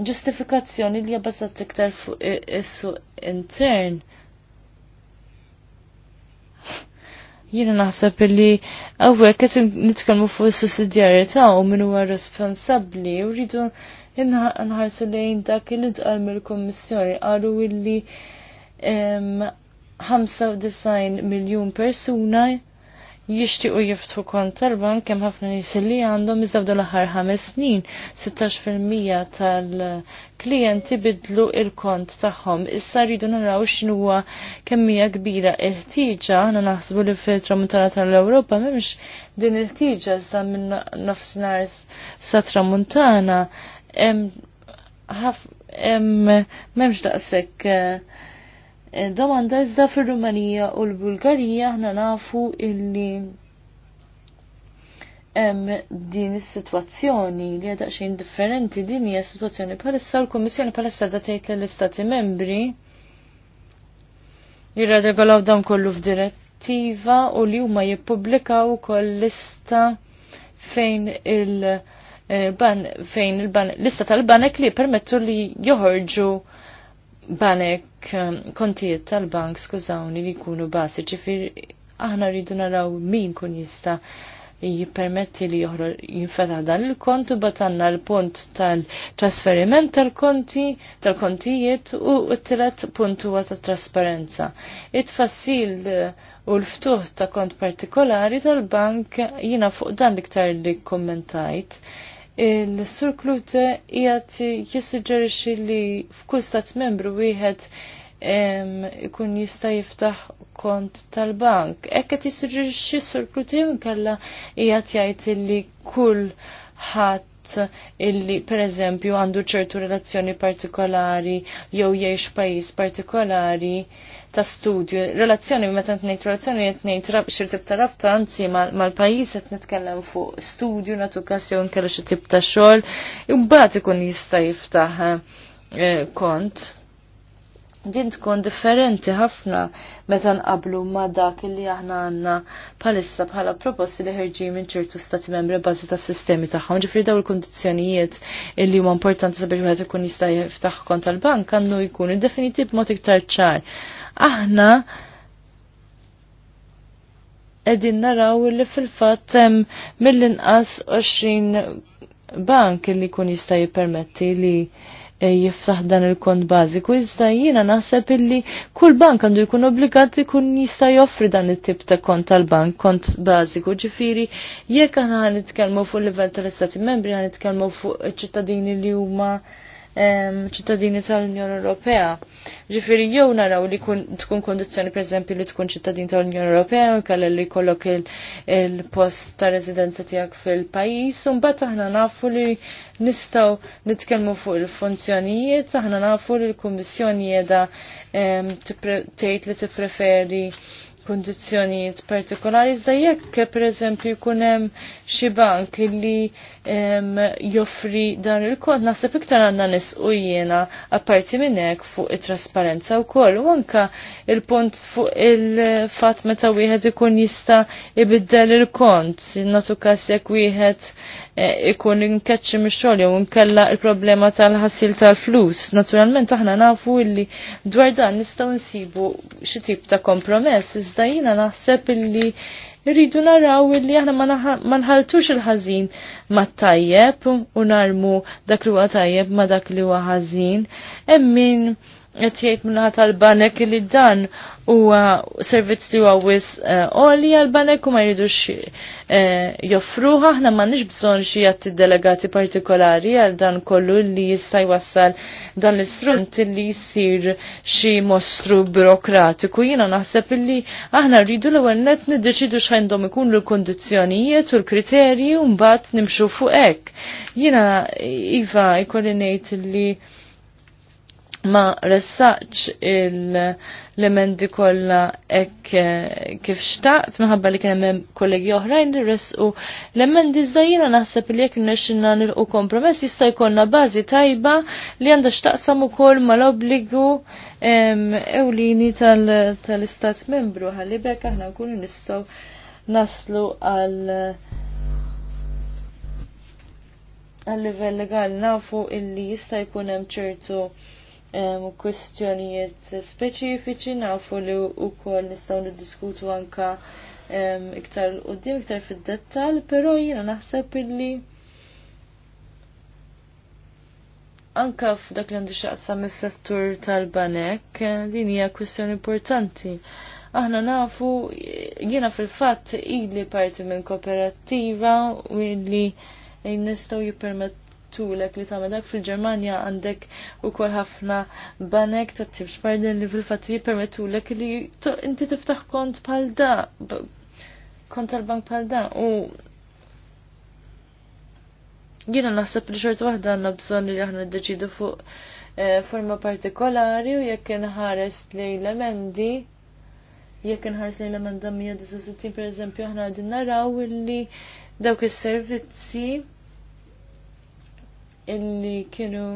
ġustifikazzjoni li jabbażat iktar fuq issu intern. Jiena naħseb li għawek qed nitkellmu fuq is-sussidjarjetà u min huwa responsabbli u rridu nħarsu lejn dak li tqal mill-Kummissjoni qalu illi 95 miljun persuna jixtiequ jiftu kont tal-bank kemm ħafna nies li għandhom iżda l-aħħar ħames snin 16% tal-klijenti bidlu il-kont tagħhom. Issa rridu naraw x'inhuwa kemmija kbira il-ħtieġa għandna naħsbu li fil-tramuntana tal-Ewropa m'hemmx din il-ħtieġa sa minn nofsinhar sa tramuntana hemm memx daqsek uh, eh, domanda iżda fir-Rumanija u l-Bulgarija aħna nafu illi hemm din is-sitwazzjoni li għadha xejn differenti din hija sitwazzjoni bħalissa l-Kummissjoni bħalissa da tgħid lill-Istati Membri rregolaw dawn kollu f'direttiva u li huma jippubblikaw ukoll lista fejn il- eh, ban fejn il-ban lista tal-banek li permettu li joħorġu banek Ehm, kontijiet tal-bank skużawni li jkunu basi ġifir aħna rridu naraw min kun jista jippermetti li joħro jinfetaħ dan il-kontu batanna l-punt tal-trasferiment tal-konti tal-kontijiet u t-tlet punt huwa ta' trasparenza. It-fassil eh, u l-ftuħ ta' kont partikolari tal-bank jina fuq dan liktar li kommentajt. Li Il-Sur Klute jgħat jissuġġerixi li f'kull stat membru wieħed ikun jista' jiftaħ kont tal-bank. Ekk qed jissuġġerixxi Sur Klute kalla jgħat jgħid li kull ħadd stat illi pereżempju għandu ċertu relazzjoni partikolari jew jgħix pajjiż partikolari ta' studju. Relazzjoni meta tnejt relazzjoni qed ngħid xi tip ta' rabta anzi mal-pajjiż qed nitkellem fuq studju natu każ jew nkella xi tip ta' xogħol, imbagħad ikun jista' jiftaħ eh, kont din tkun differenti ħafna meta nqablu ma dak li aħna għandna bħalissa bħala proposti li ħerġi minn ċertu stati membri bażi tas sistemi tagħhom. Ġifri dawn il-kundizzjonijiet illi huma importanti sabiex wieħed ikun jista' jiftaħ kont tal-bank għandu jkunu definiti b'mod iktar ċar. Aħna qegħdin naraw li fil-fatt hemm mill-inqas 20 bank illi jkun jista' jippermetti li Eh, jiftaħ dan il-kont bażiku, iżda jiena naħseb illi kull bank għandu jkun obbligat ikun jista' joffri dan it-tip ta' kont tal-bank, kont bażiku, ġifieri jekk aħna nitkellmu fuq il livell tal-Istati Membri, ħanitkellmu nitkellmu fuq iċ-ċittadini li huma ċittadini tal-Unjoni Ewropea. Ġifiri jew naraw li tkun kondizzjoni pereżempju li tkun ċittadin tal-Unjoni Ewropea u kellha li jkollok il-post ta' residenza tiegħek fil-pajjiż, u mbagħad aħna nafu li nistgħu nitkellmu fuq il-funzjonijiet, aħna nafu li l-Kummissjoni qiegħda tgħid li tippreferi kondizjonijiet partikolari, iżda jekk pereżempju jkun hemm xi bank li joffri dan il-kod naħseb iktar għandna nisqu jiena apparti minn hekk fuq it-trasparenza wkoll u anke il-punt fuq il-fatt meta wieħed ikun jista' ibiddel il-kont, nagħtu każ jekk wieħed Eh, ikun nkeċċi mix-xogħol jew inkella l problema tal-ħassil tal-flus. Naturalment aħna nafu illi dwar dan nistgħu nsibu xi tip ta' kompromess, iżda jiena naħseb illi rridu naraw illi aħna ma nħaltux il-ħażin ma tajjeb u narmu dak li huwa tajjeb ma dak li huwa ħażin. Emmin qed jgħid tal-banek li dan u uh, servizz li huwa wis uh, għolja l-banek u ma jridux uh, joffruha, aħna m'għandniex bżonn xi jagħti delegati partikolari għal dan kollu li jista' jwassal dan l-istrument li jsir xi mostru burokratiku. Jiena naħseb illi aħna rridu l-ewwel net niddeċidu x'għandhom ikunu l-kundizzjonijiet u l-kriterji u mbagħad nimxu fuq hekk. Jiena iva jkolli ngħid li ma ressaċ l-emendi kolla ek eh, kif xtaqt minħabba li kien hemm kollegi oħrajn li u l-emendi naħseb li jekk nexxinna u kompromess jista' jkollna bażi tajba li għandha xtaqsam ukoll mal-obbligu ewlini tal-istat membru ħalli bekk aħna nkunu nistgħu naslu għal għal level legal nafu illi jista' jkun hemm ċertu kwestjonijiet speċifiċi nafu li u kol nistaw diskutu anka iktar u din iktar fil-dettal, pero jina naħseb illi anka f'dak li għandu xaqsa mis-settur tal-banek, din hija kwestjoni importanti. Aħna nafu, jiena fil-fatt ili parti minn kooperattiva u illi nistaw tulek li tagħmel dak fil-Ġermanja għandek ukoll ħafna banek ta' tips pardon li fil-fatt jippermettulek li inti tiftaħ kont bħal da kont tal-bank bħal da u jiena naħseb li xorta waħda għandna bżonn li aħna ddeċidu fuq eh, forma partikolari u jekk inħares lejn l-emendi jekk inħares lejn l-emenda per eżempju aħna għadin naraw li dawk is-servizzi illi kienu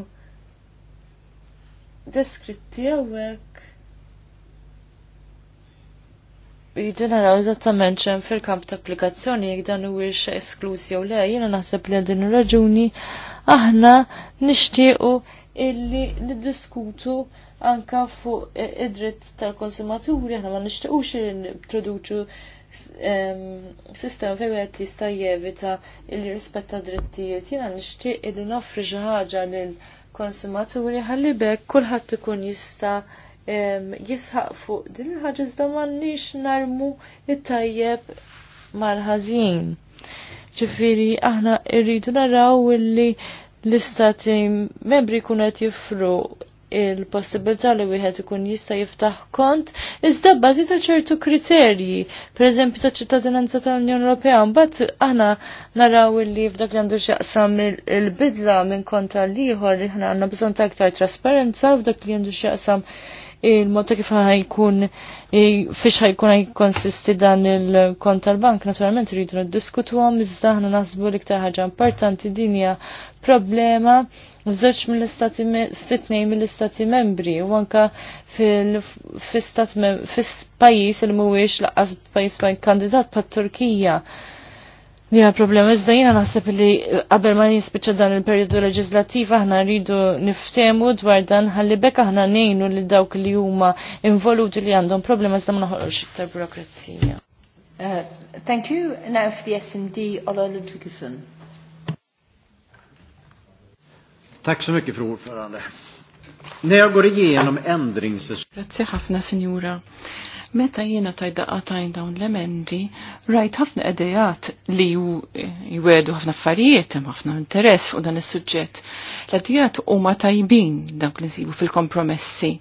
deskritti għawek jidin naraw eżattament ċem fil-kamp ta' applikazzjoni jek dan huwiex esklusi jew le, jiena naħseb li ir-raġuni aħna nixtiequ illi niddiskutu anka fuq id-dritt tal-konsumaturi, aħna ma nixtiequx li introduċu sistema fejn qed jista' jevita l rispett ta' drittijiet. Jiena nixtieq li noffri xi ħaġa lill konsumaturi ħalli bekk kulħadd ikun jista' jisħaq fuq din il-ħaġa iżda m'għandniex narmu it-tajjeb mal-ħażin. Ġifieri aħna rridu naraw illi l-istati membri kunet jifru il-possibilità li wieħed ikun jista' jiftaħ kont iżda bbażi ta' ċertu kriterji, pereżempju ta' ċittadinanza tal-Unjoni Ewropea, mbagħad aħna naraw li f'dak li għandu x'jaqsam il-bidla minn kont tal-ieħor li aħna għandna bżonn ta' aktar trasparenza f'dak li għandu x'jaqsam il-mod ta' kif ħajkun fiex ħajkun konsisti dan il-kont tal-bank, naturalment rridu niddiskutuhom iżda aħna naħsbu l-iktar ħaġa importanti dinja problema f'żewġ mill-istati fitnej mill-istati membri u anka fil pajis fis-pajjiż li mhuwiex laqqas pajjiż kandidat pat-Turkija. Ja, problema, iżda jina naħseb li qabel ma nispiċċa dan il-periodu leġislattiv aħna rridu niftemu dwar dan ħalli bekk aħna nejnu li dawk li huma involuti li għandhom problema iżda ma noħolqux iktar burokrazija. Uh, thank you. Now for the SMD, Ola Ludwigson. Tack så mycket, fru ordförande. När jag går igenom ändringsförslag... ħafna, signora. Meta jiena tajda għatajn dawn l-emendi, rajt ħafna edejat li eh, jwedu ħafna affarijiet, ħafna interess fuq dan is-suġġett. l u huma tajbin dawk li nsibu fil-kompromessi.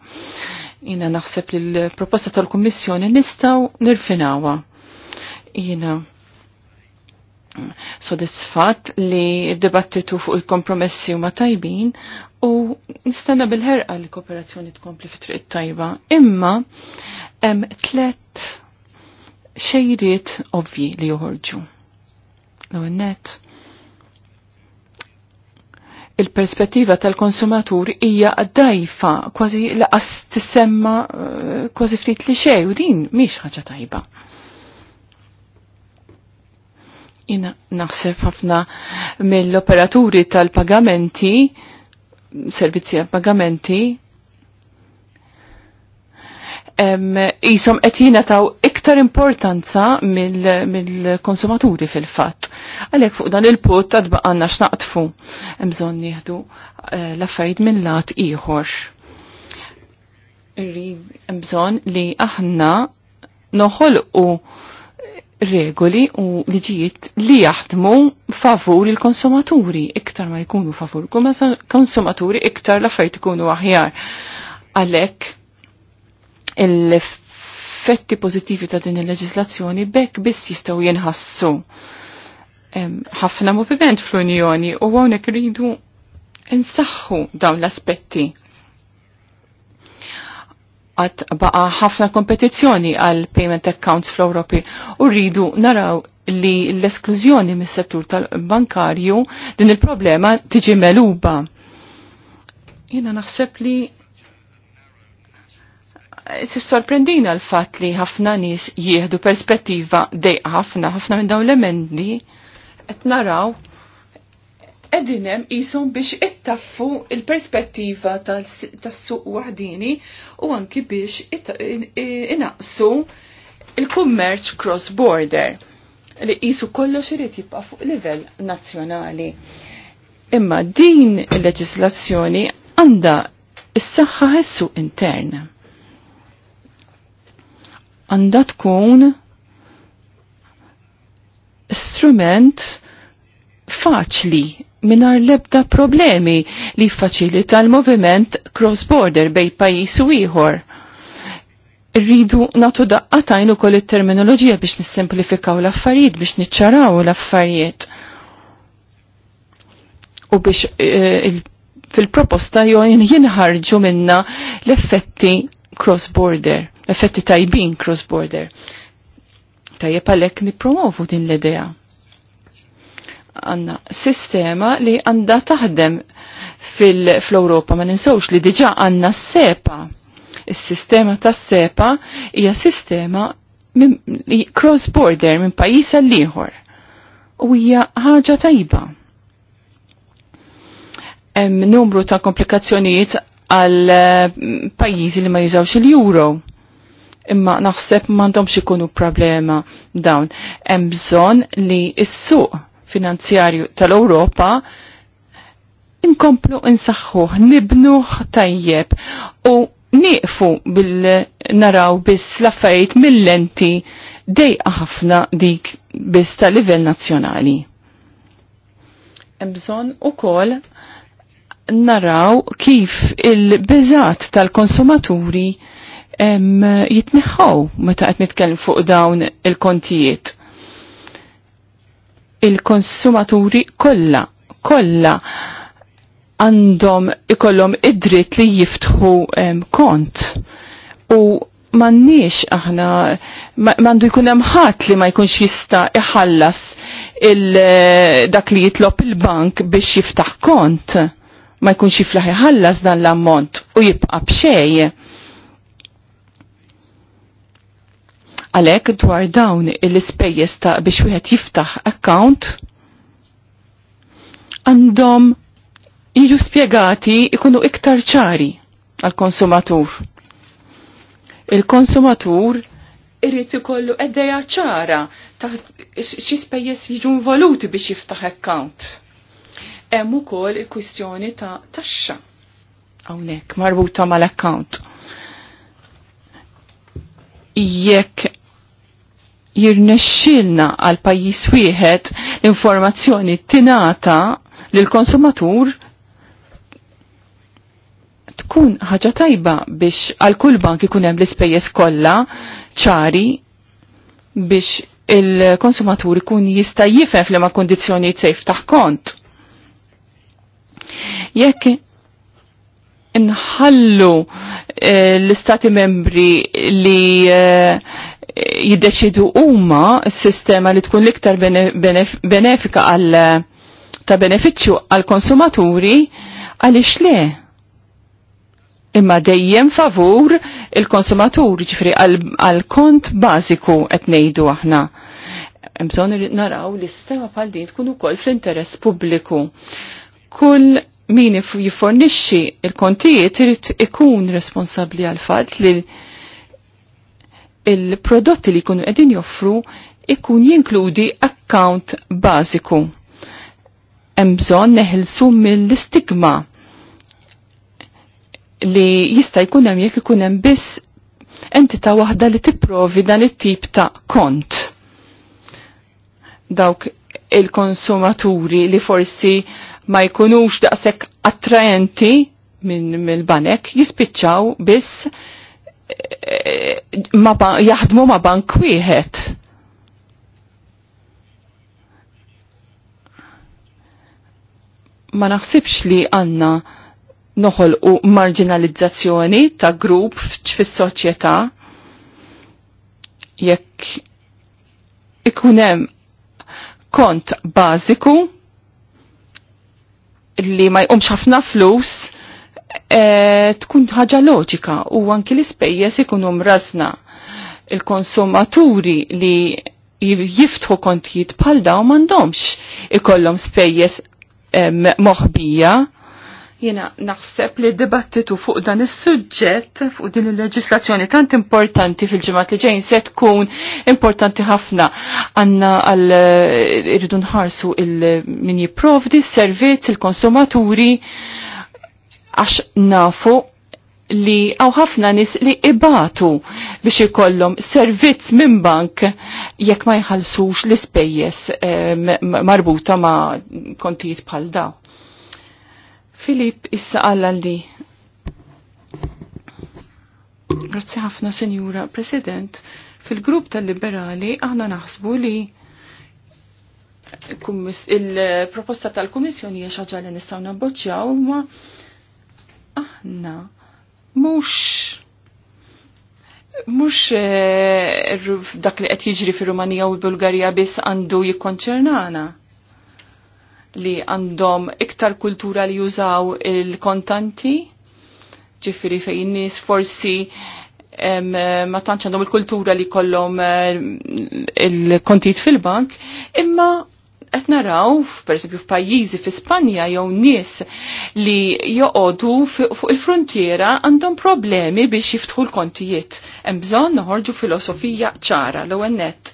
Jiena naħseb li l-proposta tal-Kummissjoni nistgħu nirfinawa. Jiena sodisfatt li d-dibattitu fuq il-kompromessi huma tajbin u nistanna bil-ħerqa li kooperazzjoni tkompli fit-triq tajba. Imma hemm tlet xejriet ovvji li joħorġu. L-ewwel net il-perspettiva tal-konsumatur hija dajfa kważi laqas tisemma eh, kważi ftit li xej u din mhix ħaġa tajba Jina naħseb ħafna mill-operaturi tal-pagamenti, servizzi tal pagamenti jisom qed taw iktar importanza mill-konsumaturi mil fil-fatt. Għalhekk fuq dan il-putt għad baqanna x'naqtfu hemm bżonn nieħdu eh, l-affarijiet minn lat ieħor. Hemm bżonn li aħna noħolqu regoli u liġijiet li jaħdmu favur il-konsumaturi iktar ma jkunu favur konsumaturi iktar la affarijiet ikunu aħjar. Għalhekk l-effetti pożittivi ta' din il-leġislazzjoni bekk biss jistgħu jinħassu ħafna moviment fl-Unjoni u hawnhekk iridu insaħħu dawn l-aspetti għat baqa ħafna kompetizzjoni għal payment accounts fl-Europi u rridu naraw li l-esklużjoni mis settur tal-bankarju din il-problema tiġi meluba. Jena naħseb li s-sorprendina l-fat li ħafna nis jieħdu perspettiva dejqa ħafna, ħafna minn dawn l-emendi, et naraw edinem jisum biex ittaffu il-perspettiva tas-suq wahdini u anki biex inaqsu il-kummerċ cross-border li jisu kollox irid jibqa' fuq livell nazzjonali. Imma din il-leġislazzjoni għandha s-saħħa ħessu intern. Għandha tkun strument faċli minar lebda problemi li faċilita l-moviment cross-border bej pajis u ieħor. Rridu natu daqqatajn ukoll it-terminoloġija biex nissimplifikaw l-affarijiet, biex niċċaraw l-affarijiet. U biex eh, fil-proposta jojn jinħarġu minna l-effetti cross-border, l-effetti tajbin cross-border. Tajjeb għalek nipromovu din l-idea għanna sistema li għanda taħdem fil-Europa. Ma ninsawx li diġa għanna s-sepa. Is-sistema ta' s-sepa hija sistema cross-border minn pajis għall U hija ħaġa tajba. Hemm numru ta' komplikazzjonijiet għal eh, pajjiżi li ma jużawx il-euro imma naħseb m'għandhomx ikunu problema dawn. Hemm bżonn li s-suq finanzjarju tal-Ewropa inkomplu insaxħuħ, nibnuħ tajjeb u niqfu bil-naraw biss laffajt mill-lenti dejqa ħafna dik biss ta' livell nazzjonali. Bżon u kol naraw kif il-bizat tal-konsumaturi jitneħħaw meta qed nitkellem fuq dawn il-kontijiet il-konsumaturi kollha kollha għandhom ikollhom id-dritt li jiftħu kont. U mannix aħna mandu jkun hemm ħadd li ma jkunx jista' iħallas eh, dak li jitlob il-bank biex jiftaħ kont ma jkunx jiflaħ iħallas dan l-ammont u jibqa' b'xejn Għalhekk dwar dawn l-ispejjeż ta' biex wieħed jiftaħ account għandhom jiġu spjegati ikunu iktar ċari għal-konsumatur. Il-konsumatur irrit ikollu eddeja ċara ta' xi spejjeż jiġu involuti biex jiftaħ account. Hemm ukoll il-kwistjoni ta' taxxa hawnhekk marbuta mal-account. Jekk jirnexxilna għal pajjiż wieħed informazzjoni tinata lil konsumatur tkun ħaġa tajba biex għal kull bank ikun hemm l-ispejjeż kollha ċari biex il-konsumatur ikun jista' jifhem f'liema kundizzjonijiet sejf taħ kont. Jekk inħallu eh, l-istati membri li eh, jiddeċidu huma s-sistema li tkun liktar benefika għal ta' beneficju għal konsumaturi għaliex le. Imma dejjem favur il-konsumatur ġifri għal kont bażiku qed ngħidu aħna. Mżon naraw li sistema bħal din tkun ukoll fl-interess pubbliku. Kull min jifornixxi il-kontijiet irid ikun responsabbli għal fatt li il-prodotti li jkunu qegħdin joffru ikun jinkludi account bażiku. Hemm bżonn neħilsu mill-istigma li jista' jkun hemm jekk ikun hemm biss entità waħda li tipprovi dan it-tip ta' kont. Dawk il-konsumaturi li forsi ma jkunux daqshekk attraenti minn mill-banek jispiċċaw biss jaħdmu ma bank wieħed. Ma naħsibx li għanna noħol u marginalizzazzjoni ta' grupp fis-soċjetà jekk ikunem kont bażiku li ma jqumx ħafna flus Eh, tkun ħaġa loġika u anki l-ispejjeż ikunu mrażna il-konsumaturi li jiftħu kontijiet bħal daw m'għandhomx ikollhom spejjeż eh, moħbija. Jena naħseb li dibattitu fuq dan is-suġġett fuq din il-leġislazzjoni tant importanti fil-ġimgħat li ġejn se tkun importanti ħafna għandna għal eh, irridu nħarsu il min jipprovdi s-servizz il-konsumaturi il konsumaturi għax nafu li għaw ħafna nis li ibatu biex ikollhom servizz minn bank jekk ma jħallsux l-ispejjeż eh, marbuta ma' kontijiet bħal da. Filip issa għalla li Grazzi ħafna, Senjura President. Fil-grupp tal-liberali aħna naħsbu li il-proposta tal-Kummissjoni hija xaġa li nistgħu nabboċċjaw ma' aħna mhux mux eh, dak li qed jiġri fir rumanija u Bulgarija biss għandu jikkonċernana li għandhom iktar kultura li jużaw il-kontanti, ġifiri fejn nis forsi ma tantx għandhom il-kultura li kollhom eh, il-kontit fil-bank, imma qed naraw pereżempju f'pajjiżi fi Spanja jew nies li joqogħdu fuq il-frontiera għandhom problemi biex jiftħu l-kontijiet. Hemm bżonn noħorġu filosofija ċara l-ewwel nett.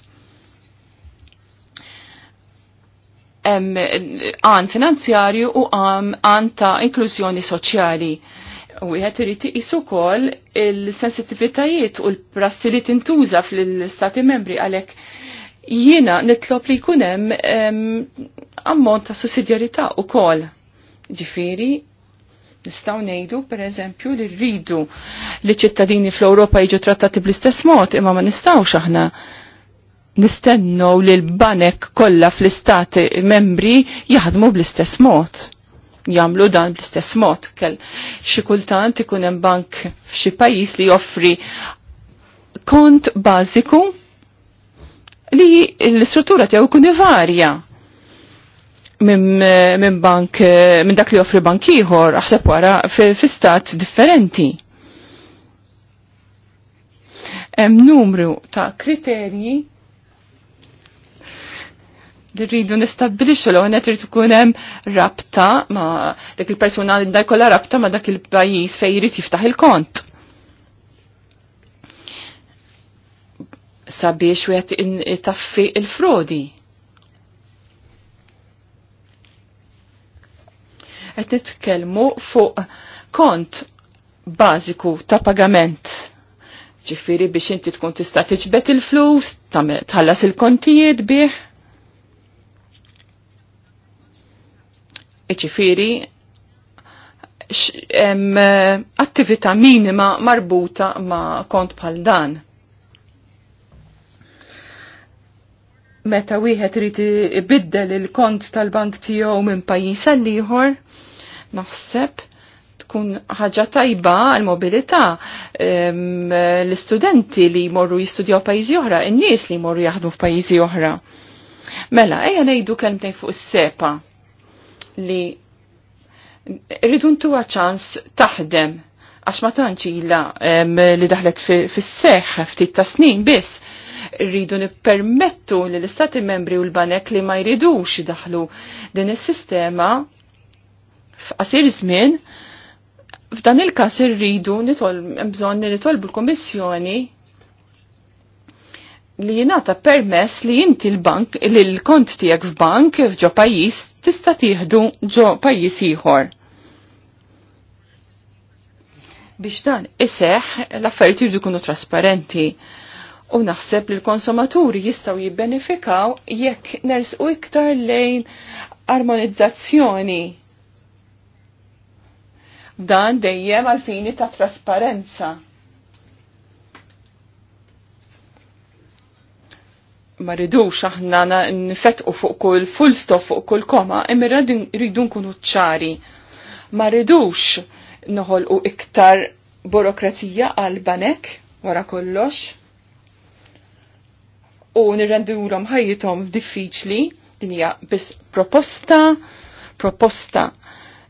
għan finanzjarju u għan ta' inklużjoni soċjali. U jħet irrit jisu kol il-sensitivitajiet u l-prassi intuża fl-stati membri għalhekk jiena nitlob li jkun hemm ammont ta' sussidjarità Ġifiri, nistaw nistgħu ngħidu pereżempju li rridu li ċittadini fl-Ewropa jiġu trattati bl-istess mod imma ma nistgħux aħna nistennu li l-banek kollha fl-istati membri jaħdmu bl-istess mod jamlu dan bl-istess mod kell xi kultant ikun hemm bank f'xi pajjiż li joffri kont bażiku li l-istruttura tiegħu jkun varja minn bank minn dak li joffri bank ieħor aħseb wara fi stat differenti. Hemm numru ta' kriterji li rridu nistabbilixu l għonet rridu kun hemm rabta ma dak il personali da rabta ma dak il-pajjiż fejn jrid jiftaħ il-kont. sabiex wieħed taffi il-frodi. Qed nitkellmu fuq kont bażiku ta' pagament. Ġifiri biex inti tkun tista' tiġbed il-flus, tħallas il-kontijiet bih. Ġifiri, attività minima marbuta ma' kont bħal dan meta wieħed irid ibiddel il-kont tal-bank tiegħu minn pajjiż għal ieħor, naħseb tkun ħaġa tajba għal mobilità l-istudenti li jmorru jistudjaw pajjiżi oħra, in-nies li jmorru jaħdmu f'pajjiżi oħra. Mela, ejja ngħidu kelmtejn fuq is-sepa li rridu ntuha ċans taħdem għax ma tantx ilha li daħlet fis-seħħ ftit ta' snin biss rridu nippermettu li l-istati membri u l-banek li ma jridux daħlu din is-sistema f'qasir żmien f'dan il-każ irridu nitol bżonn nitolbu l-Kummissjoni li jingħata permess li inti l-bank, li l-kont tiegħek f'bank f'ġo pajjiż tista tieħdu ġo pajjiż ieħor. Biex dan iseħ l-affarijiet jridu jkunu trasparenti u naħseb li l-konsumaturi jistaw jibbenefikaw jekk nersqu iktar lejn armonizzazzjoni. Dan dejjem għalfini ta' trasparenza. ma ridux aħna nfetqu fuq kull full stop fuq kull koma, imma rridu nkunu ċari. Ma ridux noħolqu iktar burokrazija għal banek wara kollox u nirrendurhom ħajjithom diffiċli din hija biss proposta, proposta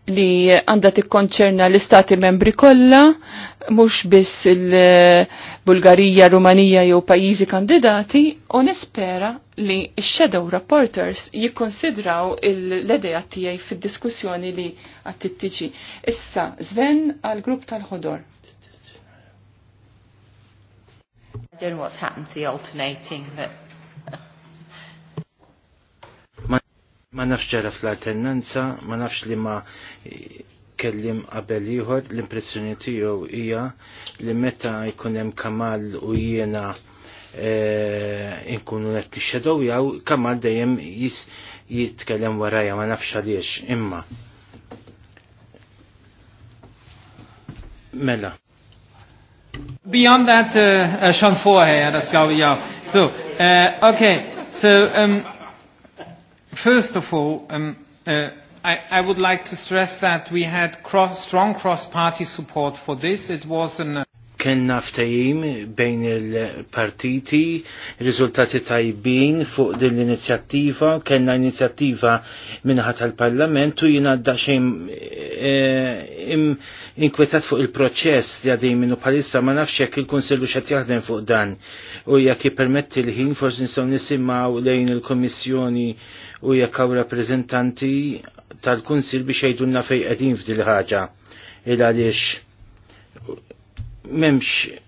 li għandha tikkonċerna l-istati membri kollha, mhux biss il-Bulgarija, Rumanija jew pajjiżi kandidati, u nispera li x-shadow reporters jikkonsidraw l-edeja tiegħi fid-diskussjoni li għattittiġi. Issa, Zven għal grupp tal-ħodor. don't know what's happened to the alternating, but... ma nafx ġara fl-alternanza, ma nafx li ma kellim qabel ieħor, l-impressjoni tiegħu hija li meta jkun hemm Kamal u jiena e, nkunu qed tixxedow jew Kamal dejjem jis jitkellem warajja ma nafx għaliex imma. Mela. Beyond that, uh, uh, schon vorher, das glaube auch. So, uh, okay, so um, first of all, um, uh, I, I would like to stress that we had cross, strong cross-party support for this. It was an... uh kenna ftajim bejn il-partiti, riżultati tajbin fuq din l-inizjattiva, kellna inizjattiva minħat tal-Parlament u jina daċim eh, inkwetat fuq il-proċess li għadim minnu palissa ma nafx jekk il-Konsillu xat jaħdem fuq dan u jekk jipermetti l-ħin forsi nistgħu nisimaw lejn il komissjoni u jekk hawn rappreżentanti tal-Kunsil biex jajdunna fejn qegħdin f'dil ħaġa il għaliex memx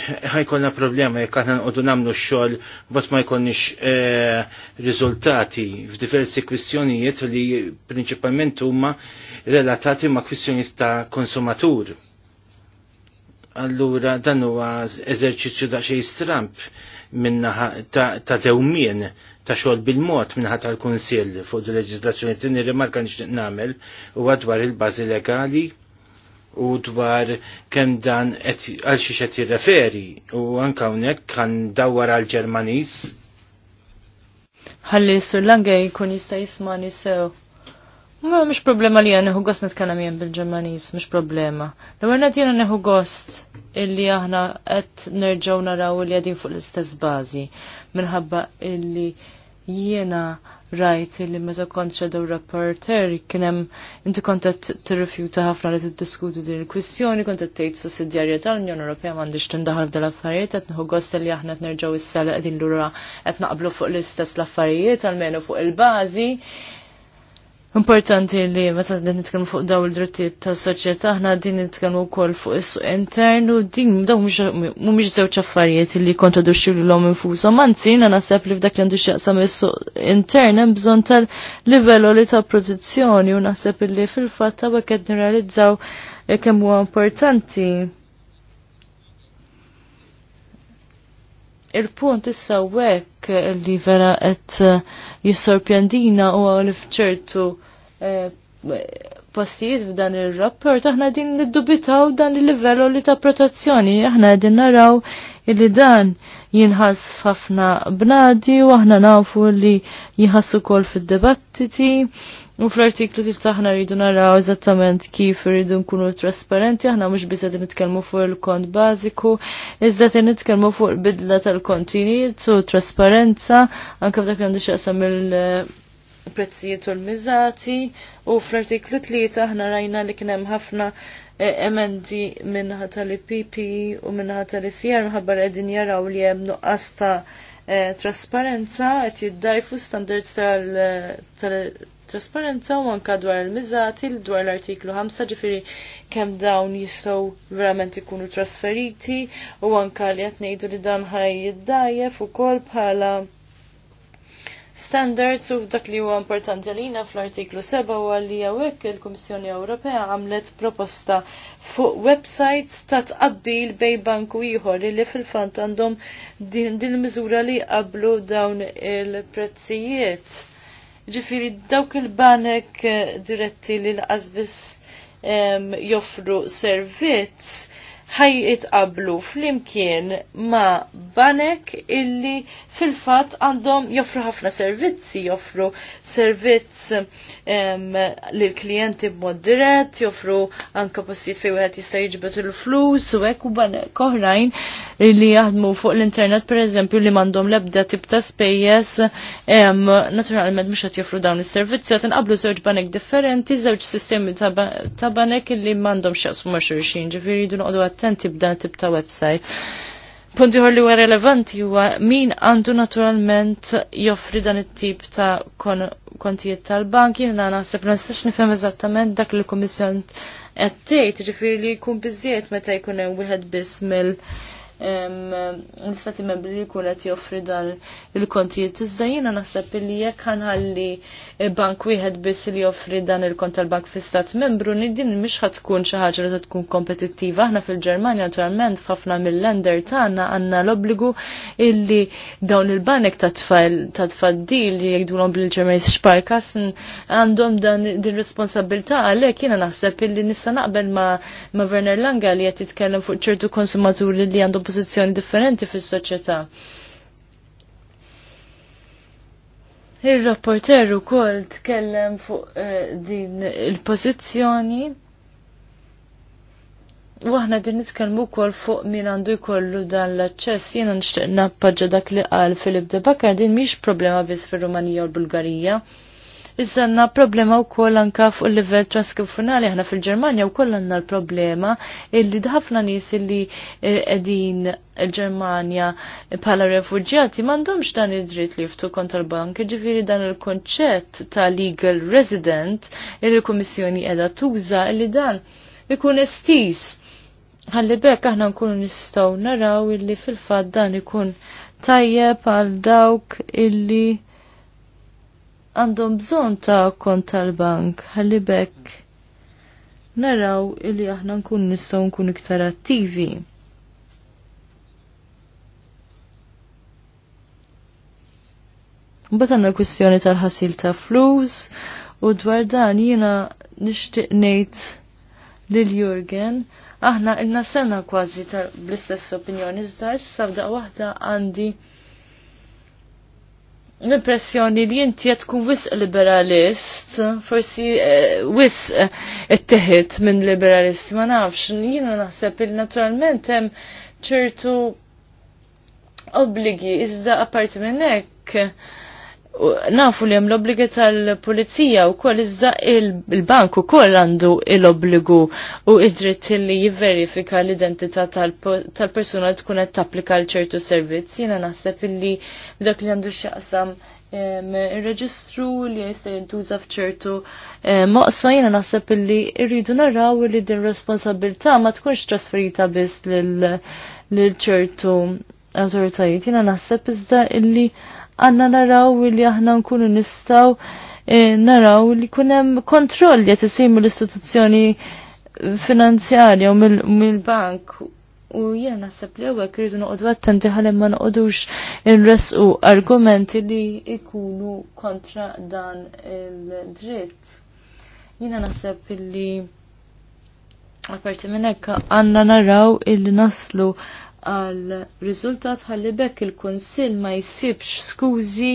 ħajkonna problema jekk aħna nqogħdu nagħmlu x-xogħol bot ma jkollniex eh, riżultati f'diversi kwistjonijiet li prinċipalment huma relatati ma' kwistjonijiet ta' konsumatur. Allura dan huwa eżerċizzju xej stramp minnaħa ta' dewmien ta' xogħol bil-mod minnaħa tal-Kunsill fuq il-leġiżlazzjoni tin nirrimarka nixtieq nagħmel huwa dwar il-bażi legali u dwar kem dan għal xi qed jirreferi u anke hawnhekk kan dawar għal Ġermaniż. Ħalli Sur langa jkun jista' jisma' nisew. Ma problema li neħu gost nitkellem jien bil-Ġermaniż, mhux problema. L-ewwel qed jiena neħu gost illi aħna qed nerġgħu naraw li għadin fuq l-istess bażi minħabba illi jiena rajt li meta kont shadow rapporter kien hemm inti kont qed tirrifjuta ħafna li tiddiskuti din il-kwistjoni, kont qed tgħid sussidjarja tal-Unjoni Ewropea m'għandix tindaħal f'dan l-affarijiet qed nħu gost li aħna qed nerġgħu issa qegħdin lura qed naqblu fuq l-istess l-affarijiet almenu fuq il-bażi Importanti li meta din nitkellmu fuq daw il-drittijiet tas-soċjetà aħna din nitkellmu wkoll fuq is-suq internu din daw mhumiex żewġ affarijiet li kontraduxxu lilhom infushom, anzi jiena naħseb li f'dak li għandu x'jaqsam is-suq intern hemm bżonn tal-livell ta' protezzjoni u naħseb illi fil-fatt hawnhekk qed nirrealizzaw kemm huwa importanti il-punt issa wek li vera qed eh, jissorpjandina u li fċertu eh, postijiet f'dan ir-rapport aħna din niddubitaw dan il-livello li ta' protezzjoni, aħna din naraw illi dan jinħas ħafna bnadi u aħna nafu li jħassu kol fid-debattiti U fl-artiklu tif rridu naraw eżattament kif rridu nkunu trasparenti, aħna mhux biss qed nitkellmu fuq il-kont bażiku, iżda qed nitkellmu fuq il-bidla tal-kontinijiet u trasparenza anke f'dak għandu x'aqsam il-prezzijiet u l-miżati. U fl-artiklu tlieta aħna rajna li kien hemm ħafna eh, emendi minnaħa tal-IPP u minnaħa tal-ICR minħabba qegħdin jaraw li hemm nuqqas ta' eh, trasparenza qed jiddajfu standards tal eh, trasparenza u anka dwar il-miżati dwar l-artiklu 5 ġifiri kemm dawn jistgħu verament ikunu trasferiti u anka li qed ngħidu li dan ħaj jiddajjef ukoll bħala standards u dak li huwa importanti għalina fl-artiklu 7 u għalli għawek il-Komissjoni Ewropea għamlet proposta fuq websites ta' tqabbil bej banku ieħor li fil-fant għandhom din il-miżura li qablu dawn il-prezzijiet Ġifiri, dawk il-banek eh, diretti li l-qasbis joffru servizz ħaj itqablu flimkien ma' banek illi fil-fat għandhom joffru ħafna servizzi, joffru servizz l-klienti b'mod dirett, joffru anka postijiet fej wieħed jista' jiġbet il-flus u hekk u banek oħrajn li jaħdmu fuq l-internet pereżempju li m'għandhom l-ebda tip ta' naturalment mhux qed joffru dawn is-servizzi għet nqablu żewġ banek differenti, żewġ sistemi ta' banek illi mandom x'jaqsmu ma' xulxin, ġifieri jridu noqogħdu attenti b'dan tip ta' website. Punti li huwa relevanti huwa min għandu naturalment joffri dan it-tip ta' kontijiet tal-banki, jiena naħseb nistax nifhem eżattament dak li kummissjon qed tgħid, ġifieri li jkun biżjed meta jkun hemm wieħed biss mill- l-istati membri li kunet joffri dan il-kontijiet. Iżda jina naħseb li jekk ħanħalli bank wieħed biss li joffri dan il-kont tal-bank fi stat membru li din mhix ħatkun xi ħaġa li tkun kompetittiva. Aħna fil-Ġermanja naturalment ħafna mill-lender tagħna għandna l-obbligu illi dawn il-banek ta' tfal ta' tfaddil li jgħidulhom bil-Ġermaniż xparkas għandhom dan din responsabilità għalhekk jiena naħseb illi nista' naqbel ma' Werner Langa li qed jitkellem fuq ċertu konsumaturi li għandhom pożizzjoni differenti fis-soċjetà. il rapporteru ukoll tkellem fuq eh, din il-pożizzjoni u aħna din nitkellmu wkoll fuq min għandu jkollu dan l-aċċess jiena nixtieq nappaġġa dak li qal Filip de Bakar din mhix problema biss fir-Rumanija u l-Bulgarija. Iżda għandna problema wkoll anke fuq il-livell transkonfunali aħna fil-Ġermanja wkoll għandna l-problema illi ħafna nies illi eh, qegħdin il-Ġermanja bħala refuġjati m'għandhomx dan id-dritt li jiftu kont tal-bank, ġifiri dan il-konċett ta' legal resident illi l-Kummissjoni qiegħda tuża illi dan ikun estis ħalli bekk aħna nkunu nistgħu naraw illi fil-fatt dan ikun tajjeb għal dawk illi għandhom bżon ta' kont tal-bank ħalli bekk naraw illi aħna nkun nistgħu nkun iktar attivi. Mbagħad għandna kwistjoni tal-ħasil ta' flus u dwar dan jiena nixtieq ngħid lil Jurgen aħna ilna sena kważi bl-istess opinjoni iżda issa f'daq waħda għandi l-impressjoni li jinti qed tkun wisq liberalist, forsi eh, wisq eh, it-teħid minn liberalist, ma nafx, jiena naħseb il naturalment hemm ċertu obbligi, iżda apparti minn hekk nafu li hemm l-obbligi tal-pulizija u koll iżda il-bank u koll għandu l-obbligu u id-dritt li jivverifika l-identità tal-persuna tkun qed tapplika l ċertu servizz. Jiena naħseb illi dak li għandu x'aqsam il-reġistru li jista' jintuża f'ċertu moqsma jiena naħseb illi rridu naraw li din responsabilità ma tkunx trasferita biss lil ċertu awtoritajiet. Jiena naħseb iżda illi għanna naraw li aħna nkunu nistaw eh, naraw li kunem kontroll li jtisimu l-istituzzjoni finanzjarja u mill-bank u jena nasab li għu għakridu noqdu attenti ħalem ma il nresqu argumenti li ikunu kontra dan il-dritt. Jena nasab li għaparti minnekka għanna naraw illi naslu għal riżultat għalli bekk il-Kunsill ma jsibx skużi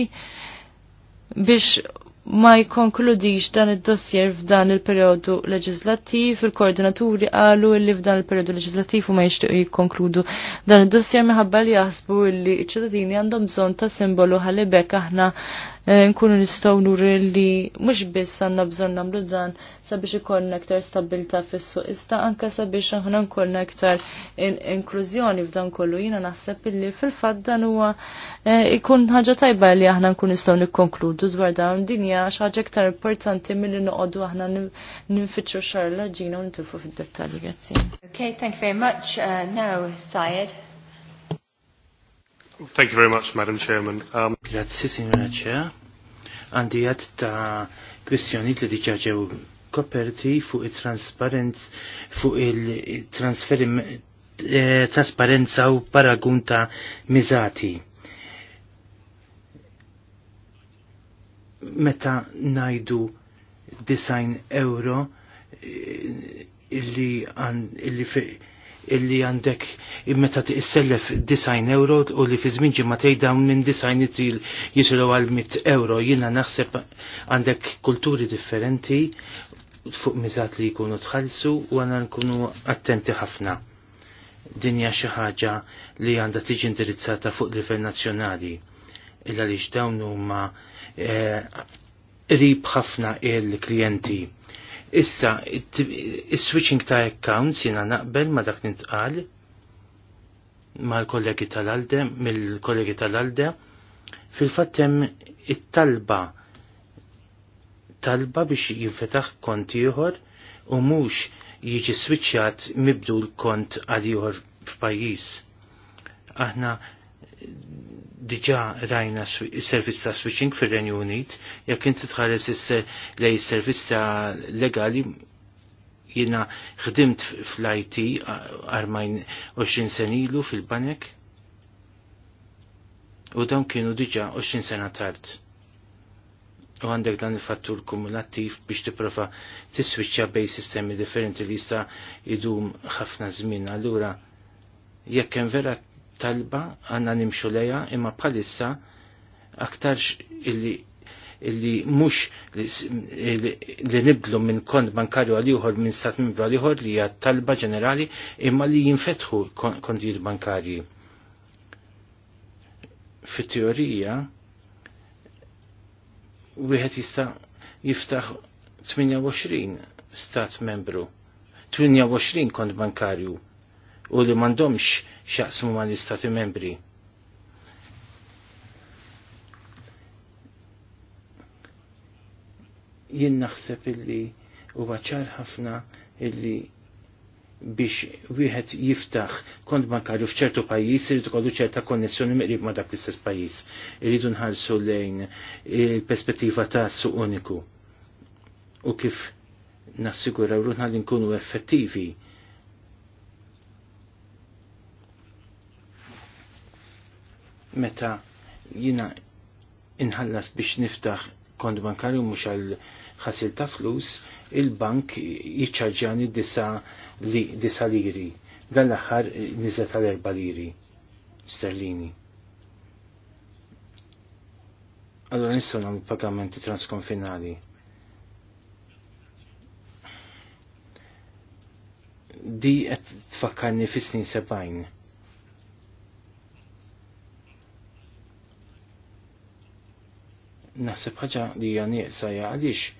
biex ma jkonkludix dan id-dossier f'dan il-periodu leġislattiv, il-koordinaturi qalu li f'dan il-periodu leġislattiv u ma jixtiequ jikkonkludu dan id-dossier minħabba li jaħsbu li ċittadini għandhom bżonn ta' simbolu għalli bekk aħna Eh, nkunu nistgħu nuru li mhux biss għandna bżonn nagħmlu dan sabiex ikollna aktar stabilta fis-suq, anka anke sabiex aħna nkunna aktar inklużjoni f'dan kollu. Jina naħseb illi fil-fatt dan huwa eh, ikun ħaġa tajba li aħna nkun nistgħu nikkonkludu dwar dan din hija xi ħaġa aktar importanti milli noqogħdu aħna ninfittxu xarla ġina u nitilfu fid-dettalji. Grazzi. Okay, thank you very much. Uh, now, Syed. Thank you very much, Madam Chairman. Um... Grazzi, Signora Chair. Għandi għad ta' kwestjoni li diġaġew koperti fuq il transparenz fuq il-trasparenza eh, u paragun ta' mizati. Meta najdu design euro eh, illi, an, illi illi għandek meta tissellef 9 euro u li fi żmien ġimgħatej dawn minn it-til jisru għal 100 euro. Jiena naħseb għandek kulturi differenti fuq miżat li jkunu tħallsu u għana nkunu attenti ħafna. Dinja xi ħaġa li għandha tiġi indirizzata fuq livell nazzjonali. Illa li dawn huma eh, qrib ħafna il-klijenti Issa, il-switching ta' accounts jina naqbel ma dak nintqal ma l-kollegi tal-alde, mill-kollegi tal-alde, fil-fattem it-talba talba biex jinfetaħ kont ieħor u mhux jiġi switchat mibdu l-kont għal ieħor f'pajjiż. Aħna diġa rajna il-servizz ta' switching fir renju Unit, jekk inti tħares lej il-servizz ta' legali jina ħdimt fl-IT armajn 20 senilu fil-banek u dawn kienu diġa 20 sena tard. U għandek dan il-fattur kumulattiv biex tipprova tiswiċċja bej sistemi differenti li jista' idum ħafna żmien allura jekk hemm vera talba għanna nimxu leja imma bħalissa aktarx illi illi mux li nibdlu minn kont bankarju għal-ieħor minn stat membru għal-ieħor li hija talba ġenerali imma li jinfetħu kontijiet bankarji. Fit-teorija wieħed jista' jiftaħ 28 stat membru, 28 kont bankarju u li mandomx xaqsmu ma l-istati membri. Jien naħseb illi huwa ċar ħafna illi biex wieħed jiftaħ kont bankarju f'ċertu pajjiż irid ikollu ċerta konnessjoni miqrib ma' dak l-istess pajjiż. Iridu nħallsu lejn il-perspettiva ta' suq uniku u kif nassigura ruħna li nkunu effettivi meta jina inħallas biex niftaħ kont bankarju mhux għal ħasil ta' flus, il-bank jiċċarġani disa li disa liri. Dan l-aħħar nizet għal erba liri sterlini. Allora nistgħu nagħmlu pagamenti transkonfinali. Di qed tfakkarni fis-snin sebajn. naħseb ħaġa li hija nieqsa hija għaliex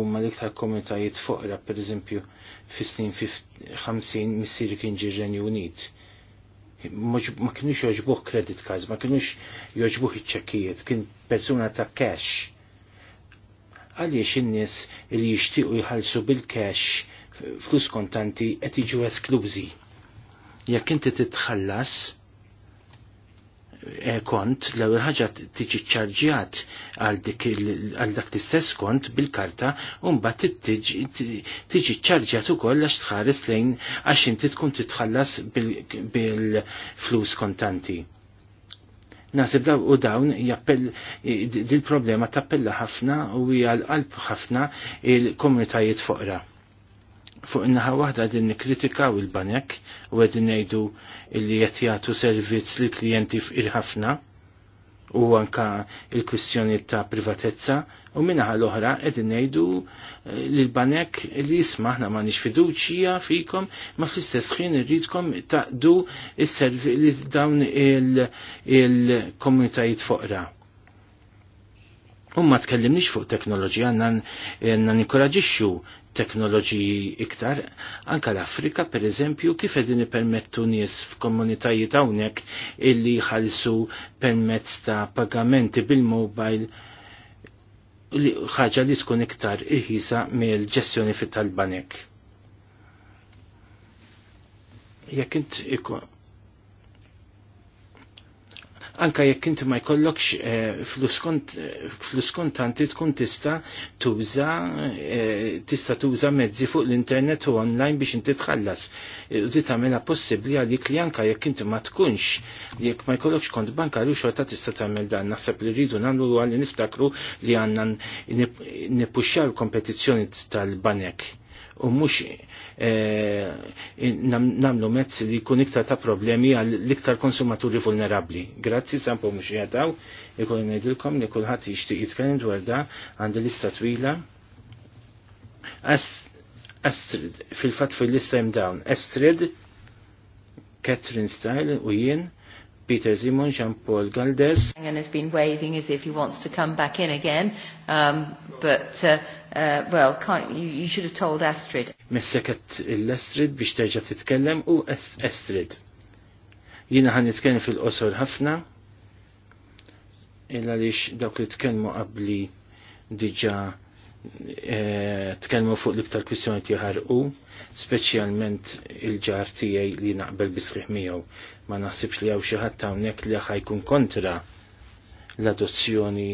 huma l-iktar komunitajiet foqra pereżempju fi snin 50 missir kien ġi Renju Unit. Ma kienux joġbuħ credit cards, ma kienux joġbuħ iċċekkijiet kien persuna ta' cash. Għaliex in-nies li jixtiequ jħallsu bil-cash flus kontanti qed jiġu esklużi. Jekk inti titħallas, E, kont l ewwel ħaġa tiġi ċarġjat għal dak l-istess kont bil-karta u mbagħad tiġi ċarġjat ukoll għax tħares lejn għax inti tkun titħallas bil-flus kontanti. Nasib daw u dawn jappell dil-problema tappella ħafna u hija l-qalb ħafna il-komunitajiet foqra fuq innaħa waħda għedin nikritikaw il-banek u għedin nejdu li qed jagħtu servizz li klijenti f'il-ħafna u anka il-kwistjoni ta' privatezza u minnaħa l-oħra qegħdin ngħidu eh, li l-banek li jisma' aħna m'għandniex fiduċija fikom ma fl-istess ħin irridkom taqdu li dawn il-komunitajiet foqra. U ma tkellimniex fuq teknoloġija għandna nikoraġixxu teknoloġiji iktar, anka l-Afrika per eżempju kif edin permettu nies f'komunitajiet hawnhekk illi jħallsu permezz ta' pagamenti bil-mobile ħaġa li tkun iktar irħisa mill-ġestjoni fit-talbanek. Jekk int anka jekk inti ma jkollokx eh, flus kontanti tkun tista tuża eh, tista tuża mezzi fuq l-internet u online biex inti tħallas. Eh, u tagħmilha possibbli għalik li anka jekk inti ma tkunx jekk ma jkollokx kont bankarju xorta tista tagħmel dan. Naħseb li rridu nagħmlu għalli niftakru li għandna nippuxxaw il-kompetizzjoni tal-banek u mux eh, namlu mezz li jkun iktar ta' problemi għal iktar konsumaturi vulnerabli. Grazzi, sampo mux jadaw, ikon nejdilkom li kullħat jishtiq jitkellem dwar da għandi lista twila. Astrid, fil-fat fil-lista jem dawn. Astrid, Catherine Style u jien, Peter Simon, Jean-Paul Galdes. And has been waving as if he wants to come back in again, um, but, uh, uh, well, can't, you, you should have told Astrid. Messeket l-Astrid biex terġa titkellem u Astrid. Jina għan nitkellem fil-qosor ħafna, illa lix dawk li tkellmu qabli diġa Eh, tkellmu fuq l-iktar tiħar u speċjalment il-ġar tiegħi li naqbel bisriħ miegħu. Ma naħsibx li hawn xi ħadd hawnhekk li ħajkun kontra l-adozzjoni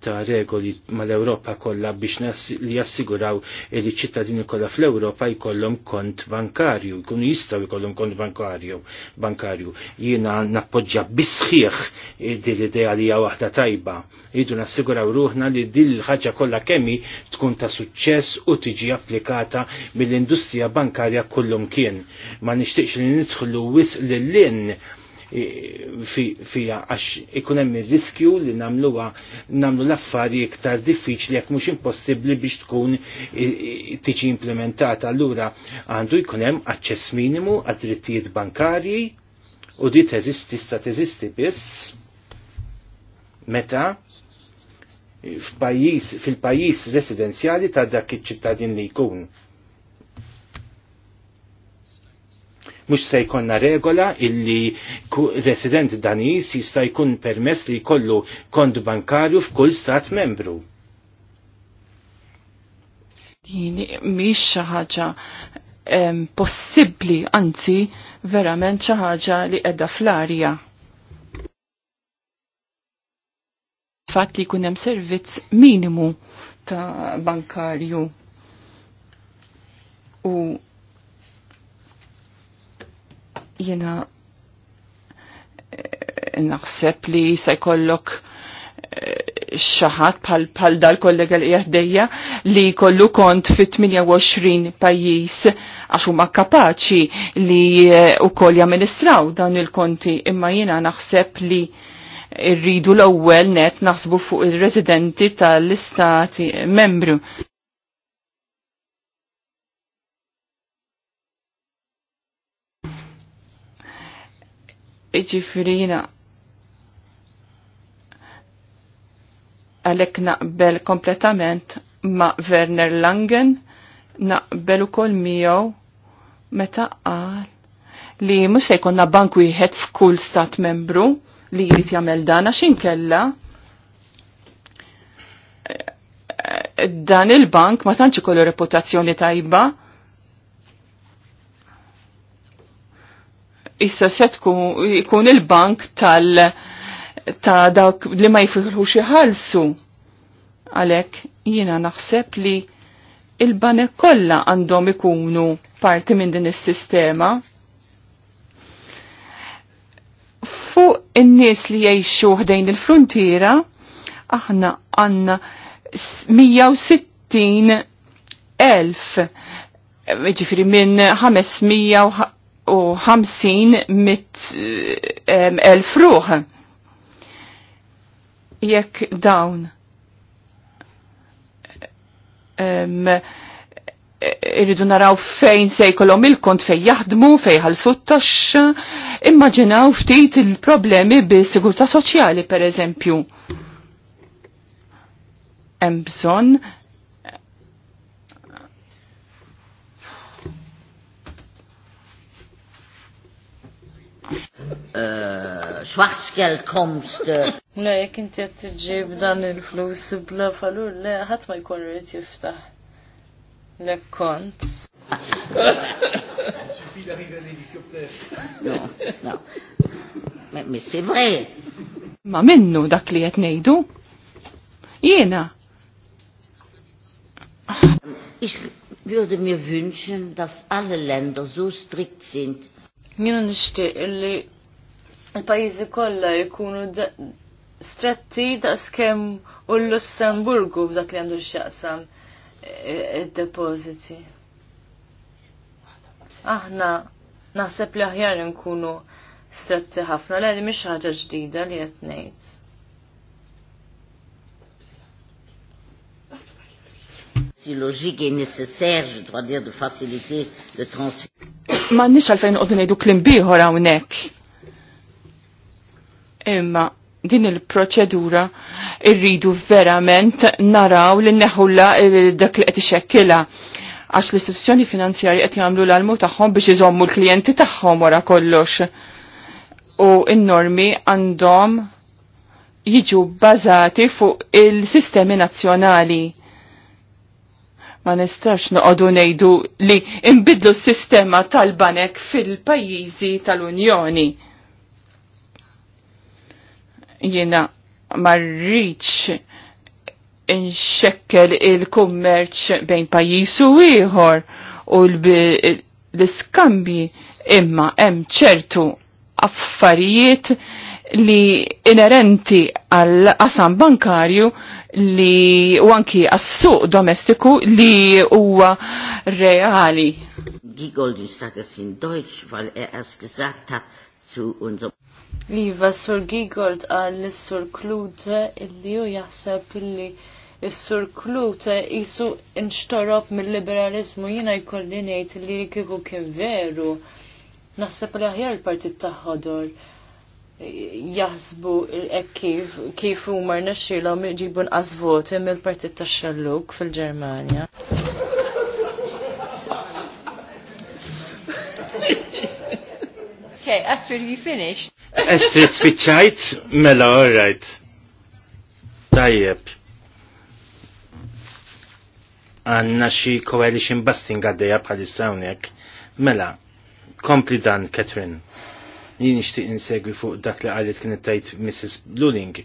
ta' regoli mal-Europa kollha biex li jassiguraw li ċittadini kollha fl-Europa jkollhom kont bankarju, jkunu jistgħu jkollhom kont bankarju. bankarju. Jiena nappoġġa bisħieħ din l-idea li hija waħda tajba. Jidu nassiguraw ruħna li din l-ħaġa kollha kemmi tkun ta' suċċess u tiġi applikata mill-industrija bankarja kullum kien. Ma nixtieqx li nidħlu wis lil-lin fija għax ikun hemm ir-riskju li nagħmluha nagħmlu l-affari iktar diffiċli jekk mhux impossibbli biex tkun tiġi implementata. Allura għandu jkun hemm aċċess minimu għad drittijiet bankarji u di teżisti sta teżisti biss meta fil-pajjiż residenzjali ta' dak iċ-ċittadin li jkun. mux se jkonna regola illi resident danis jista' jkun permess li jkollu kont bankarju f'kull stat membru. Jini, mhix xi ħaġa possibbli, anzi verament xi ħaġa li qiegħda fl-arja. Fatt li jkun hemm servizz minimu ta' bankarju u Jena eh, naħseb li se jkollok eh, xaħat pal, dal kollega li jahdeja li kollu kont fit 28 pajis għax huma kapaċi li eh, u koll jamministraw dan il-konti imma jena naħseb li rridu l-ewwel net naħsbu fuq il-residenti tal-istati membru. Iġifirina għalek naqbel kompletament ma' Werner Langen naqbel ukoll miegħu meta qal li mhux se jkollna bank wieħed f'kull stat membru li jrid jagħmel dan għax inkella eh, eh, dan il-bank ma tantx ikollu reputazzjoni tajba issa setku jkun il-bank tal- ta' dak li ma jifirħu xieħalsu. Għalek jina naħseb li il-banek kolla għandhom ikunu parti minn din is-sistema. Fuq in-nies li jgħixu ħdejn il-frontiera, aħna għanna 160 elf ġifiri minn 500 50 elf ruħ. Jekk dawn irridu naraw fejn se jkollhom il-kont fejn jaħdmu, fejn ħalsu t-taxxa, immaġinaw ftit il-problemi bis-sigurtà soċjali pereżempju. Hemm bżonn Eh, komst. Le, jek inti jett tġib dan il-flus bla falur, le, ħat ma jkun rrit jifta. Le kont. Mi si vrej. Ma minnu dak li jett nejdu? Jena. Ich würde mir wünschen, dass alle Länder so strikt sind, Jina nishtiq li l-pajizi kollha jkunu stretti daqskemm u l-Lussemburgu f'dak li għandu x'jaqsam id e, e, depositi Aħna naħseb li aħjar nkunu stretti ħafna li miex ħaġa ġdida li qed ngħid. Si logique et nécessaire, je dois dire, de faciliter le transfert ma nix għalfejn għoddu nejdu klim biħor għawnek. Imma din il-proċedura irridu verament naraw li neħulla eh, dak li qed xekkila għax l-istituzzjoni finanzjarji qed jagħmlu l-almu tagħhom biex iżommu l-klijenti tagħhom wara kollox. U in normi għandhom jiġu bbażati fuq il-sistemi nazzjonali ma nistax noqogħdu ngħidu li imbidlu s-sistema tal-banek fil-pajjiżi tal-Unjoni. Jiena marriċ inxekkel il-kummerċ bejn pajjiż ieħor u l-iskambji imma hemm ċertu affarijiet li inerenti għal qasam bankarju li u anki għas-suq domestiku li huwa reali. Gigol nistakas in Deutsch, val e er erst gesagt zu Iva, Sur Gigold għal Sur Klute illi ju jaħseb illi Sur Klute jisu inxtorob mill-liberalizmu jina jkolli ngħid li rikiku kien veru. Naħseb l-aħjar partit taħħodor. ħodor jaħsbu kif kif huma rnexxielhom iġibu nqas voti mill-Partit tax xalluk fil-Ġermanja. Okay, Astrid, you finished? Astrid, spiċċajt? Mela, all right. Tajjeb. Għanna xi coalition busting għaddejja bħalissa hawnhekk. Mela, kompli dan, Catherine li nixtieq insegwi fuq dak li qalet kienet tajt Mrs. Luling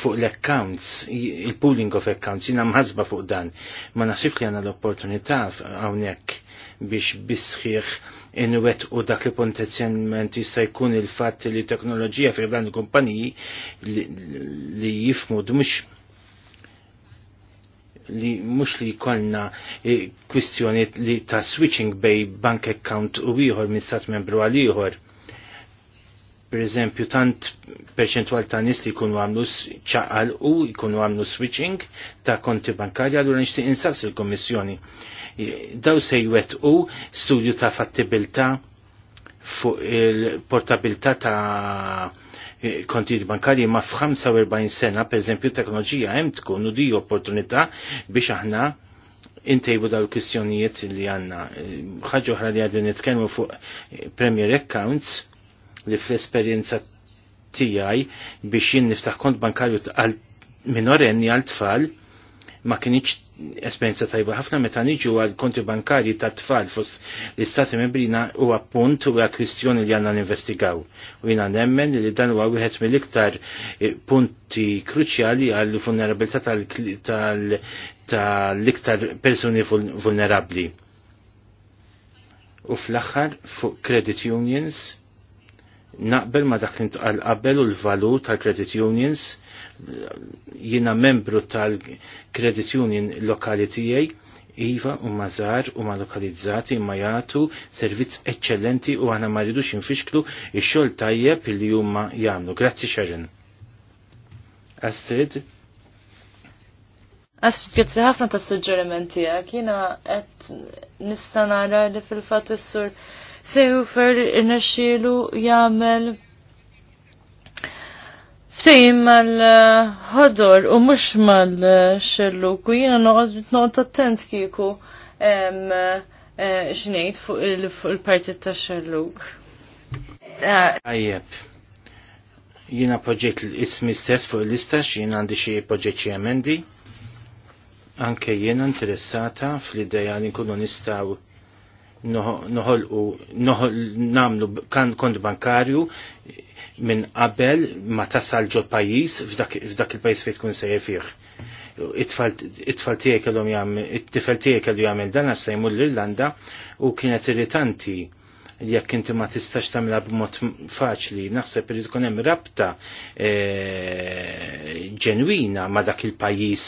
fuq l-accounts, il-pooling of accounts, jiena mħasba fuq dan. Ma naħsib li għandna l-opportunità hawnhekk biex bisħiħ inwet u dak li potenzjalment jista' jkun il-fatt li teknoloġija fi dan il-kumpaniji li jifmu mhux li mux li kolna eh, kwistjoni li ta' switching bej bank account u ieħor minn stat membru għal ieħor per eżempju, tant perċentwal ta' nis li jkunu għamlu ċaqal u jkunu għamlu switching ta' konti bankarja għallura nixtieq insass il-Kommissjoni. Daw se jwet u studju ta' fattibilta fuq il-portabilta ta' kontijiet bankarji ma' f-45 sena, per eżempju, teknoloġija hemm tkun u di opportunità biex aħna intejbu daw kwistjonijiet li għanna. ħagġa oħra li għadin nitkellmu fuq Premier Accounts, li fl-esperienza tijaj biex jinn niftaħ kont bankarju għal minorenni għal tfal ma kienieċ esperienza tajba ħafna meta niġu għal konti bankarji ta' tfal fost l-istati membrina u appunt u għal kwistjoni li għanna investigaw. U jina nemmen li dan huwa wieħed mill-iktar eh, punti kruċjali għal vulnerabilità tal-iktar persuni vulnerabli. U fl aħħar fuq credit unions naqbel ma dak intqal qabel u l-valur tal-credit unions jina membru tal-credit union lokali tiegħi Iva u mażar u ma lokalizzati ma jagħtu servizz eċċellenti u għana ma rridux infixklu ix-xogħol tajjeb li huma jagħmlu. Grazzi Sharon. Astrid. Astrid, grazzi ħafna tas-suġġerimenti tiegħek. Jiena qed nista' nara li fil-fatt is-sur Sehofer irnexxielu jagħmel ftejim mal-ħodor u mhux mal-xelluk u jiena noqgħod attent kiku eh, xnejt fuq il parti ta' xellu. Eh, Ajjeb. Jiena poġġet l-ismi stess fuq il-lista jina għandi xi poġġet xie emendi. Anke jiena interessata fl-idea li nkunu nista'w noħol u noħol namlu kan kont bankarju minn qabel ma tasal ġo pajis f'dak il-pajis fejn tkun sejjer fih. It-tfal tiegħek kellhom jagħmel it-tifel tiegħek kellu jagħmel dan għax se jmur l-Irlanda u kienet irritanti jekk inti ma tistax tagħmilha b'mod faċli, naħseb irid tkun hemm rabta e, ġenwina ma dak il-pajjiż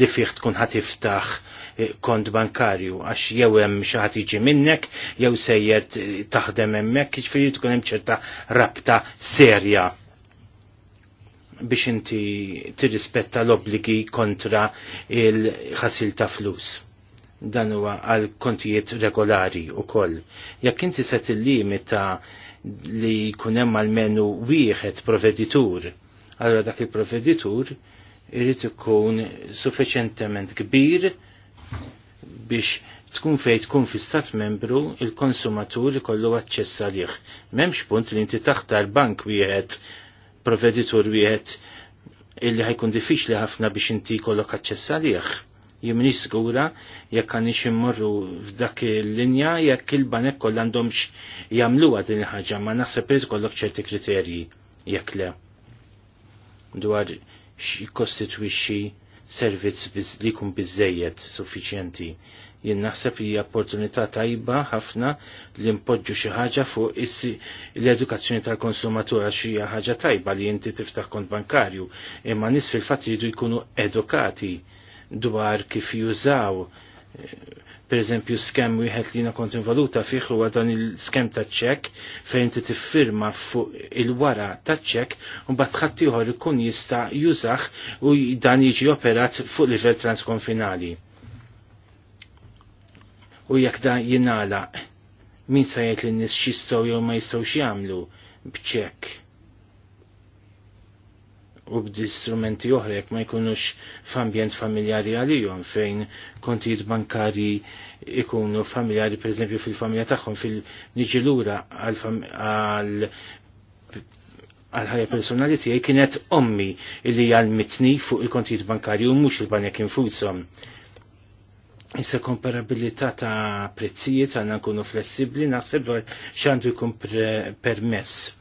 li fih tkun ħatiftaħ Eh, kont bankarju għax jew hemm xi ħadd jiġi minnek jew sejjer taħdem hemmhekk jiġifieri tkun hemm ċerta rabta serja biex inti tirrispetta l-obbligi kontra il-ħasil ta' flus dan huwa għal kontijiet regolari u koll. Jekk inti set il ta' li jkun hemm għalmenu wieħed proveditur, allora dak il-proveditur irid ikun suffiċentement kbir biex tkun fej tkun fi stat membru il-konsumatur ikollu aċċess għalih. M'hemmx punt li inti taħtar bank wieħed, proveditur wieħed illi ħajkun diffiċli ħafna biex inti kollok aċċess għalih jimni skura jekk għanix immorru f'dak il-linja jekk il-banek koll għandhomx jamluwa din il-ħagġa ma naħseb li tkollok ċerti kriterji jekk le dwar xi kostitwixxi servizz li jkun biżejjed suffiċjenti. Jien naħseb li opportunità tajba ħafna li npoġġu xi ħaġa fuq l-edukazzjoni tal-konsumatura xi ħaġa tajba li inti tiftaħ kont bankarju, imma nies fil-fatt jridu jkunu edukati dwar kif jużaw eh, per eżempju skem wieħed li kont involuta fih huwa dan il-skem ta' ċek fejn inti tiffirma fuq il-wara ta' ċek u mbagħad ħadd ieħor ikun jista' jużax u dan jiġi operat fuq livell transkonfinali. U jekk dan jingħalaq min sa jgħid li nies x'jistgħu jew ma jistgħux jagħmlu b'ċekk u b'di strumenti oħra jekk ma jkunux f'ambjent familjari għalihom fejn kontijiet bankari ikunu familjari pereżempju fil-familja tagħhom fil-niġi lura għal għal-ħajja personali tiegħi kienet ommi illi għal-mitni fuq il-kontijiet bankari u mhux il-banek infushom. Issa komparabilità ta' prezzijiet għandna nkunu flessibbli naħseb dwar x'għandu jkun permess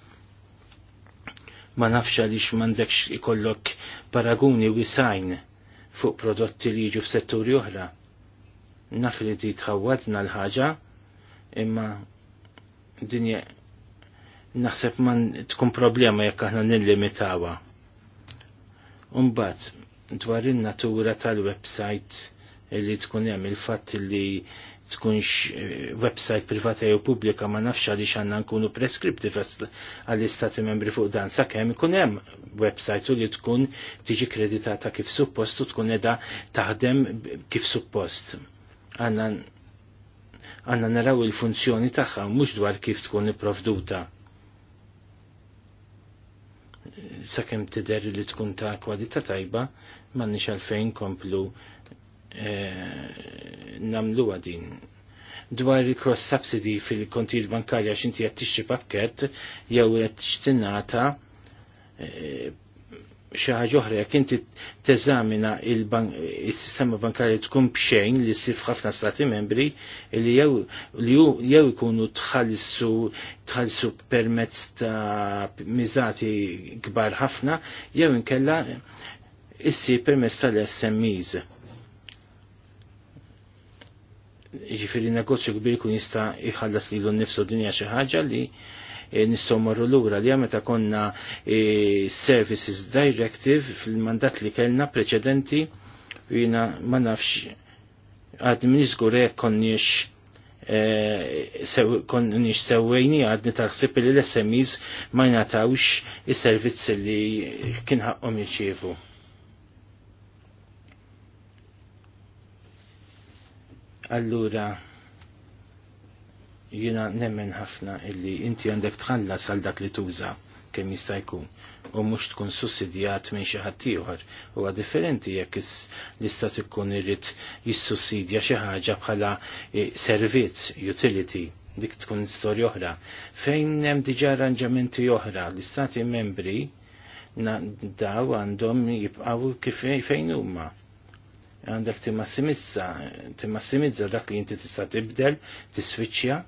ma nafx għaliex m'għandekx ikollok paraguni u sajn fuq prodotti li jiġu f'setturi oħra. Naf li ti tħawwadna l-ħaġa imma dinja naħseb man tkun problema jekk aħna nillimitawa. Umbat, dwar in-natura tal-website li tkun hemm il-fatt li tkunx eh, website privata jew pubblika ma nafx għaliex għandna nkunu preskriptiv għall-istati membri fuq dan sakemm ikun hemm website u li tkun tiġi kreditata kif suppost u tkun edha taħdem kif suppost. Għanna naraw il-funzjoni tagħha mhux dwar kif tkun ipprovduta. Sakemm tidher li tkun ta' kwalità tajba, m'għandniex għalfejn komplu Eh, namlu din dwar il-cross subsidy fil-kontir bankarja x'inti qed tixtri pakkett jew qed xtinata eh, xi ħaġa oħra jekk inti teżamina il-sistema bankarja tkun b'xejn li ssir ħafna stati membri li jew jew ikunu tħallsu tħallsu permezz ta' miżati kbar ħafna jew inkella issi permezz tal-SMEs ġifiri negozju kbir kun jista jħallas li l-nifsu dinja xi ħaġa li eh, nistgħu marru lura li meta konna eh, Services Directive fil-mandat li kellna preċedenti jina ma nafx għad minizgur jek konniex eh, konniex sewwejni għadni taħsib li l-SMEs ma jnatawx is-servizz li kienħaqqom jirċievu. Allura, jina nemmen ħafna illi inti għandek tħallas għal dak li tuża kemm jista' jkun u mhux tkun sussidjat minn xi ħadd ieħor. Huwa differenti jekk l-istat ikun irid jissussidja xi ħaġa bħala e, servizz utility dik tkun storja oħra. Fejn hemm diġà arranġamenti oħra l-istati membri daw għandhom jibqgħu kif fejn huma għandek timmassimizza, timmassimizza dak li inti tista' tibdel, tiswiċċja.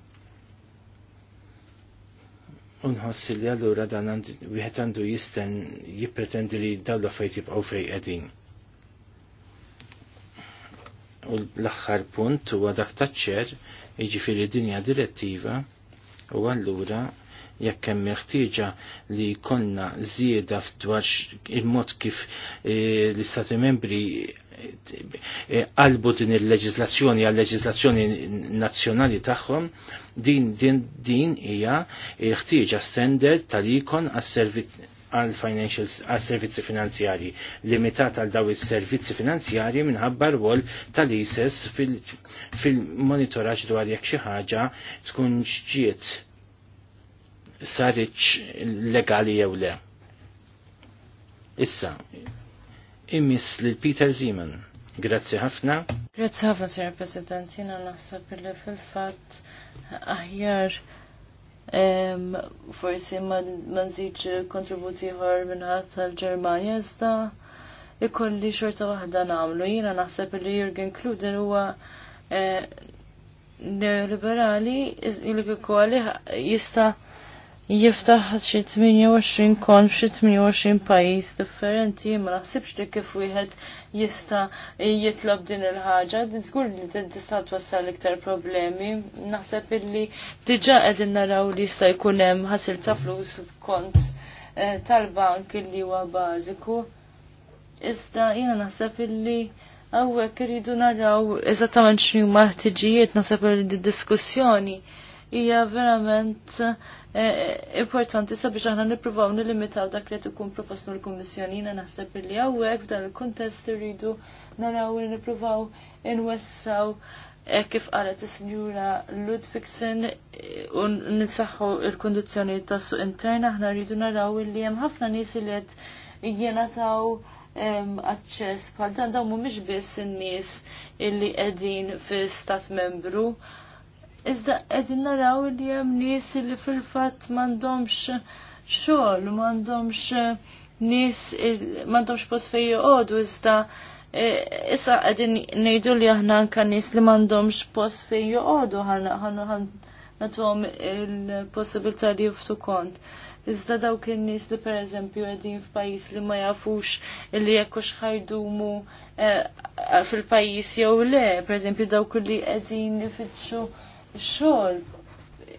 Unħossi li allura dan wieħed għandu jisten jippretendi li dawn fejti affarijiet jibqgħu fejn qegħdin. U l-aħħar punt huwa dak taċċer jiġifieri dinja direttiva u allura jekk hemm meħtieġa li jkollna żieda f'dwar il-mod kif eh, l-Istati membri Eh, qalbu din il-leġizlazzjoni għal leġizlazzjoni nazzjonali tagħhom din din din hija ħtieġa standard tal-ikon għal financial għal servizzi finanzjari limitat għal daw is-servizzi finanzjari minħabba l-wol tal ises fil-monitoraġġ dwar jekk xi ħaġa tkun ġiet sarriċ legali jew le. Issa, immiss lil Peter Zeman. Grazzi ħafna. Grazzi ħafna, Sir President, Jina naħseb li fil-fat aħjar forsi ma nżidx kontributi ħor minnħat tal-Ġermanja iżda ikolli xorta waħda namlu. Jina naħseb li Jürgen Kluden huwa eh, neoliberali il kolli jista' jiftaħ xi 28 kont f'xi 28 pajjiż differenti, ma naħsibx li kif wieħed jista' jitlob din il-ħaġa, żgur li tista' twassal iktar problemi. Naħseb illi diġà qegħdin naraw li jista' jkun hemm ħasil ta' flus f'kont eh, tal-bank illi huwa bażiku. Iżda jiena naħseb illi hawnhekk iridu naraw eżattament x'numa l-ħtiġijiet naħseb li d-diskussjoni hija verament Eh, importanti sabiex aħna nippruvaw nilimitaw dak li ikun propost l kummissjoni jiena naħseb illi hawnhekk f'dan il-kuntest irridu naraw li nippruvaw inwessaw eh, kif qalet is-Sinjura Ludwigsen eh, u nisaħħu l-kondizzjoni tas-suq intern aħna rridu naraw li hemm ħafna nies li qed jingħataw ehm, aċċess bħal dan dawn mhumiex biss in-nies illi qegħdin fi stat membru Iżda qegħdin naraw li hemm nies li fil-fatt m'għandhomx xogħol, m'għandhomx nies m'għandhomx post fejn iżda e, issa qegħdin ngħidu li aħna anke nis li m'għandhomx post fejn joqogħdu nagħtuhom il-possibilità li juftu kont. Iżda daw in-nies li pereżempju qegħdin f'pajjiż li ma jafux li jekk hux ħajdumu e, fil-pajjiż jew le, pereżempju dawk li qegħdin ifittxu xogħol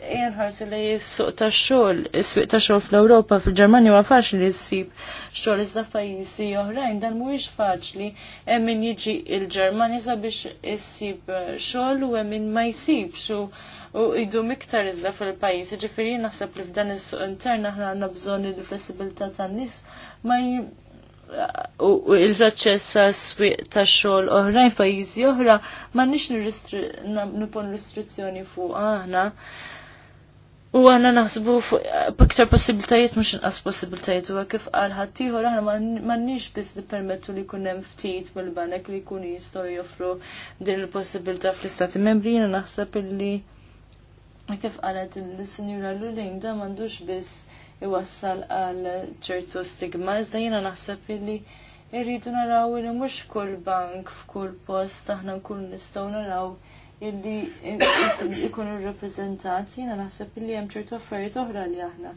jenħarsu li jissuq suq ta' xol, jissuq ta' xol fl-Europa, fil-Germania wa faċli li jissib xol iżda fajjisi oħrajn, dan mhuwiex faċli, emmin jiġi il-Germania sabiex s-sib xol u emmin ma' xo u idu miktar iżda fil-pajis, ġifiri naħseb li f'dan is-suq intern aħna għandna bżonn il flessibilta' tan-nies ma' il-raċċess ta' xogħol oħra f'pajjiżi oħra m'għandniex nipon restrizzjoni fuq aħna. U għanna naħsbu b'iktar possibiltajiet mhux inqas possibiltajiet huwa kif qal ħaddieħor aħna m'għandniex biss nippermettu li jkun hemm ftit mill-banek li jkunu jistgħu joffru din il-possibilità fl-istati membri jiena naħseb illi kif qalet il-Sinjura Luling da m'għandux biss iwassal għal ċertu stigma, iżda jiena naħseb illi irridu naraw illi mhux kull bank f'kull post aħna nkun nistgħu naraw illi ikunu rrappreżentat. jiena naħseb illi hemm ċertu affarijiet oħra li aħna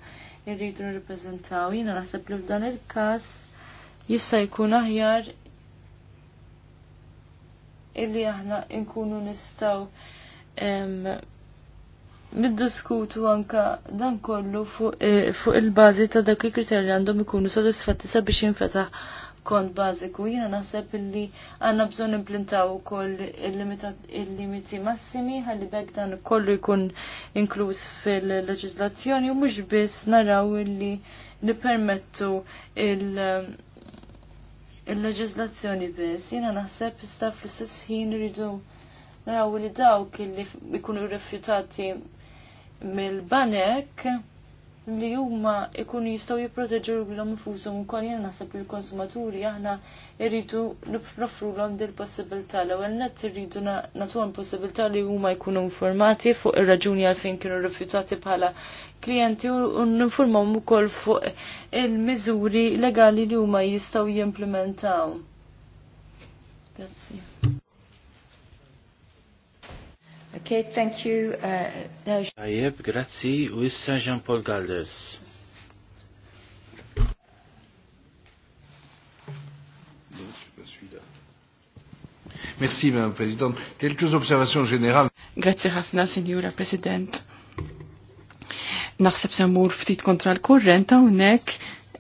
irridu nirrappreżentaw. jiena naħseb li f'dan il-każ jista' jkun aħjar illi aħna nkunu nistgħu niddiskutu anka dan kollu fuq eh, il-bażi ta' dak il kriterja għandhom ikunu sodisfatti sabiex jinfetaħ kont bażiku. Jiena naħseb illi għandna bżonn implintaw ukoll il-limiti massimi ħalli bekk dan kollu jkun inkluż fil-leġiżlazzjoni u mhux biss naraw illi nippermettu il- il leġizlazzjoni biss. Jiena naħseb iżda fl-istess ħin rridu naraw li dawk illi jkunu rifjutati mill-banek li huma ikunu jistgħu jipproteġu l-għom infushom ukoll jien naħseb li l-konsumaturi aħna irridu nofrulhom din il-possibilità l-ewwel nett irridu nagħtuhom possibilità li huma jkunu informati fuq ir-raġuni għalfejn kienu rrifjutati bħala klijenti u ninformawhom ukoll fuq il-miżuri legali li huma jistgħu jimplementaw. Grazie. Okay, thank you. Uh, uh, Tajjeb, uh, grazzi, u issa Jean-Paul Galdes. Merci, Madame la Présidente. Quelques observations générales. Grazie ħafna, Signora Presidente. Naħseb se ftit kontra l kurrenta unnek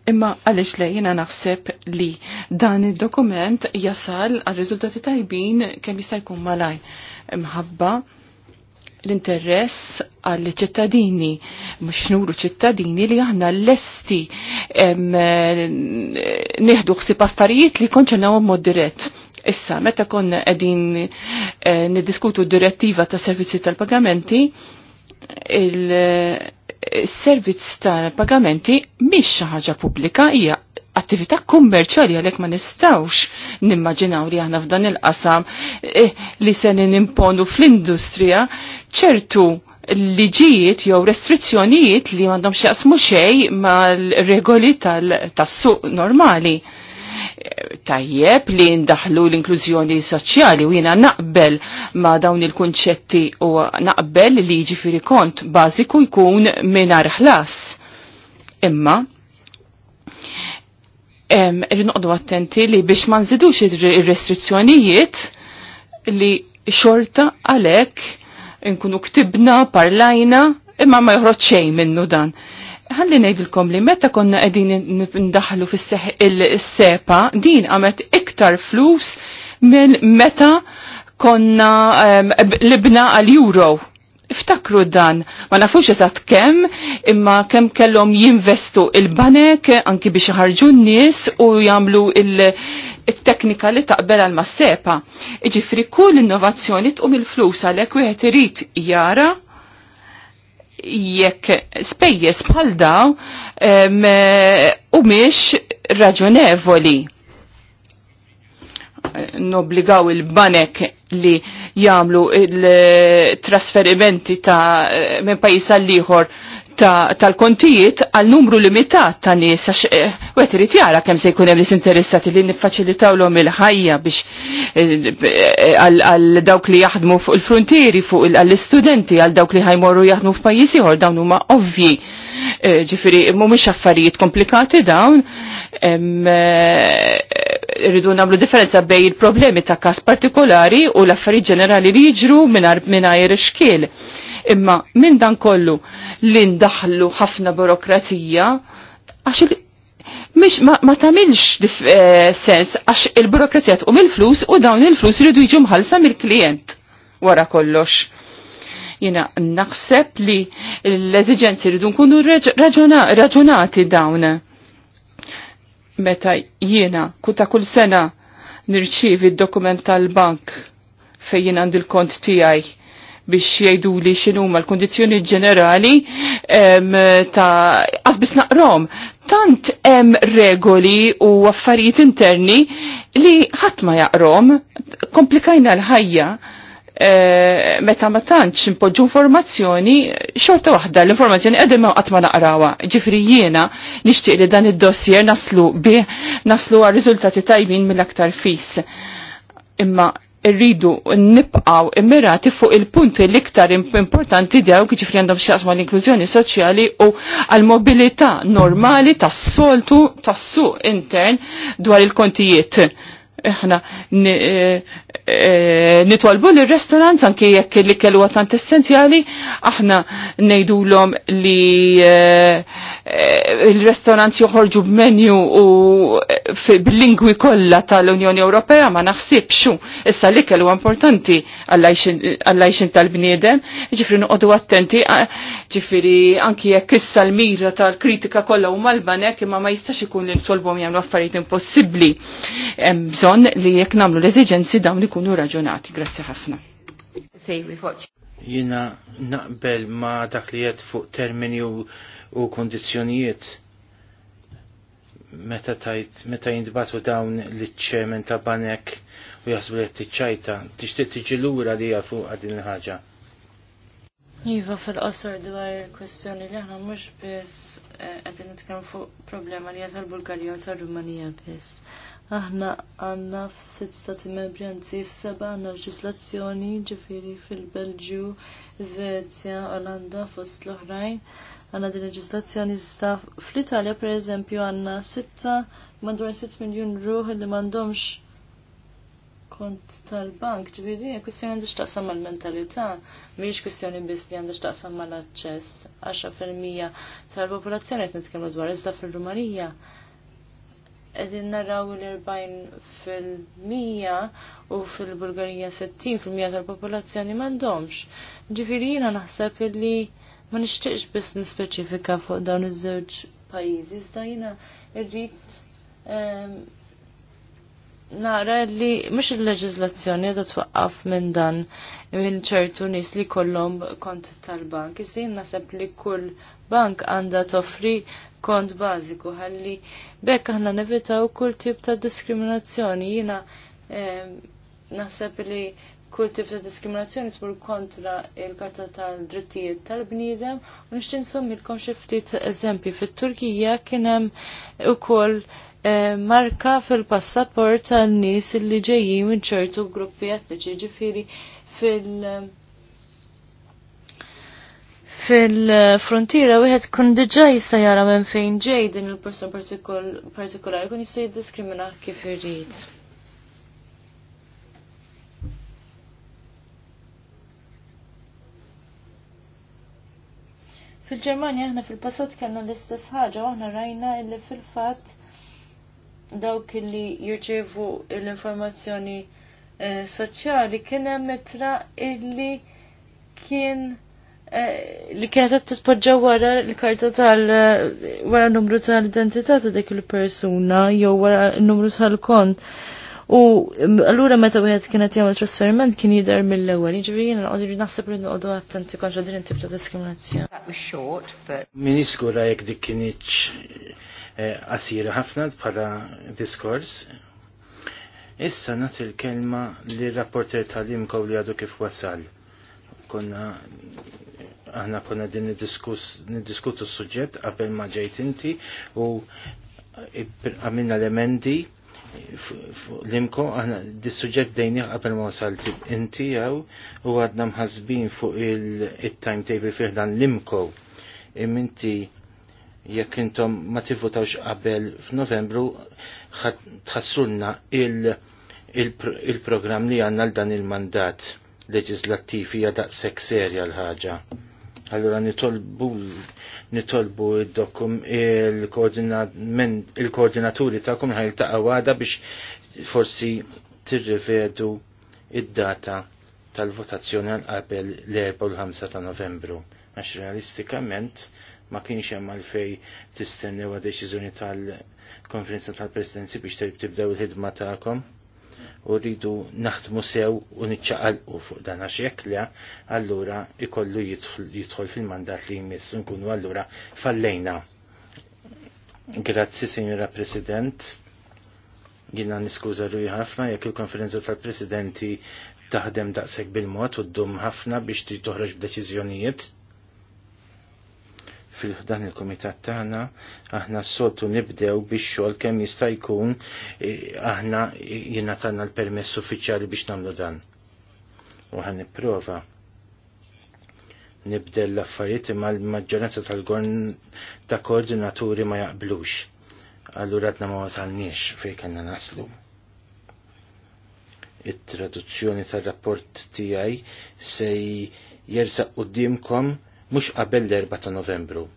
imma għalix le jena naħseb li dan il-dokument jasal għal riżultati tajbin kem jista' jkun malaj. Mħabba l-interess għall ċittadini mux nuru ċittadini li aħna l-lesti nieħdu ħsib affarijiet li konċernaw mod dirett. Issa, meta konna għedin eh, niddiskutu direttiva ta' servizzi tal-pagamenti, il-servizz eh, tal-pagamenti mhix ħaġa pubblika hija attività kummerċali għalek ma nistawx nimmaġinaw li aħna f'dan il-qasam eh, li se nimponu fl-industrija ċertu liġijiet jew restrizzjonijiet li m'għandhom x'jaqsmu xejn mal-regoli tas-suq normali. Eh, tajjeb li ndaħlu l-inklużjoni soċjali u jiena naqbel ma dawn il-kunċetti u naqbel li ġifiri kont bażiku jkun mingħajr ħlas. Imma, Rinqodu attenti li biex ma nżidux ir-restrizzjonijiet li xorta għalek nkunu ktibna, parlajna, imma ma joħroġ xejn minnu dan. Ħalli ngħidilkom li meta konna qegħdin ndaħlu fis-seħ il-sepa din għamet iktar flus mill meta konna libna għal euro iftakru dan. Ma nafux eżat kemm, imma kemm kellhom jinvestu il-banek anki biex ħarġu n-nies u jagħmlu il-teknika li taqbel għal massepa. Iġifri kull innovazzjoni tqum il-flus għalhekk wieħed irid jara jekk spejjeż bħal daw u miex raġunevoli nobligaw il-banek li jagħmlu il-trasferimenti ta' minn pajjiż għall ieħor tal-kontijiet għal numru limitat ta' nies għax eh, wet irid jara kemm se jkun hemm nies interessati li niffaċilitawlhom il-ħajja biex eh, għal dawk li jaħdmu fuq il-frontieri fuq għall-istudenti għal dawk li ħajmorru jaħdmu f'pajjiż ieħor dawn huma ovvji. mu eh, mhumiex affarijiet komplikati dawn rridu nagħmlu differenza bej il-problemi ta' każ partikolari u l-affarijiet ġenerali li jiġru mingħajr xkiel. Imma minn dan kollu li ndaħlu ħafna burokrazija għax Mish, ma, ma tamilx eh, sens għax il-burokrazija tqum il-flus u dawn il-flus rridu jiġu mħalsa mill-klient wara kollox. Jina naħseb li l-eżigenzi rridu nkunu raġunati dawn meta jiena kuta kull sena nirċivi d-dokument tal-bank fejn jiena għandi kont tiegħi biex jgħidu li x'inhuma l kondizjoni ġenerali ta' għazbis naqrom. Tant hemm regoli u affarijiet interni li ħadd ma jaqrom, komplikajna l-ħajja Eh, meta ma tantx impoġġu informazzjoni xorta waħda l-informazzjoni qegħdin ma qatt ma naqrawha. Ġifri jiena nixtieq li dan id-dossier naslu bih naslu għal riżultati tajbin mill-aktar fis. Imma rridu nibqaw immirati fuq il-punti l-iktar importanti djaw kħiġifri għandhom xaqsma l-inklużjoni soċjali u għal-mobilità normali tas-soltu tas-suq intern dwar il-kontijiet. Eħna eh, Eh, nitwalbu li restaurant anki jekk li kellu għatant essenzjali, aħna l-om li eh, Eh, il-restorant joħorġu b'menju u eh, bil-lingwi kollha tal-Unjoni Ewropea ma naħsibxu. Issa l-ikel huwa importanti għall-għajxin tal-bniedem, ġifri noqogħdu attenti, ġifri anki jekk issa l-mira tal-kritika kollha u mal banek imma ma jistax ikun li nsolbhom jagħmlu affarijiet impossibbli. Hemm bżonn li jekk nagħmlu l-eżiġenzi dawn ikunu raġunati. Grazzi ħafna. Jina naqbel ma dak li jed fuq termini u u kondizjonijiet meta tajt meta jindbatu dawn li ċemen ta' banek u jasbu li t-ċajta, t-ixtiet tiġi lura li jafu għadin l-ħagġa. Iva fil-qosor dwar kwestjoni li aħna mhux biss eh, qed nitkellmu fuq problema li għadha bulgarija u tar-Rumanija biss. Aħna għandna sitt stati membri anzi għanna l leġislazzjoni ġifieri fil-Belġju, Svezja, Olanda fost l-oħrajn għanna din leġislazzjoni sta fl-Italja per eżempju għanna 6 madwar 6 miljon ruħ li mandomx kont tal-bank ġviri hija kwistjoni x'taqsam mal-mentalità mhijiex kwistjoni biss li għandha x'taqsam mal-aċċess 10% tal-popolazzjoni qed nitkellmu dwar iżda fil rumanija qegħdin naraw l-40 fil-mija u fil-Bulgarija 60 fil-mija tal-popolazzjoni m'għandhomx. Ġifieri jiena naħseb illi Ma nishtiqx biss nispeċifika fuq dawn iż-żewġ pajjiżi, iżda jiena irrid ehm, nara li mhux il-leġiżlazzjoni qiegħda twaqqaf minn dan minn ċertu nies li kollhom kont tal-bank. Issa jien naħseb li kull bank għandha toffri kont bażiku ħalli bekk aħna nevitaw kull tip ta' diskriminazzjoni. Jiena ehm, naħseb li kull tip ta' diskriminazzjoni tmur kontra il-Karta tal-Drittijiet tal-Bniedem u nixtin sommilkom xi ftit eżempji fit-Turkija kien hemm ukoll eh, marka fil-passaport tan-nies li ġejjin minn ċertu gruppi etniċi ġifieri fil- fil-frontiera wieħed kun diġà jista' jara minn fejn ġej din il-persuna partikolari kun jista' jiddiskrimina kif irid. Fil-Ġermanja aħna fil-passat kellna l-istess ħaġa aħna rajna illi fil-fatt dawk li jirċevu l-informazzjoni eh, soċjali kien hemm mitra illi kien eh, li kienet tispoġġaw wara l-karta tal eh, wara n-numru tal-identità ta' dik il-persuna jew wara n-numru tal-kont. U allura meta wieħed kienet jagħmel trasferiment kien jidher mill-ewwel, jiġifieri jien nqogħdu naħseb li noqogħdu attenti kontra din tip ta' diskriminazzjoni. Min iskura jekk dik kienieċ eh, qasira ħafna bħala diskors. Issa nagħti l-kelma li rapporter tal-imkow li għadu kif wasal. Konna aħna konna din niddiskutu s-suġġett qabel ma ġejt inti u eh, għamilna l-emendi l-imko għana dis-sujġet dejni qabel ma wasalt inti għaw u għadna mħazbin fuq il-timetable fiħ dan l-imko imminti jekk intom ma tivvotawx qabel f'Novembru tħassulna il-programm li għanna l-dan il-mandat leġislattiv hija daqshekk serja l-ħaġa Allora nitolbu nitolbu il-koordinaturi ta'kom ħaj ta' għada biex forsi tirrivedu id-data tal-votazzjoni għal qabel l-4 5 ta' novembru. Għax realistikament ma kienx hemm għalfej tistennew għad deċiżjoni tal-konferenza tal-presidenzi biex tibdew il-ħidma ta'kom. Ta u rridu naħdmu sew u niċċaqalqu fuq dan għax jekk le allura ikollu jidħol fil-mandat li jmiss nkunu allura fallejna. Grazzi, Signora President. Jina niskuża ruj ħafna jekk il-konferenza tal-presidenti taħdem daqshekk bil-mod u ddum ħafna biex ti toħroġ b'deċiżjonijiet fil-ħdan il-komitat tagħna aħna s-soltu nibdew biex xogħol kemm jista' jkun e, aħna taħna l-permess uffiċjali biex nagħmlu dan. Uħan ħan nipprova nibdel l-affarijiet imma l-maġġoranza tal-gorn ta' koordinaturi ma jaqblux. Allura għadna ma wasalniex fej kanna naslu. It-traduzzjoni tar-rapport tiegħi se jersaq qudiemkom mhux qabel l-4 ta' Novembru.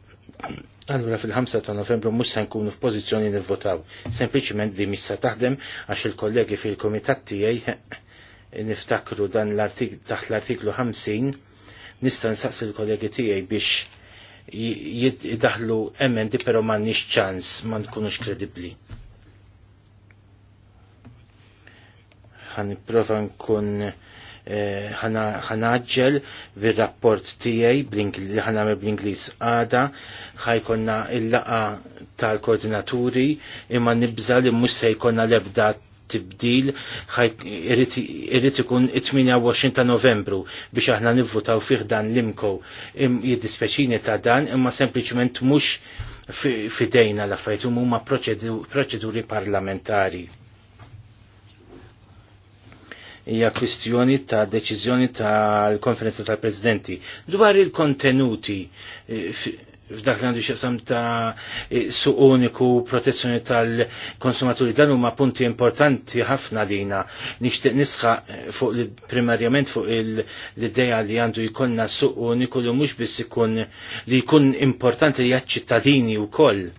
Allura fil-5 ta' Novembru mhux se nkunu f'pożizzjoni nivvotaw. Sempliċement li missa taħdem għax il-kollegi fil-kumitat tiegħi niftakru dan l-artik taħt l-artiklu 50 nista' nsaqs il-kollegi tiegħi biex jidaħlu emendi pero m'għandniex nix ċans, ma nkunux kredibli. Għan prova nkun Eh, ħanaġġel vir rapport tiegħi li ħanamel bl-Ingliż għada ħajkonna il-laqa tal-koordinaturi imma nibza li mhux se jkollna l-ebda tibdil irrit ikun 28 ta' novembru biex aħna nivvutaw fih dan l-imko jiddispeċini ta' dan imma sempliciment mux fidejna la' fajtu mumma proċeduri parlamentari hija kwistjoni ta' deċiżjoni tal-konferenza tal-presidenti dwar il-kontenuti eh, f'dak li għandu xaqsam ta' eh, suq uniku protezzjoni tal-konsumaturi dan huma punti importanti ħafna lina nixtieq nisħa eh, fuq primarjament fuq l-idea li għandu jkollna suq uniku li mhux biss ikun li jkun importanti li ċittadini wkoll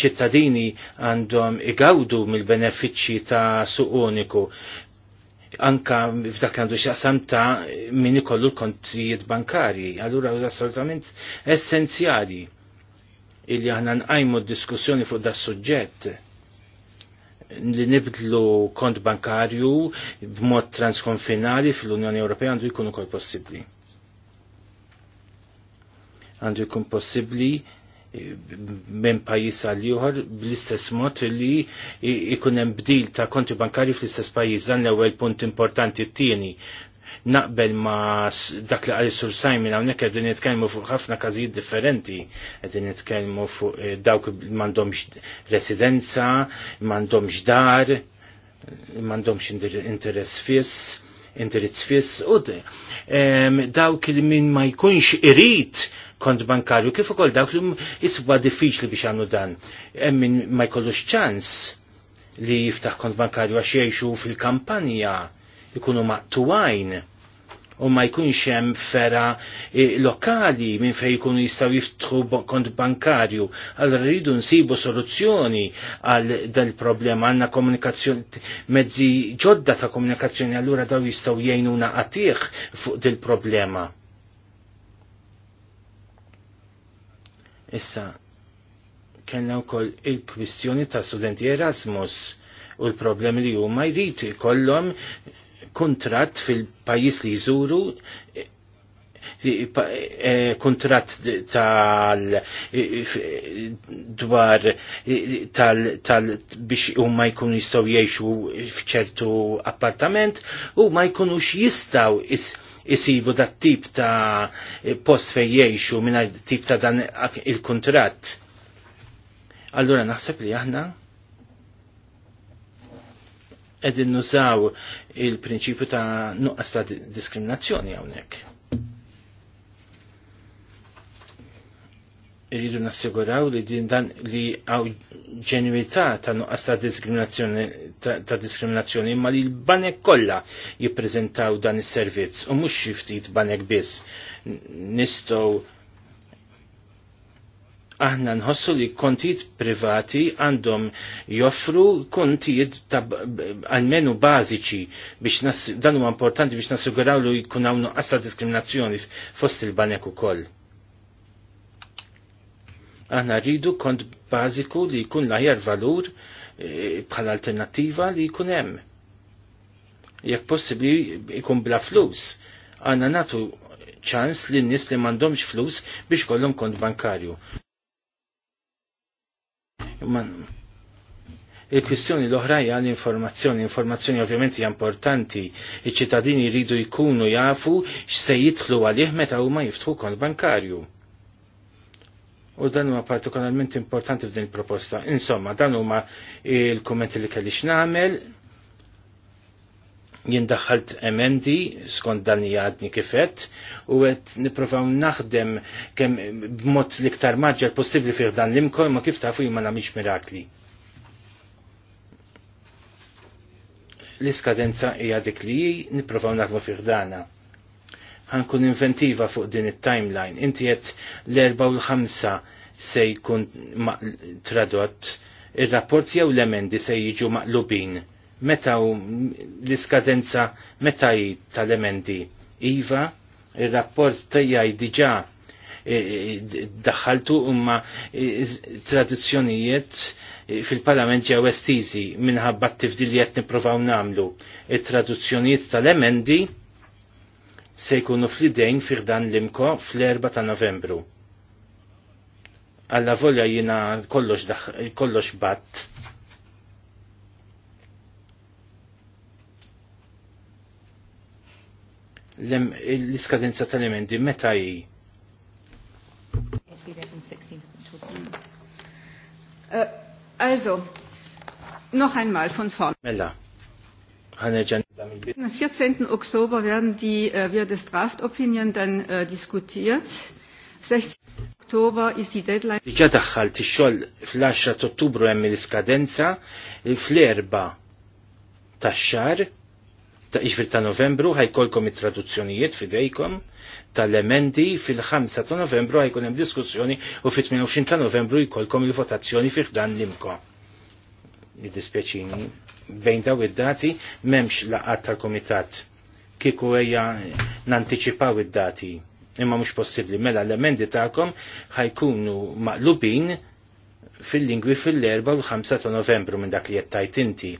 ċittadini għandhom igawdu mill-benefiċċji ta' suq uniku anka f'dak għandu xaqsam ta' min ikollu l-kontijiet bankarji. Allura assolutament essenzjali illi aħna nqajmu d-diskussjoni fuq da' suġġett li nibdlu kont bankarju b'mod transkonfinali fl-Unjoni Ewropea għandu jkun ukoll possibbli. Għandu jkun possibbli minn pajis għal ieħor bl-istess mod li ikunem hemm bdil ta' konti bankari fl-istess pajjiż dan l-ewwel punt importanti t-tieni naqbel ma dak li għalli sur Simon għawnek għedin jitkelmu fuq ħafna kazijiet differenti għedin jitkelmu fuq eh, dawk mandomx residenza mandomx dar mandomx interess fiss indirizz fiss u dawk li min ma jkunx irrit kont bankarju kif ukoll dawk li jisba diffiċli biex għamlu dan. Hemm min ma jkollux ċans li jiftaħ kont bankarju għax jgħixu fil-kampanja jkunu maqtuwajn u ma jkunx hemm fera eh, lokali minn fejn jkunu jistgħu jiftħu kont bankarju. Allora rridu nsibu soluzzjoni għal il problema għandna komunikazzjoni mezzi ġodda ta' komunikazzjoni allura daw jistgħu jgħinuna qatih fuq dil problema Issa, kellna wkoll il-kwistjoni ta' studenti Erasmus u l-problemi li huma jrid ikollhom kuntratt fil-pajjiż li jżuru eh, kuntratt tal dwar tal, tal biex u ma jkunu jistgħu jgħixu fċertu appartament u ma jkunux jistgħu is isibu dat tip ta' post fej jiexu minna tip ta' dan il-kontrat. Allura naħseb li aħna edin nużaw il-prinċipju ta' nuqqas ta' diskriminazzjoni hawnhekk. Irridu nassiguraw li din dan li għaw ġenwità ta' nuqqas ta' diskriminazzjoni ta' diskriminazzjoni imma li l-banek kollha jippreżentaw dan is-servizz u mhux xi ftit banek biss. Nistgħu aħna nħossu li kontijiet privati għandhom joffru kontijiet għalmenu bażiċi biex dan huwa importanti biex nassiguraw li jkun hawn nuqqas ta' diskriminazzjoni fost il-banek ukoll. Aħna rridu kont bażiku li jkun l-aħjar valur eh, bħal alternattiva li jkun hemm. Jekk possibbli jkun bla flus, għanna natu ċans li n-nis li mandomx flus biex kollum kont bankarju. Il-kwistjoni l-oħra hija l-informazzjoni. Informazzjoni ovvjament hija importanti. Iċ-ċittadini jridu jkunu jafu x'se jidħlu għalih meta huma jiftħu kont bankarju u dan huwa partikolarment importanti f'din il-proposta. Insomma, dan huma il-kummenti li kellix nagħmel. Jien daħħalt emendi skont dan li għadni kifet u qed nipprovaw naħdem kemm b'mod l-iktar maġġel possibbli fih dan l imkol ma kif tafu ma nagħmilx mirakli. L-iskadenza hija dik li nipprovaw naħdmu fih dana ħankun inventiva fuq din it-timeline. Inti jett l-4 u l-5 se jkun tradott, ir-rapport jew l-emendi se jiġu maqlubin. Meta l-iskadenza meta tal-emendi? Iva, ir-rapport tejjaj diġà e, e, daħħaltu imma e, tradizzjonijiet fil-parlament ġew estiżi minħabba t tifdiljiet niprofaw namlu. Il-traduzzjonijiet tal-emendi se jkunu fl-idejn firdan l-imko fl-4 ta' novembru. Alla volja jina kollox, kollox batt. l-iskadenza tal-emendi meta hi? Uh, also, noch einmal von vorne. Mela, Am 14. Oktober werden die, äh, wird das Draft Opinion dann äh, diskutiert. 16. Oktober ist die deadline. Diġa daħħalt ix-xogħol fl-10 Ottubru hemm l-iskadenza fl-erba tax-xar ta' ifir ta' novembru ħajkolkom it-traduzzjonijiet fidejkom tal-emendi fil-5 ta' novembru ħajkun hemm diskussjoni u fit-28 ta' novembru jkolkom il-votazzjoni fiħdan l imko Id-dispjaċini bejn daw id-dati memx laqat tal-komitat kiku eja nanticipaw id-dati imma mhux possibbli mela l-emendi ta'kom ħajkunu maqlubin fil-lingwi fil-4 u l-5 ta' novembru minn dak li jettajt inti.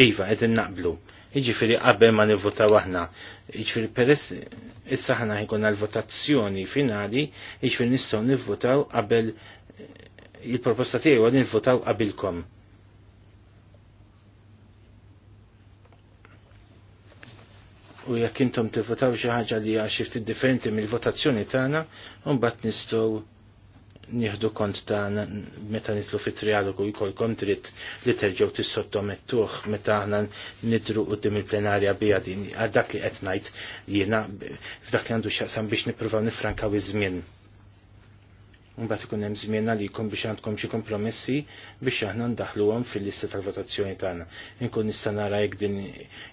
Iva, qegħdin naqblu. Iġifiri qabel ma nivvotaw aħna. Iġifiri peress issa ħana ħikun l-votazzjoni finali, iġifiri nistgħu nivvotaw qabel il-proposta tiegħi għad nivvotaw qabilkom. U jekk intom tivvotaw xi ħaġa li hija xi ftit differenti mill-votazzjoni tagħna, mbagħad nistgħu nieħdu kont ta' meta nitlu fit trialogu jkollkom dritt li terġgħu tissottomettuh meta aħna nidru qudiem il-plenarja bija din għal dak li qed ngħid jiena f'dak li għandu x'aqsam biex nippruvaw nifrankaw iż-żmien. Mbagħad ikun hemm żmien għalikom biex għandkom xi kompromessi biex aħna ndaħluhom fil-lista tal-votazzjoni tagħna. Inkun nista' nara jekk din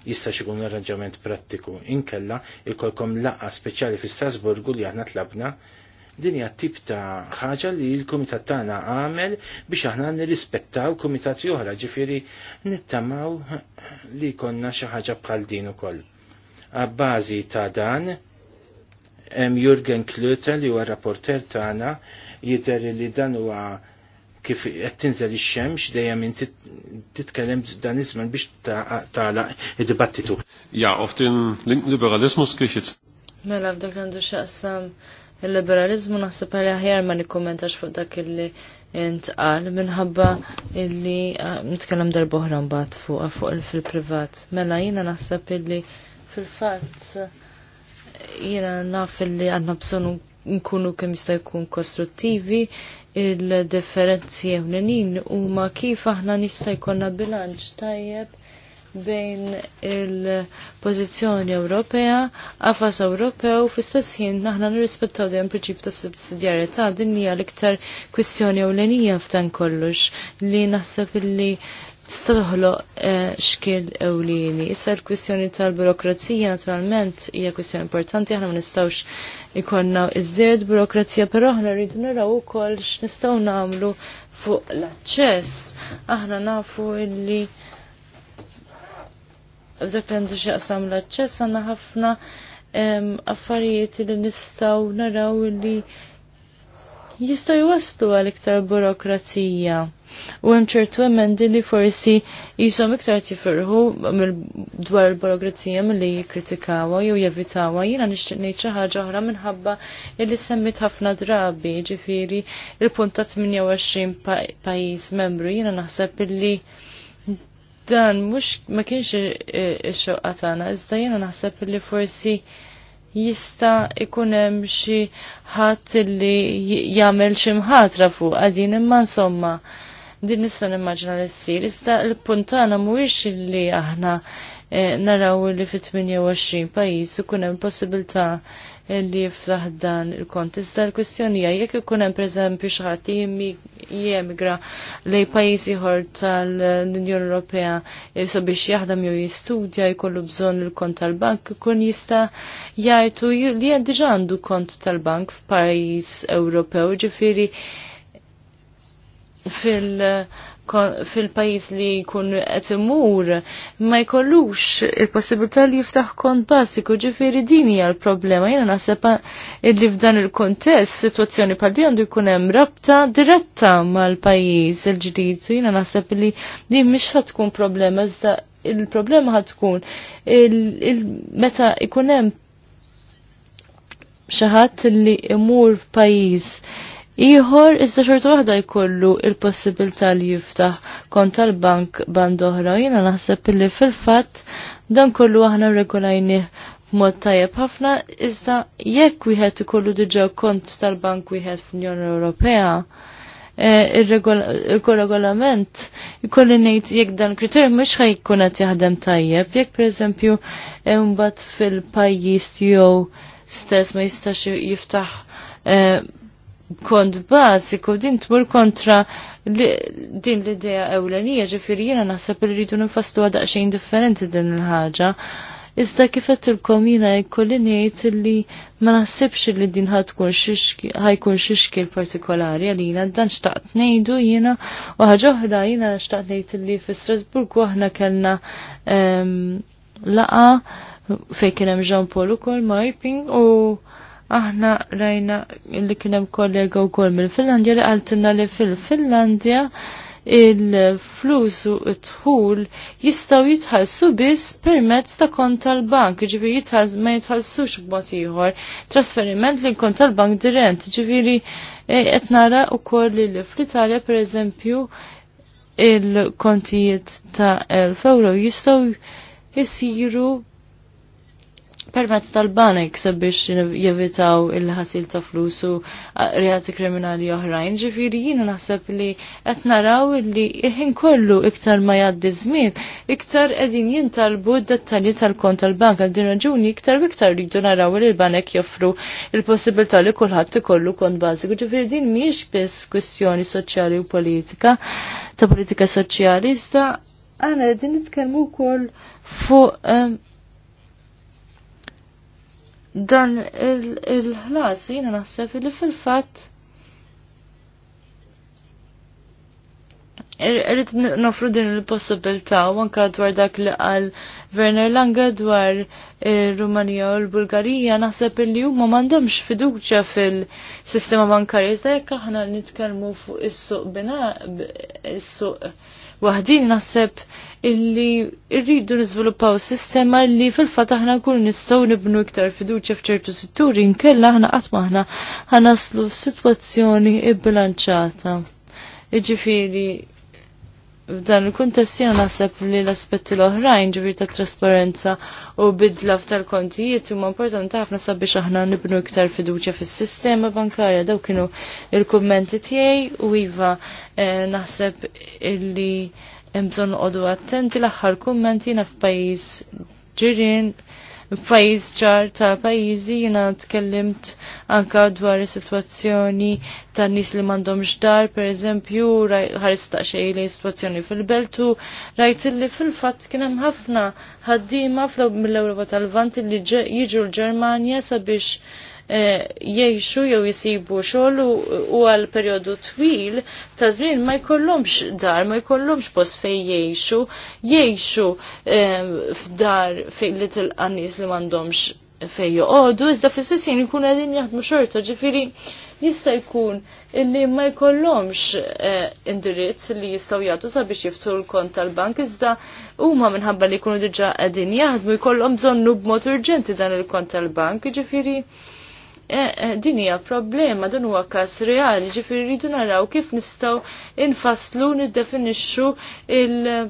jista' xi jkun arranġament prattiku. Inkella ikolkom laqgħa speċjali fi Strasburgu li aħna tlabna din hija tip ta' ħaġa li l-kumitat tagħna għamel biex aħna nirrispettaw kumitati oħra, ġifieri nittamaw li konna xi ħaġa bħal din ukoll. Għabbażi ta' dan, Jurgen Klöte li huwa rapporter tagħna jidher li dan huwa kif qed tinżel ix-xemx dejjem inti titkellem dan iż-żmien biex tagħlaq id-dibattitu. Ja, ofti linken liberalismus kif Mela f'dak għandu x'aqsam il-liberalizmu naħseb għalli aħjar ma nikkommentax fuq dak illi intqal minħabba illi ah, nitkellem darbohra mbagħad fuq fuq fil-privat. Mela jiena naħseb illi fil-fatt jiena naf illi għandna bżonn nkunu kemm jista' jkun kostruttivi il-differenzi ewlenin huma kif aħna nista' jkollna bilanċ tajjeb bejn il-pozizjoni Ewropea, għafas Ewropew, fl-istess ħin aħna nirrispettaw dejjem prinċip ta' subsidjarjetà din hija l-iktar kwistjoni ewlenija f'dan kollox li naħseb illi toħloq eh, xkil ewlieni. Issa l-kwistjoni tal-burokrazija naturalment hija kwistjoni importanti, aħna ma nistgħux ikollna iż burokrazija, però aħna rridu naraw ukoll x'nistgħu nagħmlu fuq l-aċċess. Aħna nafu illi f'dak li għandu qasam l-aċċess għandna ħafna affarijiet li nistgħu naraw li jistgħu jwasslu għal iktar burokrazija u hemm ċertu emendi li forsi jisom iktar tifirħu dwar il-burokrazija milli jikkritikawa jew jevitawa jiena nixtieq ngħid xi ħaġa oħra minħabba li semmit ħafna drabi ġifieri il-punt ta' 28 pajjiż membru jiena naħseb illi dan mhux ma kienx ix xewqa tagħna iżda jiena naħseb illi forsi jista ikun hemm xi ħadd li jagħmel xi mħatra fuq qegħdin imma insomma din nista' nimmaġina li ssir. Iżda l-puntana mhuwiex li aħna eh, naraw li fi 28 pajjiż ikun hemm possibilità li jiftaħ dan il-kont. l-kwestjoni hija jekk ikun hemm pereżempju xi ħadd li jemigra lej pajjiż ieħor tal-Unjoni Ewropea eh, sabiex jaħdem jew jistudja jkollu bżonn il-kont tal-bank ikun jista' jajtu li diġà għandu kont tal-bank f'pajjiż Ewropew, ġifiri fil- fil-pajis li kun qed imur ma jkollux il-possibilità li jiftaħ kont basiku ġifieri din hija l-problema. Jiena naħseb li f'dan il-kuntest sitwazzjoni bħal di għandu jkun hemm rabta diretta mal-pajjiż il-ġdid. Jiena naħseb li din mhix sa' tkun problema iżda il-problema ħad tkun meta ikun hemm xi ħadd li imur f'pajjiż Iħor, iżda xorta waħda jkollu il-possibilità li jiftaħ kont tal-bank band oħra jiena naħseb illi fil-fatt dan kollu aħna regolajnih mod tajjeb ħafna iżda jekk wieħed ikollu diġà kont tal-bank wieħed fl-Unjoni Ewropea e, il-regolament ikolli ngħid jekk dan kriterju mhux ħajkun qed jaħdem tajjeb, jekk pereżempju e, mbagħad fil-pajjiż tiegħu stess ma jistax jiftaħ e, kont basiku din tmur kontra din l-idea ewlenija ġifiri jena naħseb li rridu nifastu xejn differenti din il-ħaġa. Iżda kifet il-komina jkolli ngħid li ma naħsibx li din ħatkun ħajkun xixkil partikolari għalina dan xtaqt ngħidu jiena u ħaġa oħra jiena xtaqt ngħid li fi Strasburg aħna kellna laqa fejn kien hemm Jean Paul ukoll Marping u aħna rajna li kienem kollega u kol mill-Finlandja li għaltinna li fil-Finlandja il-flus u t ħul jistaw jitħalsu biss permezz ta' kont tal-bank, ġifiri jitħals ma jitħalsu b'mod ieħor, trasferiment li konta tal-bank dirent, ġiviri eh, qed nara wkoll li fl-Italja pereżempju il-kontijiet ta' 1000 euro jistaw jisiru permezz tal-banek sabiex jevitaw il-ħasil ta' flus u reati kriminali oħrajn. Ġifiri jina naħseb li qed naraw li ħin kollu iktar ma jgħaddi żmien, iktar qegħdin jintalbu d-dettalji tal-kont tal-bank għal din raġuni iktar iktar rridu naraw li l-banek joffru il-possibilità li kulħadd ikollu kont bażiku. Ġifiri din mhijiex biss kwistjoni soċjali u politika ta' politika soċjali, iżda għana din nitkellmu wkoll fuq ehm, dan il-ħlas il jina naħseb li fil-fat Irrid nofru din il-possibilità u anka dwar dak li qal Werner Langa dwar eh, rumanija u l-Bulgarija naħseb li huma m'għandhomx fiduċja fil-sistema bankarja iżda jekk aħna nitkellmu fuq is-suq bina is-suq waħdin naħseb illi rridu niżviluppaw sistema li fil-fatt aħna nkunu nistgħu nibnu iktar fiduċja f'ċertu setturi nkella aħna qatt maħna ħanaslu f'sitwazzjoni ibbilanċata. Iġifieri f'dan il-kuntest jiena naħseb li l-aspetti l-oħrajn ġifir ta' trasparenza u bidla f'tal kontijiet huma importanti ħafna sabiex aħna nibnu iktar fiduċja fis-sistema bankarja daw kienu il-kummenti tiegħi u iva eh, naħseb illi bżonn noqogħdu attenti l-aħħar kumment jiena f'pajjiż ġirien f'pajjiż ġar ta' pajjiżi jiena tkellimt anka dwar is-sitwazzjoni ta' nies li m'għandhomx dar, pereżempju, ħares ta' xejn li sitwazzjoni fil-Beltu, rajt li fil-fatt kien hemm ħafna ħaddiema mill-Ewropa tal-Vant li jiġu l-Ġermanja sabiex Eh, jiexu jew jisibu xogħol u għal perjodu twil ta' żmien ma jkollhomx dar, ma jkollhomx post fejn jgħixu, jgħixu eh, f'dar fejn li tilqanis li m'għandhomx fejn joqogħdu, iżda fis istess ikun qegħdin jaħdmu xorta, ġifieri jista' jkun illi ma jkollhomx eh, indirizz li jistgħu jagħtu sabiex jiftu l-kont tal-bank iżda huma minħabba li jkunu diġà qegħdin jaħdmu jkollhom bżonnu b'mod urġenti dan il-kont tal-bank, ġifieri Eh, eh, din hija problema, dan huwa każ reali, ġifieri rridu naraw kif nistgħu infaslu niddefinixxu il-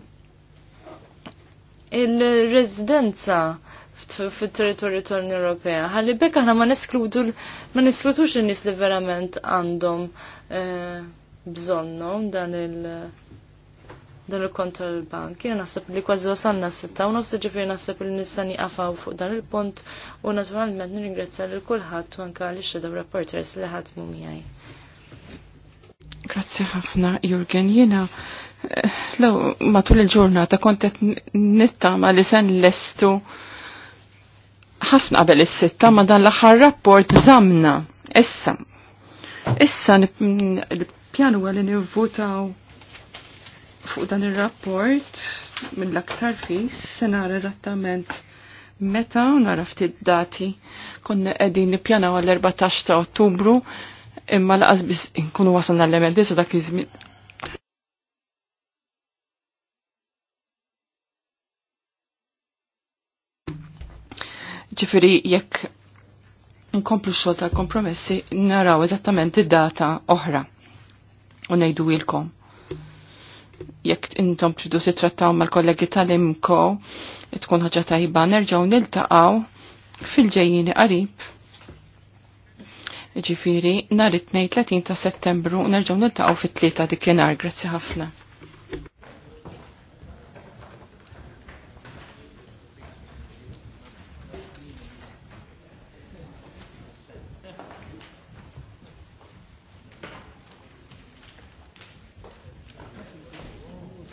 il-residenza fit-territorju tal-Unjoni Ewropea. Ħalli bekk aħna ma neskludu ma niskludux in-nies li verament għandhom eh, bżonnhom dan il- dan il-kont tal-bank. Jena naħseb li kważi wasanna sitta u nofsi ġifieri naħseb li nistani għafaw fuq dan il-pont u naturalment nirringrazzja lil kulħadd u anke li xedaw reporters li ħadmu mumijaj. Grazzi ħafna, Jurgen. Jiena eh, law matul il-ġurnata kontet nittama li sen l-estu ħafna qabel is-sitta ma dan l-aħħar rapport zamna. Issa. Issa l-pjanu għalli nivvutaw fuq dan il-rapport mill-aktar fis se nara eżattament meta u nara ftit dati konna qegħdin nippjanaw għall-14 ta' Ottubru imma laqas biss nkunu wasalna l-elementi sa dak iż-żmien. Ġifieri jekk nkomplu xogħol ta' kompromessi naraw eżattament id-data oħra u ngħidu ilkom jekk intom tridu titrattaw mal-kollegi tal-imko, tkun ħaġa tajba nerġgħu niltaqgħu fil-ġejjini qarib. Ġifiri, nhar it-tnejn 30 ta' Settembru nerġgħu niltaqgħu fit-tlieta dikinhar, grazzi ħafna.